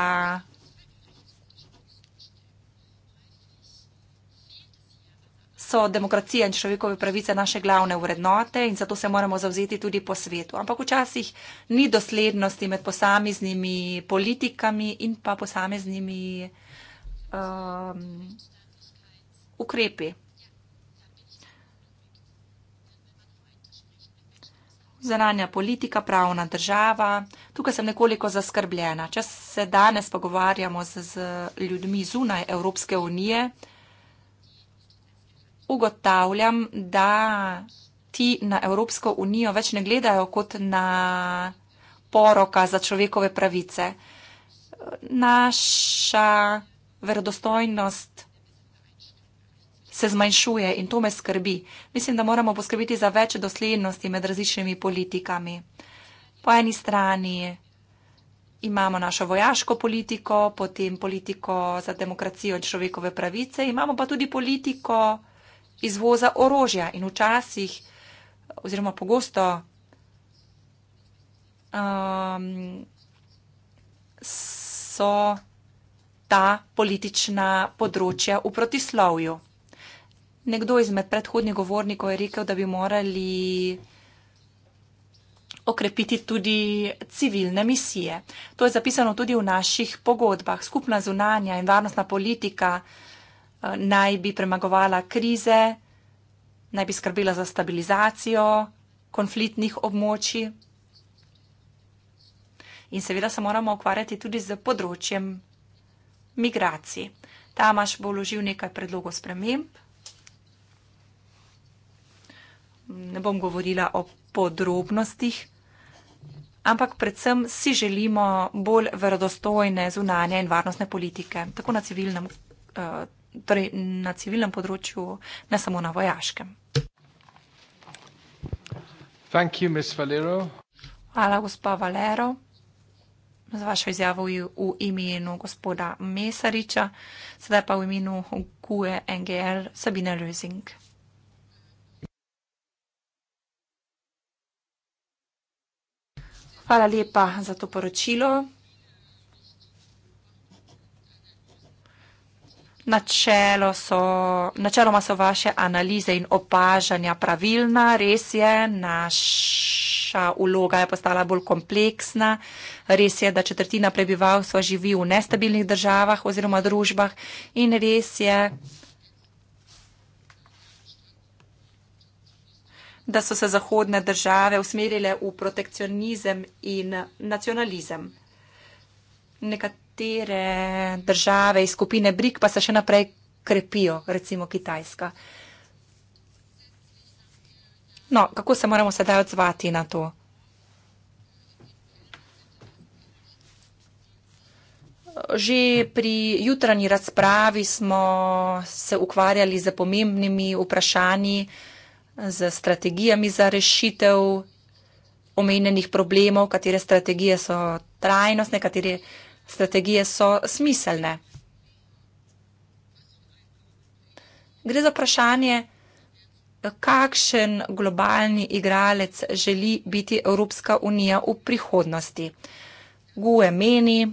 so demokracija in človekove pravice naše glavne vrednote in zato se moramo zavzeti tudi po svetu. Ampak včasih ni doslednosti med posameznimi politikami in pa posameznimi um, ukrepi. Zaranja politika, pravna država. Tukaj sem nekoliko zaskrbljena. Če se danes pogovarjamo z, z ljudmi zunaj Evropske unije, ugotavljam, da ti na Evropsko unijo več ne gledajo kot na poroka za človekove pravice. Naša verodostojnost se zmanjšuje in to me skrbi. Mislim, da moramo poskrbeti za več doslednosti med različnimi politikami. Po eni strani imamo našo vojaško politiko, potem politiko za demokracijo in človekove pravice, imamo pa tudi politiko, izvoza orožja in včasih, oziroma pogosto, um, so ta politična področja v protislovju. Nekdo izmed predhodnih govornikov je rekel, da bi morali okrepiti tudi civilne misije. To je zapisano tudi v naših pogodbah. Skupna zunanja in varnostna politika uh, naj bi premagovala krize, naj bi skrbela za stabilizacijo konfliktnih območij. In seveda se moramo ukvarjati tudi z področjem migracij. Tamaš bo vložil nekaj predlogov sprememb. Ne bom govorila o podrobnostih, ampak predvsem si želimo bolj verodostojne zunanje in varnostne politike, tako na civilnem področju. Eh, torej na civilnem področju, ne samo na vojaškem. You, Hvala, gospa Valero, za vašo izjavo v imenu gospoda Mesariča, sedaj pa v imenu GUE NGL Sabine Lözing. Hvala lepa za to poročilo. načelo so, načeloma so vaše analize in opažanja pravilna, res je, naša uloga je postala bolj kompleksna, res je, da četrtina prebivalstva živi v nestabilnih državah oziroma družbah in res je, da so se zahodne države usmerile v protekcionizem in nacionalizem. Nekat nekatere države iz skupine BRIK pa se še naprej krepijo, recimo Kitajska. No, kako se moramo sedaj odzvati na to? Že pri jutranji razpravi smo se ukvarjali z pomembnimi vprašanji, z strategijami za rešitev omenjenih problemov, katere strategije so trajnostne, katere uh, strategije so smiselne. Gre za vprašanje, kakšen globalni igralec želi biti Evropska unija v prihodnosti. Gue meni,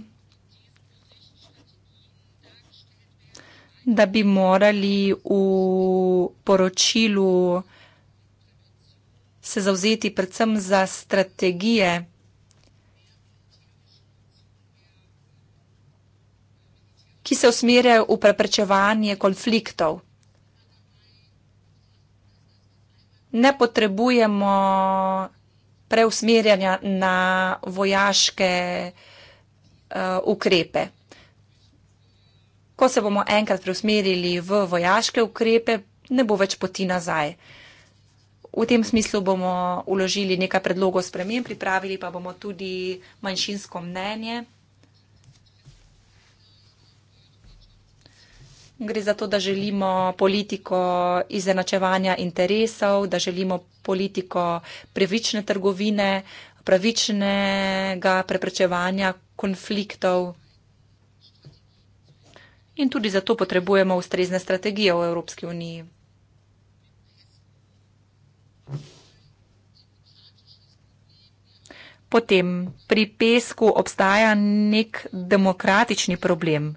da bi morali v poročilu se zauzeti predvsem za strategije, ki se usmerjajo v preprečevanje konfliktov. Ne potrebujemo preusmerjanja na vojaške uh, ukrepe. Ko se bomo enkrat preusmerili v vojaške ukrepe, ne bo več poti nazaj. V tem smislu bomo uložili nekaj predlogov spremem, pripravili pa bomo tudi manjšinsko mnenje. Gre za to, da želimo politiko izenačevanja interesov, da želimo politiko pravične trgovine, pravičnega preprečevanja konfliktov. In tudi zato potrebujemo ustrezne strategije v Evropski uniji. Potem pri pesku obstaja nek demokratični problem.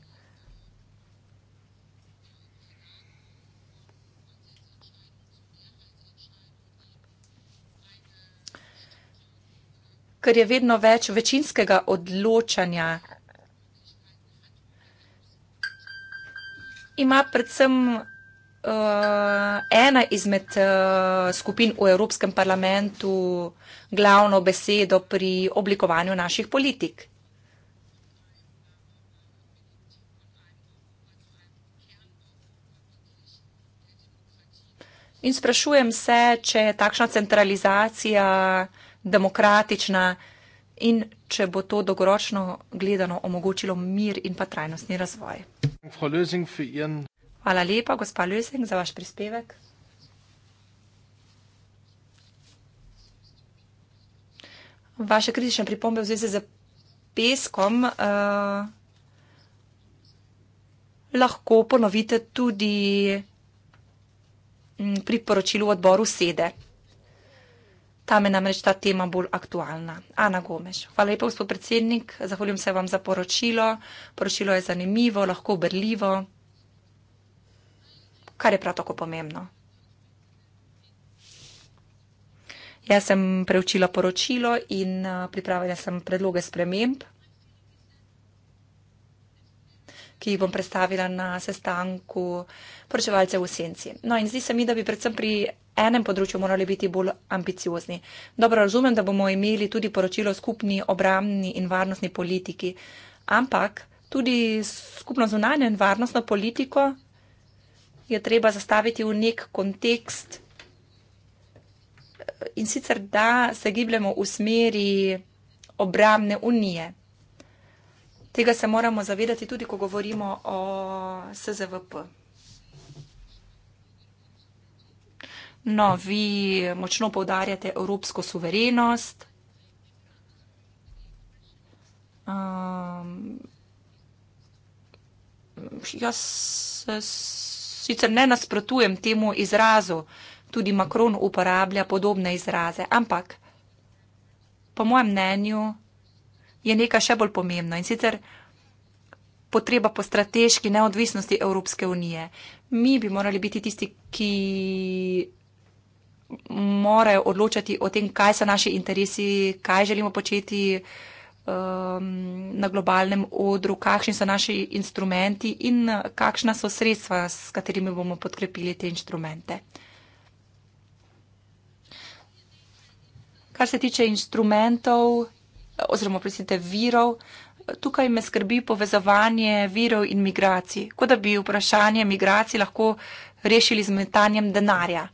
ker je vedno več večinskega odločanja. Ima predvsem uh, ena izmed uh, skupin v Evropskem parlamentu glavno besedo pri oblikovanju naših politik. In sprašujem se, če je takšna centralizacija uh, demokratična in če bo to dolgoročno gledano omogočilo mir in pa trajnostni razvoj. Hvala lepa, gospa Lösing, za vaš prispevek. Vaše kritične pripombe v zvezi z peskom uh, lahko ponovite tudi mm, pri poročilu odboru sede. Tam je namreč ta tema bolj aktualna. Ana Gomeš. Hvala lepa, gospod predsednik. Zahvaljujem se vam za poročilo. Poročilo je zanimivo, lahko obrljivo. Kar je prav tako pomembno. Jaz sem preučila poročilo in eh, pripravila sem predloge sprememb, ki jih bom predstavila na sestanku poročevalcev v senci. No in zdi se mi, da bi predvsem pri enem področju morali biti bolj ambiciozni. Dobro razumem, da bomo imeli tudi poročilo skupni obramni in varnostni politiki, ampak tudi skupno zunanje in varnostno politiko je treba zastaviti v nek kontekst in sicer, da se gibljemo v smeri obramne unije. Tega se moramo zavedati tudi, ko govorimo o SZVP. No, vi močno povdarjate evropsko suverenost. Um, jaz sicer ne nasprotujem temu izrazu, tudi Makron uporablja podobne izraze, ampak po mojem mnenju je nekaj še bolj pomembno in sicer potreba po strateški neodvisnosti Evropske unije. Mi bi morali biti tisti, ki morajo odločati o tem, kaj so naši interesi, kaj želimo početi um, na globalnem odru, kakšni so naši instrumenti in uh, kakšna so sredstva, s katerimi bomo podkrepili te inštrumente. Kar se tiče instrumentov oziroma prosite virov, tukaj me skrbi povezovanje virov in migracij, kot da bi vprašanje migracij lahko rešili z metanjem denarja.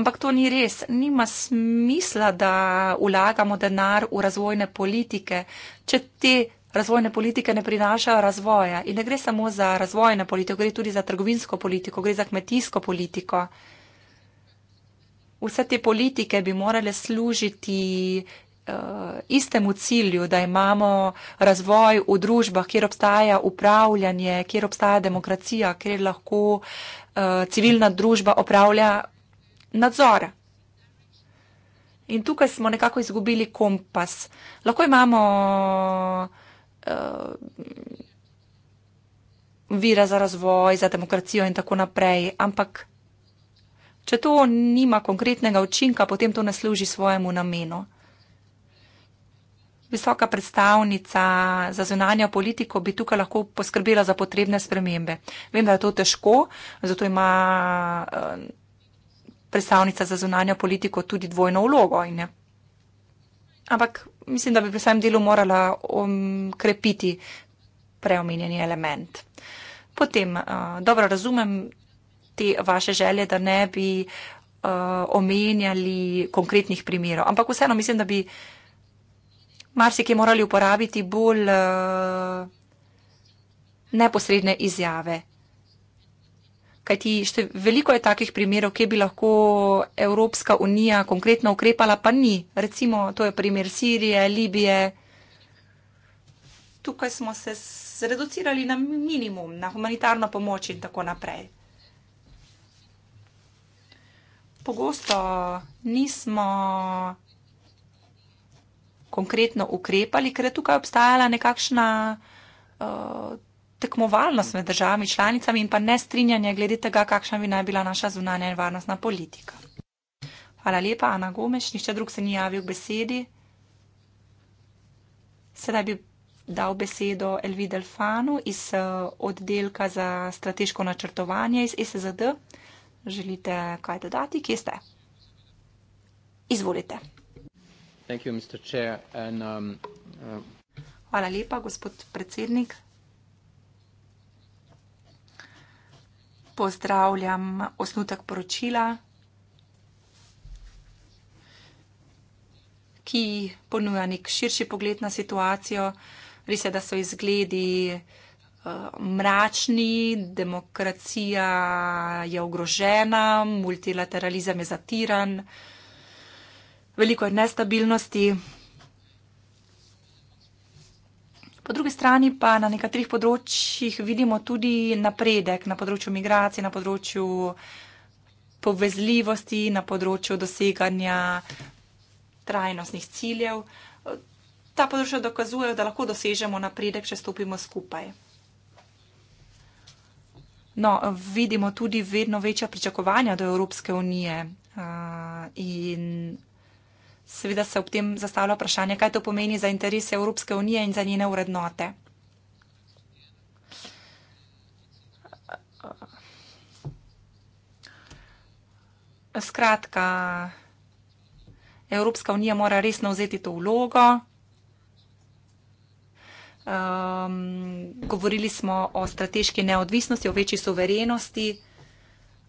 Ampak to ni res. Nima smisla, da vlagamo denar v razvojne politike, če te razvojne politike ne prinašajo razvoja. In ne gre samo za razvojne politike, gre tudi za trgovinsko politiko, gre za kmetijsko politiko. Vse te politike bi morale služiti uh, istemu cilju, da imamo razvoj v družbah, kjer obstaja upravljanje, kjer obstaja demokracija, kjer lahko uh, civilna družba upravlja nadzora. In tukaj smo nekako izgubili kompas. Lahko imamo uh, vira za razvoj, za demokracijo in tako naprej, ampak če to nima konkretnega učinka, potem to ne služi svojemu namenu. Visoka predstavnica za zunanjo politiko bi tukaj lahko poskrbela za potrebne spremembe. Vem, da je to težko, zato ima. Uh, predstavnica za zunanjo politiko tudi dvojno vlogo. Ampak mislim, da bi pri svojem delu morala um, krepiti preomenjeni element. Potem uh, dobro razumem te vaše želje, da ne bi uh, omenjali konkretnih primerov, ampak vseeno mislim, da bi marsikaj morali uporabiti bolj uh, neposredne izjave kajti šte, veliko je takih primerov, kje bi lahko Evropska unija konkretno ukrepala, pa ni. Recimo, to je primer Sirije, Libije. Tukaj smo se zreducirali na minimum, na humanitarno pomoč in tako naprej. Pogosto nismo konkretno ukrepali, ker je tukaj obstajala nekakšna. Uh, tekmovalnost med državami članicami in pa nestrinjanje glede tega, kakšna bi naj bila naša zunanja in varnostna politika. Hvala lepa, Ana Gomeš, nišče drug se ni javil k besedi. Sedaj bi dal besedo Elvi Delfanu iz eh, oddelka za strateško načrtovanje iz SZD. Želite kaj dodati? Kje ste? Izvolite. You, And, um, uh... Hvala lepa, gospod predsednik. pozdravljam osnutek poročila, ki ponuja nek širši pogled na situacijo. Res je, da so izgledi eh, mračni, demokracija je ogrožena, multilateralizem je zatiran, veliko je nestabilnosti. Po drugi strani pa na nekaterih področjih vidimo tudi napredek na področju migracije, na področju povezljivosti, na področju doseganja trajnostnih ciljev. Ta področja dokazujejo, da lahko dosežemo napredek, če stopimo skupaj. No, vidimo tudi vedno večja pričakovanja do Evropske unije in Seveda se ob tem zastavlja vprašanje, kaj to pomeni za interese Evropske unije in za njene urednote. Skratka, Evropska unija mora resno vzeti to vlogo. Um, govorili smo o strateški neodvisnosti, o večji soverenosti.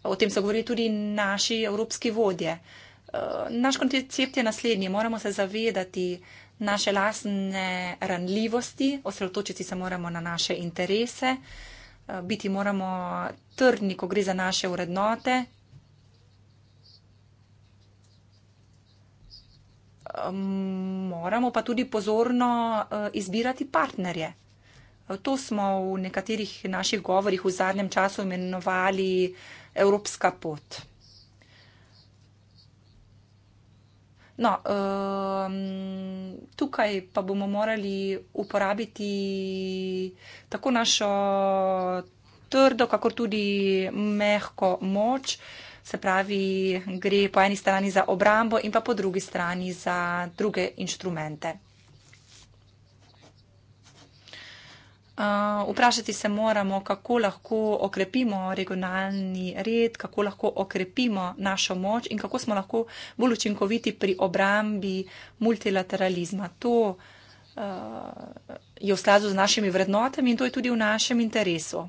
O tem so govorili tudi naši evropski vodje. Uh, Eh, naš koncept je naslednji. Moramo se zavedati naše lasne ranljivosti, osredotočiti se moramo na naše interese, eh, biti moramo trdni, ko gre za naše urednote. Eh, moramo pa tudi pozorno izbirati partnerje. To smo v nekaterih naših govorih v zadnjem času imenovali evropska pot. No, um, tukaj pa bomo morali uporabiti tako našo trdo, kakor tudi mehko moč. Se pravi, gre po eni strani za obrambo in pa po drugi strani za druge inštrumente. Eh, vprašati se moramo, kako lahko okrepimo regionalni red, kako lahko okrepimo našo moč in kako smo lahko bolj učinkoviti pri obrambi multilateralizma. To uh, je v skladu z našimi vrednotami in to je tudi v našem interesu.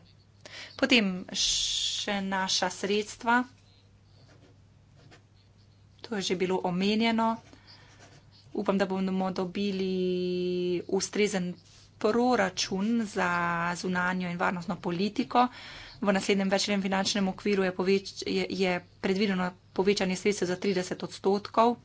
Potem še naša sredstva. To je že bilo omenjeno. Upam, da bomo dobili ustrezen proračun za zunanjo in varnostno politiko. V naslednjem večnem finančnem okviru je, poveč, je, je predvideno povečanje sredstev za 30 odstotkov.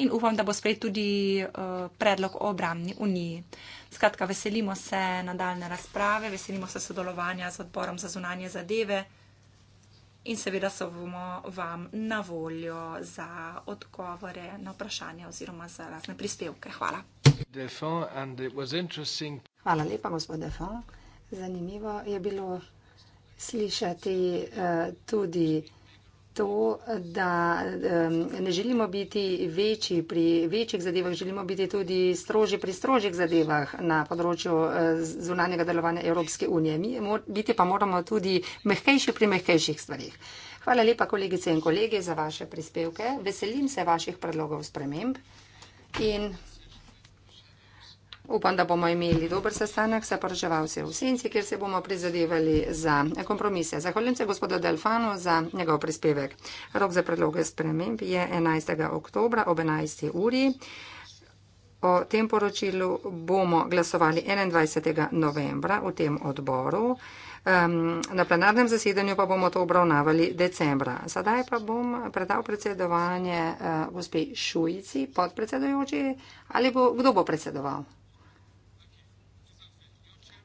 In upam, da bo sprejet tudi uh, predlog o obramni uniji. Skratka, veselimo se nadaljne razprave, veselimo se sodelovanja z odborom za zunanje zadeve in seveda se bomo vam na voljo za odgovore na vprašanja oziroma za razne prispevke. Hvala. Hvala lepa, gospod Defon. Zanimivo je bilo slišati uh, tudi to, da um, ne želimo biti večji pri večjih zadevah, želimo biti tudi strožji pri strožjih zadevah na področju uh, zunanjega delovanja Evropske unije. Mi mor, biti pa moramo tudi mehkejši pri mehkejših stvarih. Hvala lepa, kolegice in kolege, za vaše prispevke. Veselim se vaših predlogov sprememb. In Upam, da bomo imeli dober sestanek s poroževalci v senci, kjer se bomo prizadevali za kompromise. Zahvaljujem se gospodu Delfanu za njegov prispevek. Rok za predloge sprememb je 11. oktober ob 11. uri. O tem poročilu bomo glasovali 21. novembra v tem odboru. Na plenarnem zasedanju pa bomo to obravnavali decembra. Sedaj pa bom predal predsedovanje eh, gospe Šujici, podpredsedujoči, ali bo, kdo bo predsedoval?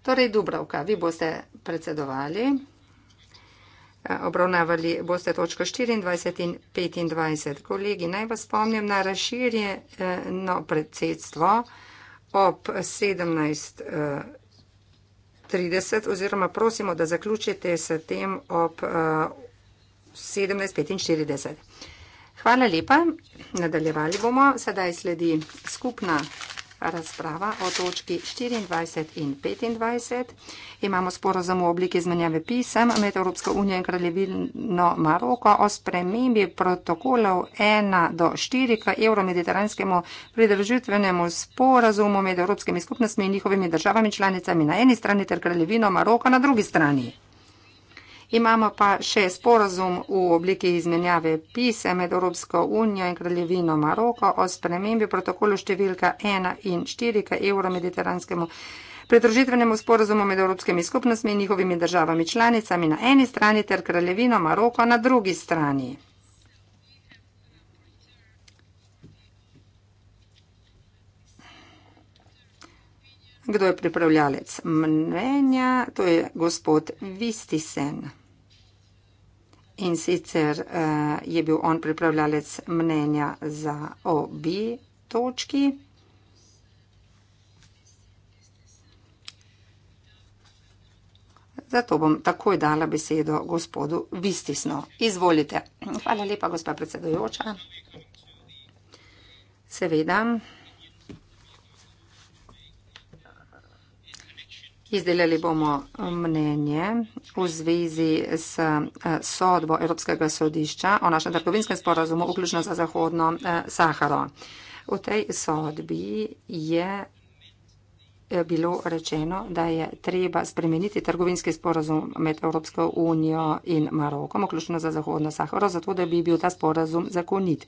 Torej, Dubravka, vi boste predsedovali, eh, obravnavali boste točko 24 in 25. Kolegi, naj vas spomnim na razširjeno predsedstvo ob 17.30 oziroma prosimo, da zaključite s tem ob 17.45. Eh, Hvala lepa, nadaljevali bomo, sedaj sledi skupna razprava o točki 24 in 25. Imamo sporozum v obliki izmenjave pisem med Evropsko unijo in kraljevino Maroko o spremembi protokolov 1 do 4 k evromediteranskemu pridružitvenemu sporozumu med Evropskimi skupnostmi in njihovimi državami članicami na eni strani ter kraljevino Maroko na drugi strani. Imamo pa še sporazum v obliki izmenjave pise med Evropsko unijo in kraljevino Maroko o spremembi protokolu številka 1 in 4 k evro-mediteranskemu pridružitvenemu sporazumu med Evropskimi skupnostmi in njihovimi državami članicami na eni strani ter kraljevino Maroko na drugi strani. Kdo je pripravljalec mnenja? To je gospod Vistisen. In sicer uh, je bil on pripravljalec mnenja za obi točki. Zato bom takoj dala besedo gospodu Vistisno. Izvolite. Hvala lepa, gospa predsedujoča. Seveda. Izdelali bomo mnenje v zvezi s eh, sodbo Evropskega sodišča o našem trgovinskem sporazumu, vključno za Zahodno eh, Saharo. V tej sodbi je eh, bilo rečeno, da je treba spremeniti trgovinski sporazum med Evropsko unijo in Marokom, vključno za Zahodno Saharo, zato da bi bil ta sporazum zakonit.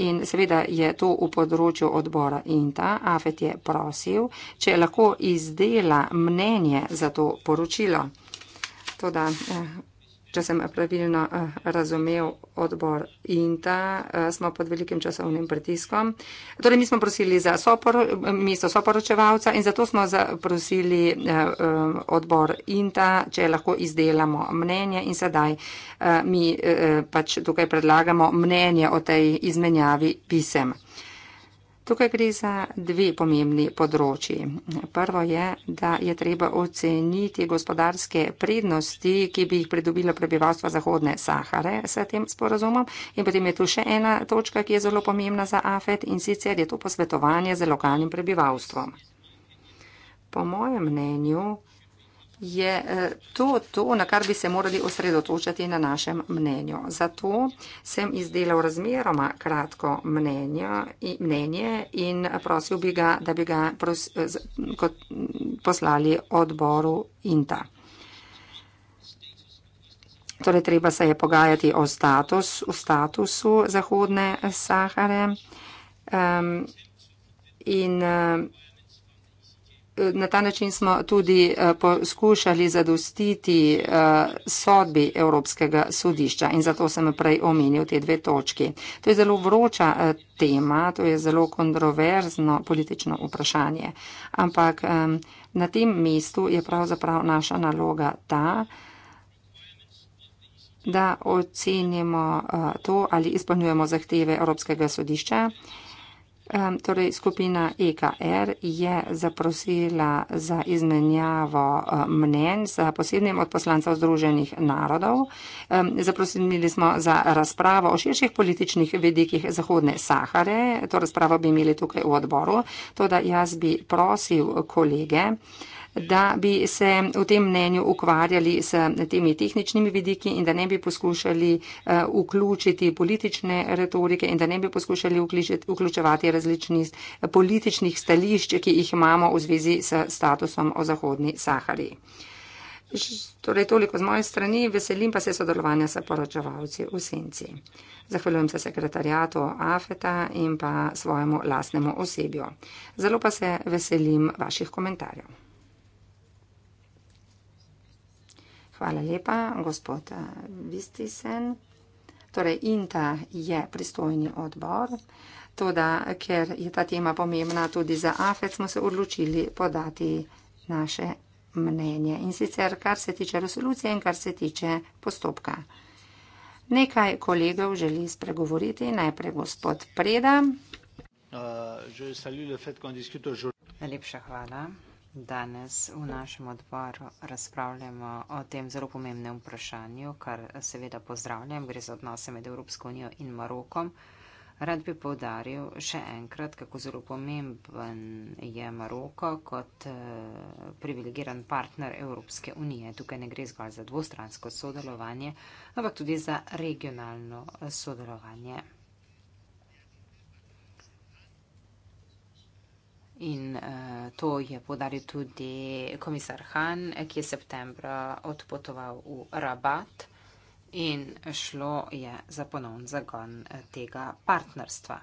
In seveda je to v področju odbora INTA. AFET je prosil, če lahko izdela mnenje za to poročilo. Toda, eh, če sem pravilno eh, razumel odbor INTA, eh, smo pod velikim časovnim pritiskom. Torej, mi smo prosili za sopor, mesto soporočevalca in zato smo zaprosili eh, odbor INTA, če lahko izdelamo mnenje in sedaj mi pač tukaj predlagamo mnenje o tej izmenjavi pisem. Tukaj gre za dve pomembni področji. Prvo je, da je treba oceniti gospodarske prednosti, ki bi jih pridobilo prebivalstvo Zahodne Sahare s tem sporozumom. In potem je tu še ena točka, ki je zelo pomembna za AFET in sicer je to posvetovanje z lokalnim prebivalstvom. Po mojem mnenju, je eh, to, to, na kar bi se morali osredotočati na našem mnenju. Zato sem izdelal razmeroma kratko mnenje, mnenje in prosil bi ga, da bi ga pros, eh, z, kot, poslali odboru INTA. Torej, treba se je pogajati o, status, o statusu Zahodne Sahare um, in um, Na ta način smo tudi eh, poskušali zadostiti eh, sodbi Evropskega sodišča in zato sem prej omenil te dve točki. To je zelo vroča eh, tema, to je zelo kontroverzno politično vprašanje, ampak na tem mestu je pravzaprav naša naloga ta, da ocenimo to, ali izpolnjujemo zahteve Evropskega sodišča. Um, torej, skupina EKR je zaprosila za izmenjavo um, e, mnen s posebnim od poslancev Združenih narodov. Um, zaprosili smo za razpravo o širših političnih vedikih Zahodne Sahare. To razpravo bi imeli tukaj v odboru. Toda jaz bi prosil kolege da bi se v tem mnenju ukvarjali s temi tehničnimi vidiki in da ne bi poskušali eh, vključiti politične retorike in da ne bi poskušali vključevati različnih eh, političnih stališč, ki jih imamo v zvezi s statusom o Zahodni Sahari. Torej, toliko z moje strani, veselim pa se sodelovanja s poročevalci v Senci. Zahvaljujem se sekretarjatu Afeta in pa svojemu lasnemu osebju. Zelo pa se veselim vaših komentarjev. Hvala lepa, gospod eh, Vistisen. Torej, INTA je pristojni odbor, tudi ker je ta tema pomembna tudi za AFET, smo se odločili podati naše mnenje in sicer kar se tiče resolucije in kar se tiče postopka. Nekaj kolegov želi spregovoriti, najprej gospod Preda. Uh, Najlepša hvala danes v našem odboru razpravljamo o tem zelo pomembnem vprašanju, kar seveda pozdravljam, gre za odnose med Evropsko unijo in Marokom. Rad bi povdaril še enkrat, kako zelo pomemben je Maroko kot eh, privilegiran partner Evropske unije. Tukaj ne gre zgolj za dvostransko sodelovanje, ampak tudi za regionalno eh, sodelovanje. In uh, to je podaril tudi komisar Han, ki je septembra odpotoval v Rabat in šlo je za ponovn zagon eh, tega partnerstva.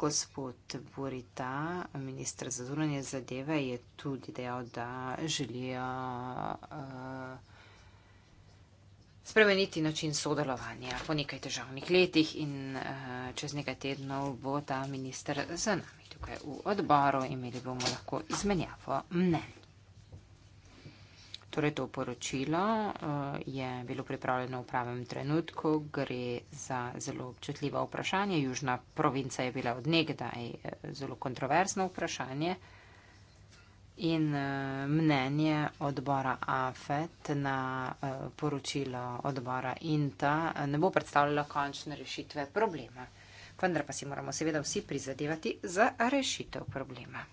Gospod Burita, ministr za zunanje zadeve, je tudi dejal, da želijo. Uh, spremeniti način sodelovanja po nekaj težavnih letih in uh, čez nekaj tednov bo ta minister z nami tukaj v odboru in imeli bomo lahko izmenjavo mnen. Torej, to poročilo uh, je bilo pripravljeno v pravem trenutku, gre za zelo občutljivo vprašanje. Južna provinca je bila od nekdaj eh, zelo kontroversno vprašanje. Uh, in eh, mnenje odbora AFET na eh, poročilo odbora INTA eh, ne bo predstavljalo končne rešitve problema. Vendar pa si moramo seveda vsi prizadevati za rešitev problema.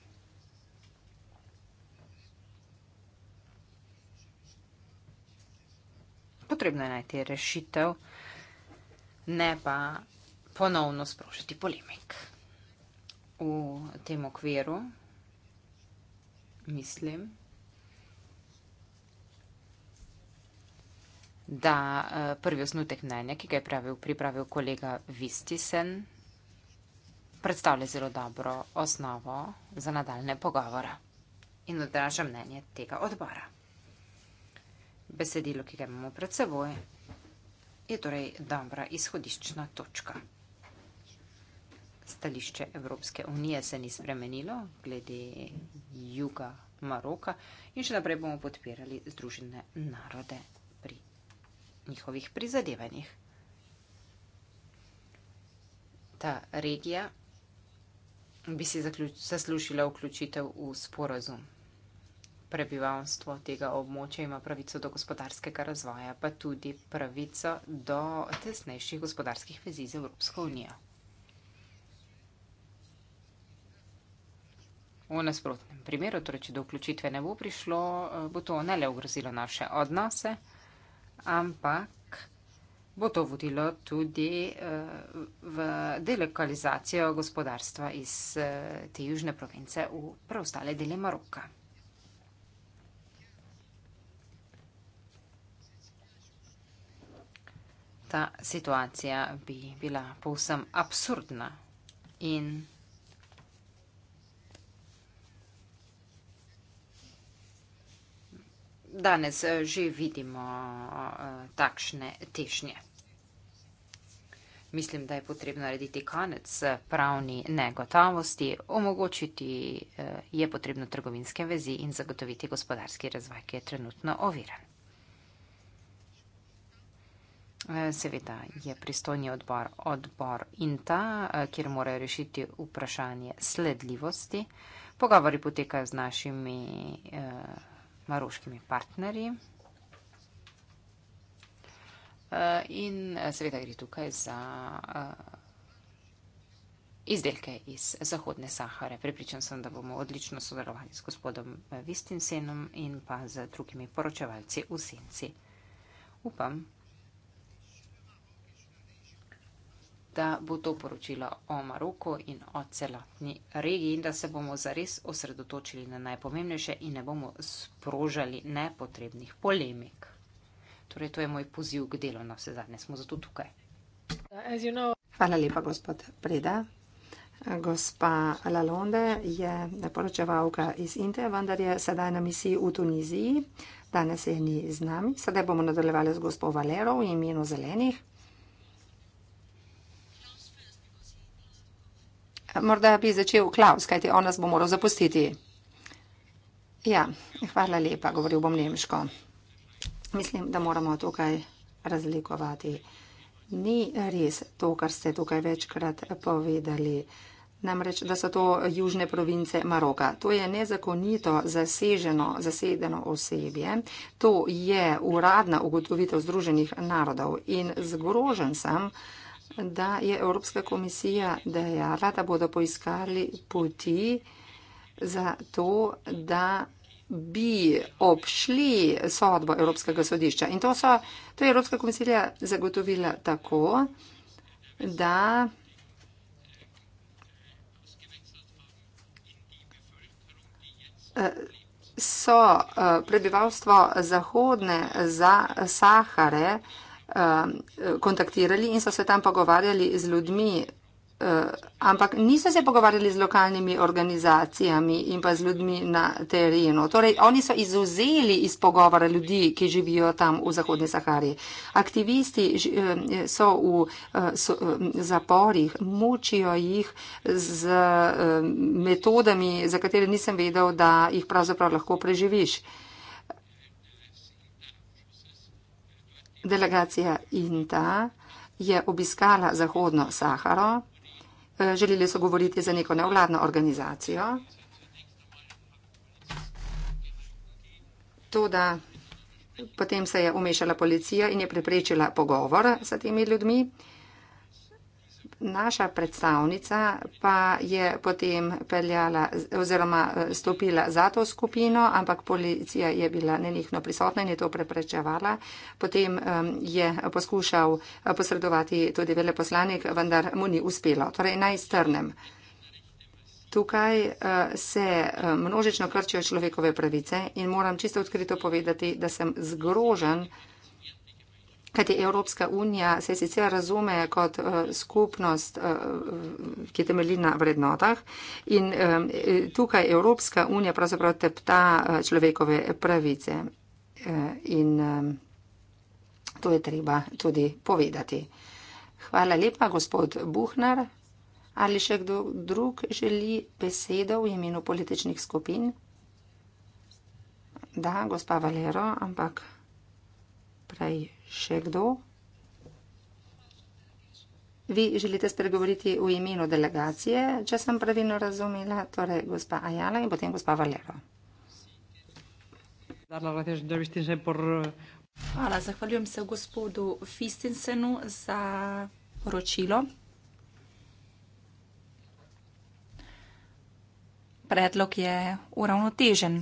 Potrebno je najti rešitev, ne pa ponovno sprožiti polemik. V tem okviru mislim, da eh, prvi osnutek mnenja, ki ga je pravil, pripravil kolega Vistisen, predstavlja zelo dobro osnovo za nadaljne pogovore in odraža mnenje tega odbora. Besedilo, ki ga imamo pred seboj, je torej dobra izhodiščna točka stališče Evropske unije se ni spremenilo glede juga Maroka in še naprej bomo podpirali Združene narode pri njihovih prizadevanjih. Ta regija bi si zaslužila vključitev v sporazum. Prebivalstvo tega območja ima pravico do gospodarskega razvoja, pa tudi pravico do tesnejših gospodarskih vezi z Evropsko unijo. V nasprotnem primeru, torej, če do vključitve ne bo prišlo, eh, bo to ne le ogrozilo naše odnose, ampak bo to vodilo tudi eh, v delokalizacijo gospodarstva iz eh, te južne province v preostale dele Maroka. Ta situacija bi bila povsem absurdna in. danes eh, že vidimo eh, takšne težnje. Mislim, da je potrebno narediti konec eh, pravni negotavosti, omogočiti je potrebno trgovinske vezi in zagotoviti gospodarski razvoj, ki je trenutno oviran. Seveda je pristojni odbor, odbor in ta, kjer morajo rešiti vprašanje sledljivosti. Pogovori potekajo z našimi. Eh, maroškimi partnerji. Eh, in eh, seveda gre tukaj za eh, izdelke iz Zahodne Sahare. Prepričan sem, da bomo odlično sodelovali s gospodom Vistinsenom in pa z drugimi poročevalci v Senci. Upam, da bo to poročilo o Maroku in o celotni regiji in da se bomo zares osredotočili na najpomembnejše in ne bomo sprožali nepotrebnih polemik. Torej, to je moj poziv k delu, na no, vse zadnje smo zato tukaj. Hvala lepa, gospod Preda. Gospa Lalonde je poročevalka iz Indije, vendar je sedaj na misiji v Tuniziji. Danes je ni z nami. Sedaj bomo nadaljevali z gospod Valero v imenu zelenih. Morda bi začel Klaus, kajti on nas bo moral zapustiti. Ja, hvala lepa, govoril bom nemško. Mislim, da moramo tukaj razlikovati. Ni res to, kar ste tukaj večkrat povedali, namreč, da so to južne province Maroka. To je nezakonito zaseženo, zasedeno osebje. To je uradna ugotovitev Združenih narodov in zgrožen sem, uh, da je Evropska komisija dejala, da bodo poiskali poti za to, da bi obšli sodbo Evropskega sodišča. In to, so, to je Evropska komisija zagotovila tako, da so eh, prebivalstvo Zahodne za Sahare Um, kontaktirali in so se tam pogovarjali z ljudmi, uh, ampak niso se pogovarjali z lokalnimi organizacijami in pa z ljudmi na terenu. Torej, oni so izuzeli iz pogovora ljudi, ki živijo tam v Zahodni Sahari. Aktivisti eh, so v eh, eh, zaporih, mučijo jih z metodami, za katere nisem vedel, da jih pravzaprav lahko preživiš. Delegacija INTA je obiskala Zahodno Saharo, eh, želeli so govoriti za neko nevladno organizacijo, to da potem se je umešala policija in je preprečila pogovor s temi ljudmi. Naša predstavnica pa je potem peljala oziroma eh, stopila za to skupino, ampak policija je bila nenihno prisotna in je to preprečevala. Potem je poskušal eh, posredovati tudi veleposlanik, vendar mu ni uspelo. Torej naj strnem. Tukaj eh, se množično krčijo človekove pravice in moram čisto odkrito povedati, da sem zgrožen, kajti Evropska unija se sicer razume kot eh, skupnost, eh, ki temelji na vrednotah in eh, tukaj Evropska unija pravzaprav tepta človekove pravice in to je treba tudi povedati. Hvala lepa, gospod Buhnar. Ali še kdo drug želi besedo v imenu političnih skupin? Da, gospa Valero, ampak tukaj še kdo? Vi želite spregovoriti v imenu delegacije, če sem pravilno razumela, torej gospa Ajala in potem gospa Valero. Hvala, zahvaljujem se gospodu Fistinsenu za poročilo. Predlog je uravnotežen.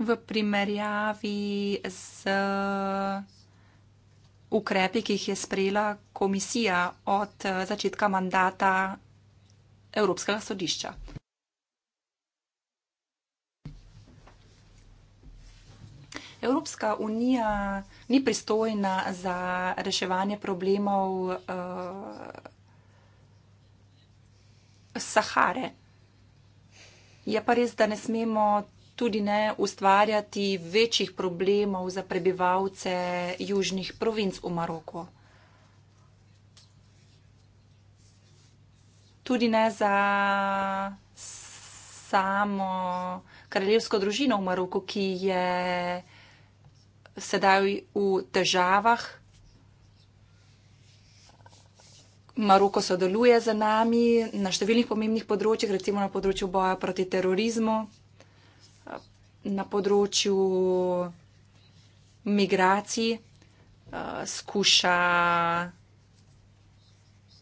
v primerjavi z ukrepi, ki jih je sprejela komisija od eh, začetka mandata Evropskega sodišča. Evropska unija ni pristojna za reševanje problemov uh, Sahare. Je pa res, da ne smemo tudi ne ustvarjati večjih problemov za prebivalce južnih provinc v Maroku. Tudi ne za samo kraljevsko družino v Maroku, ki je sedaj v težavah. Maroko sodeluje z nami na številnih pomembnih področjih, recimo na področju boja proti terorizmu na področju migracij uh, skuša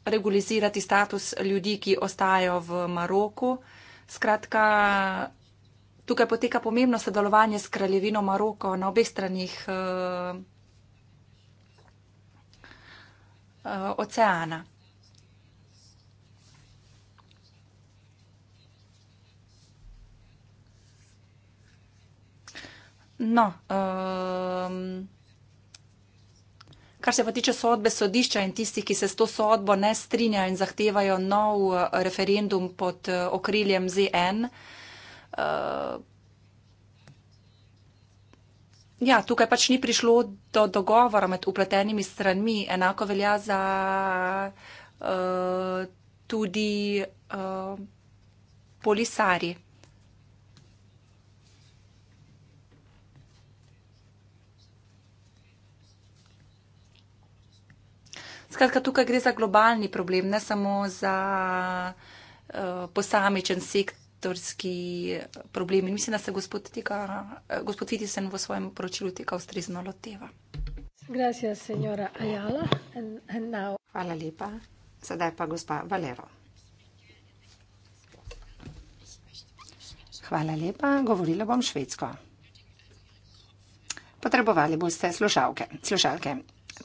regulirati status ljudi, ki ostajajo v Maroku. Skratka, tukaj poteka pomembno sodelovanje s kraljevino Maroko na obeh stranih uh, uh, oceana. No, um, kar se pa tiče sodbe sodišča in tistih, ki se s to sodbo ne strinja in zahtevajo nov eh, referendum pod eh, okriljem ZN. Uh, eh, ja, tukaj pač ni prišlo do dogovora med upletenimi stranmi. Enako velja za uh, tudi uh, polisari. Skratka, tukaj gre za globalni problem, ne samo za uh, posamičen sektorski eh, problem. In mislim, da se gospod, tika, uh, gospod Vitisen v svojem poročilu tega ustrezno loteva. Gracias, Ayala, and, and Hvala lepa. Sedaj pa gospa Valero. Hvala lepa, govorila bom švedsko. Potrebovali boste slušalke. slušalke.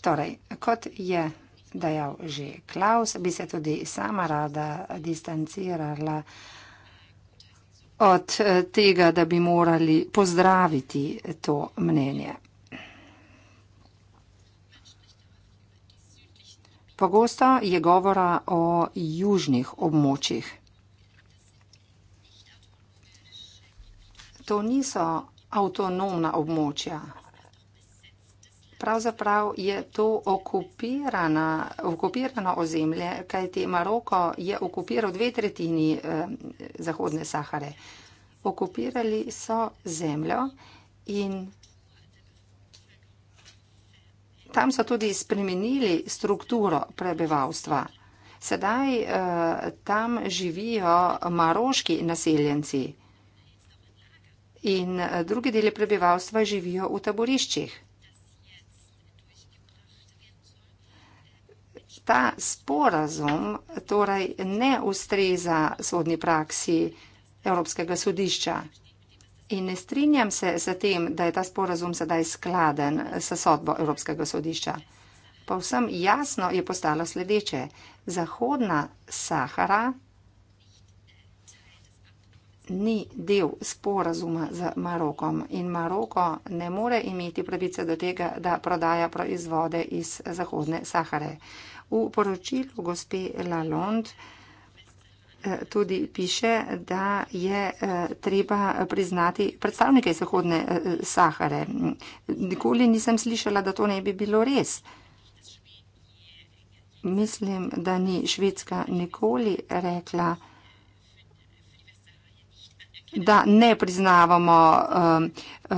Torej, kot je dejal že Klaus, bi se tudi sama rada distancirala od eh, tega, da bi morali pozdraviti to mnenje. Pogosto je govora o južnih območjih. To niso avtonomna območja, pravzaprav je to okupirana, okupirano ozemlje, kajti Maroko je okupiral dve tretjini eh, Zahodne Sahare. Okupirali so zemljo in tam so tudi spremenili strukturo prebivalstva. Sedaj eh, tam živijo maroški naseljenci in eh, drugi deli prebivalstva živijo v taboriščih. ta sporazum torej ne ustreza sodni praksi Evropskega sodišča. In ne strinjam se z tem, da je ta sporazum sedaj skladen s sodbo Evropskega sodišča. Povsem jasno je postalo sledeče. Zahodna Sahara ni del sporazuma z Marokom in Maroko ne more imeti pravice do tega, da prodaja proizvode iz Zahodne Sahare. V poročilu gospe Lalonde eh, tudi piše, da je eh, treba eh, priznati predstavnike Zahodne Sahare. Nikoli nisem slišala, da to ne bi bilo res. Mislim, da ni Švedska nikoli rekla, da je to ne bi bilo res da ne priznavamo uh,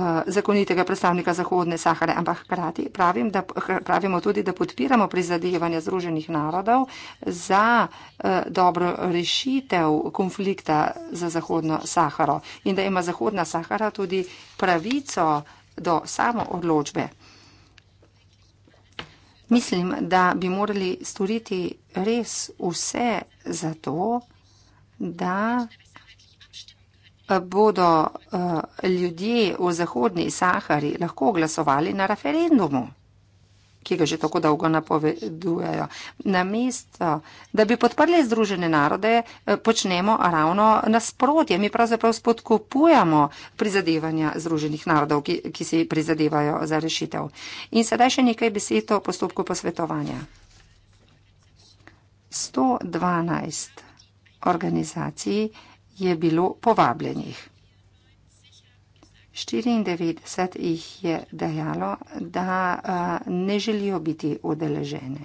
uh, zakonitega predstavnika Zahodne Sahare, ampak hkrati pravim, da, pravimo tudi, da podpiramo prizadevanja Združenih narodov za uh, dobro rešitev konflikta za Zahodno Saharo in da ima Zahodna Sahara tudi pravico do samoodločbe. Mislim, da bi morali storiti res vse za to, da bodo eh, ljudje v Zahodni Sahari lahko glasovali na referendumu, ki ga že tako dolgo napovedujejo. Na mesto, da bi podprli Združene narode, eh, počnemo ravno nasprotje. Mi pravzaprav spodkopujamo prizadevanja Združenih narodov, ki, ki si prizadevajo za rešitev. In sedaj še nekaj besed o postopku posvetovanja. 112 organizacij je bilo povabljenih. 94 jih je dejalo, da ne želijo biti udeležene.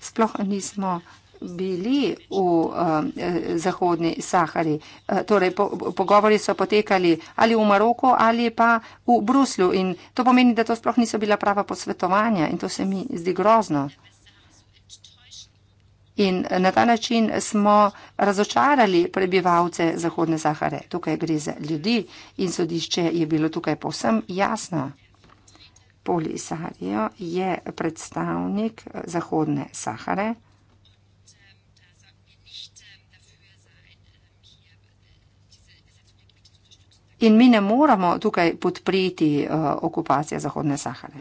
Sploh nismo bili v eh, Zahodni Sahari. Eh, torej, po, po, pogovori so potekali ali v Maroku ali pa v Bruslju in to pomeni, da to sploh niso bila prava posvetovanja in to se mi zdi grozno. Eh, in na ta način smo razočarali prebivalce Zahodne Sahare. Tukaj gre za ljudi in sodišče je bilo tukaj povsem jasno. Polisario je predstavnik Zahodne Sahare. In mi ne moramo tukaj podpriti uh, eh, okupacije Zahodne Sahare.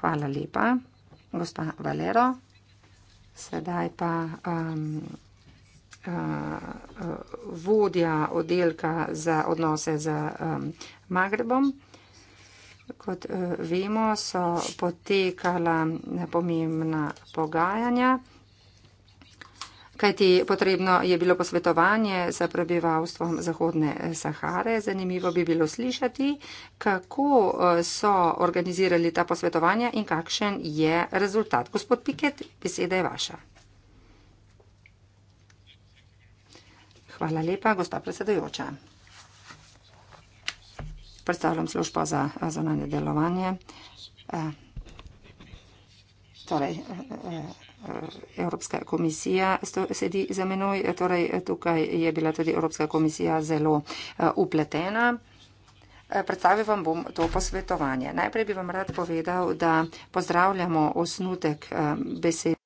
Hvala lepa, gospa Valero. Sedaj pa um, uh, uh, vodja oddelka za odnose z um, Magrebom. Kot uh, vemo, so potekala nepomembna pogajanja kajti potrebno je bilo posvetovanje za prebivalstvom Zahodne Sahare. Zanimivo bi bilo slišati, kako eh, so organizirali ta posvetovanja in kakšen je rezultat. Gospod Piket, beseda je vaša. Hvala lepa, gospa predsedojoča. Predstavljam službo za eh, zonanje delovanje. Eh, torej, Evropska komisija sedi za menoj, torej tukaj je bila tudi Evropska komisija zelo eh, upletena. Eh, predstavil vam bom to posvetovanje. Najprej bi vam rad povedal, da pozdravljamo osnutek eh, besed.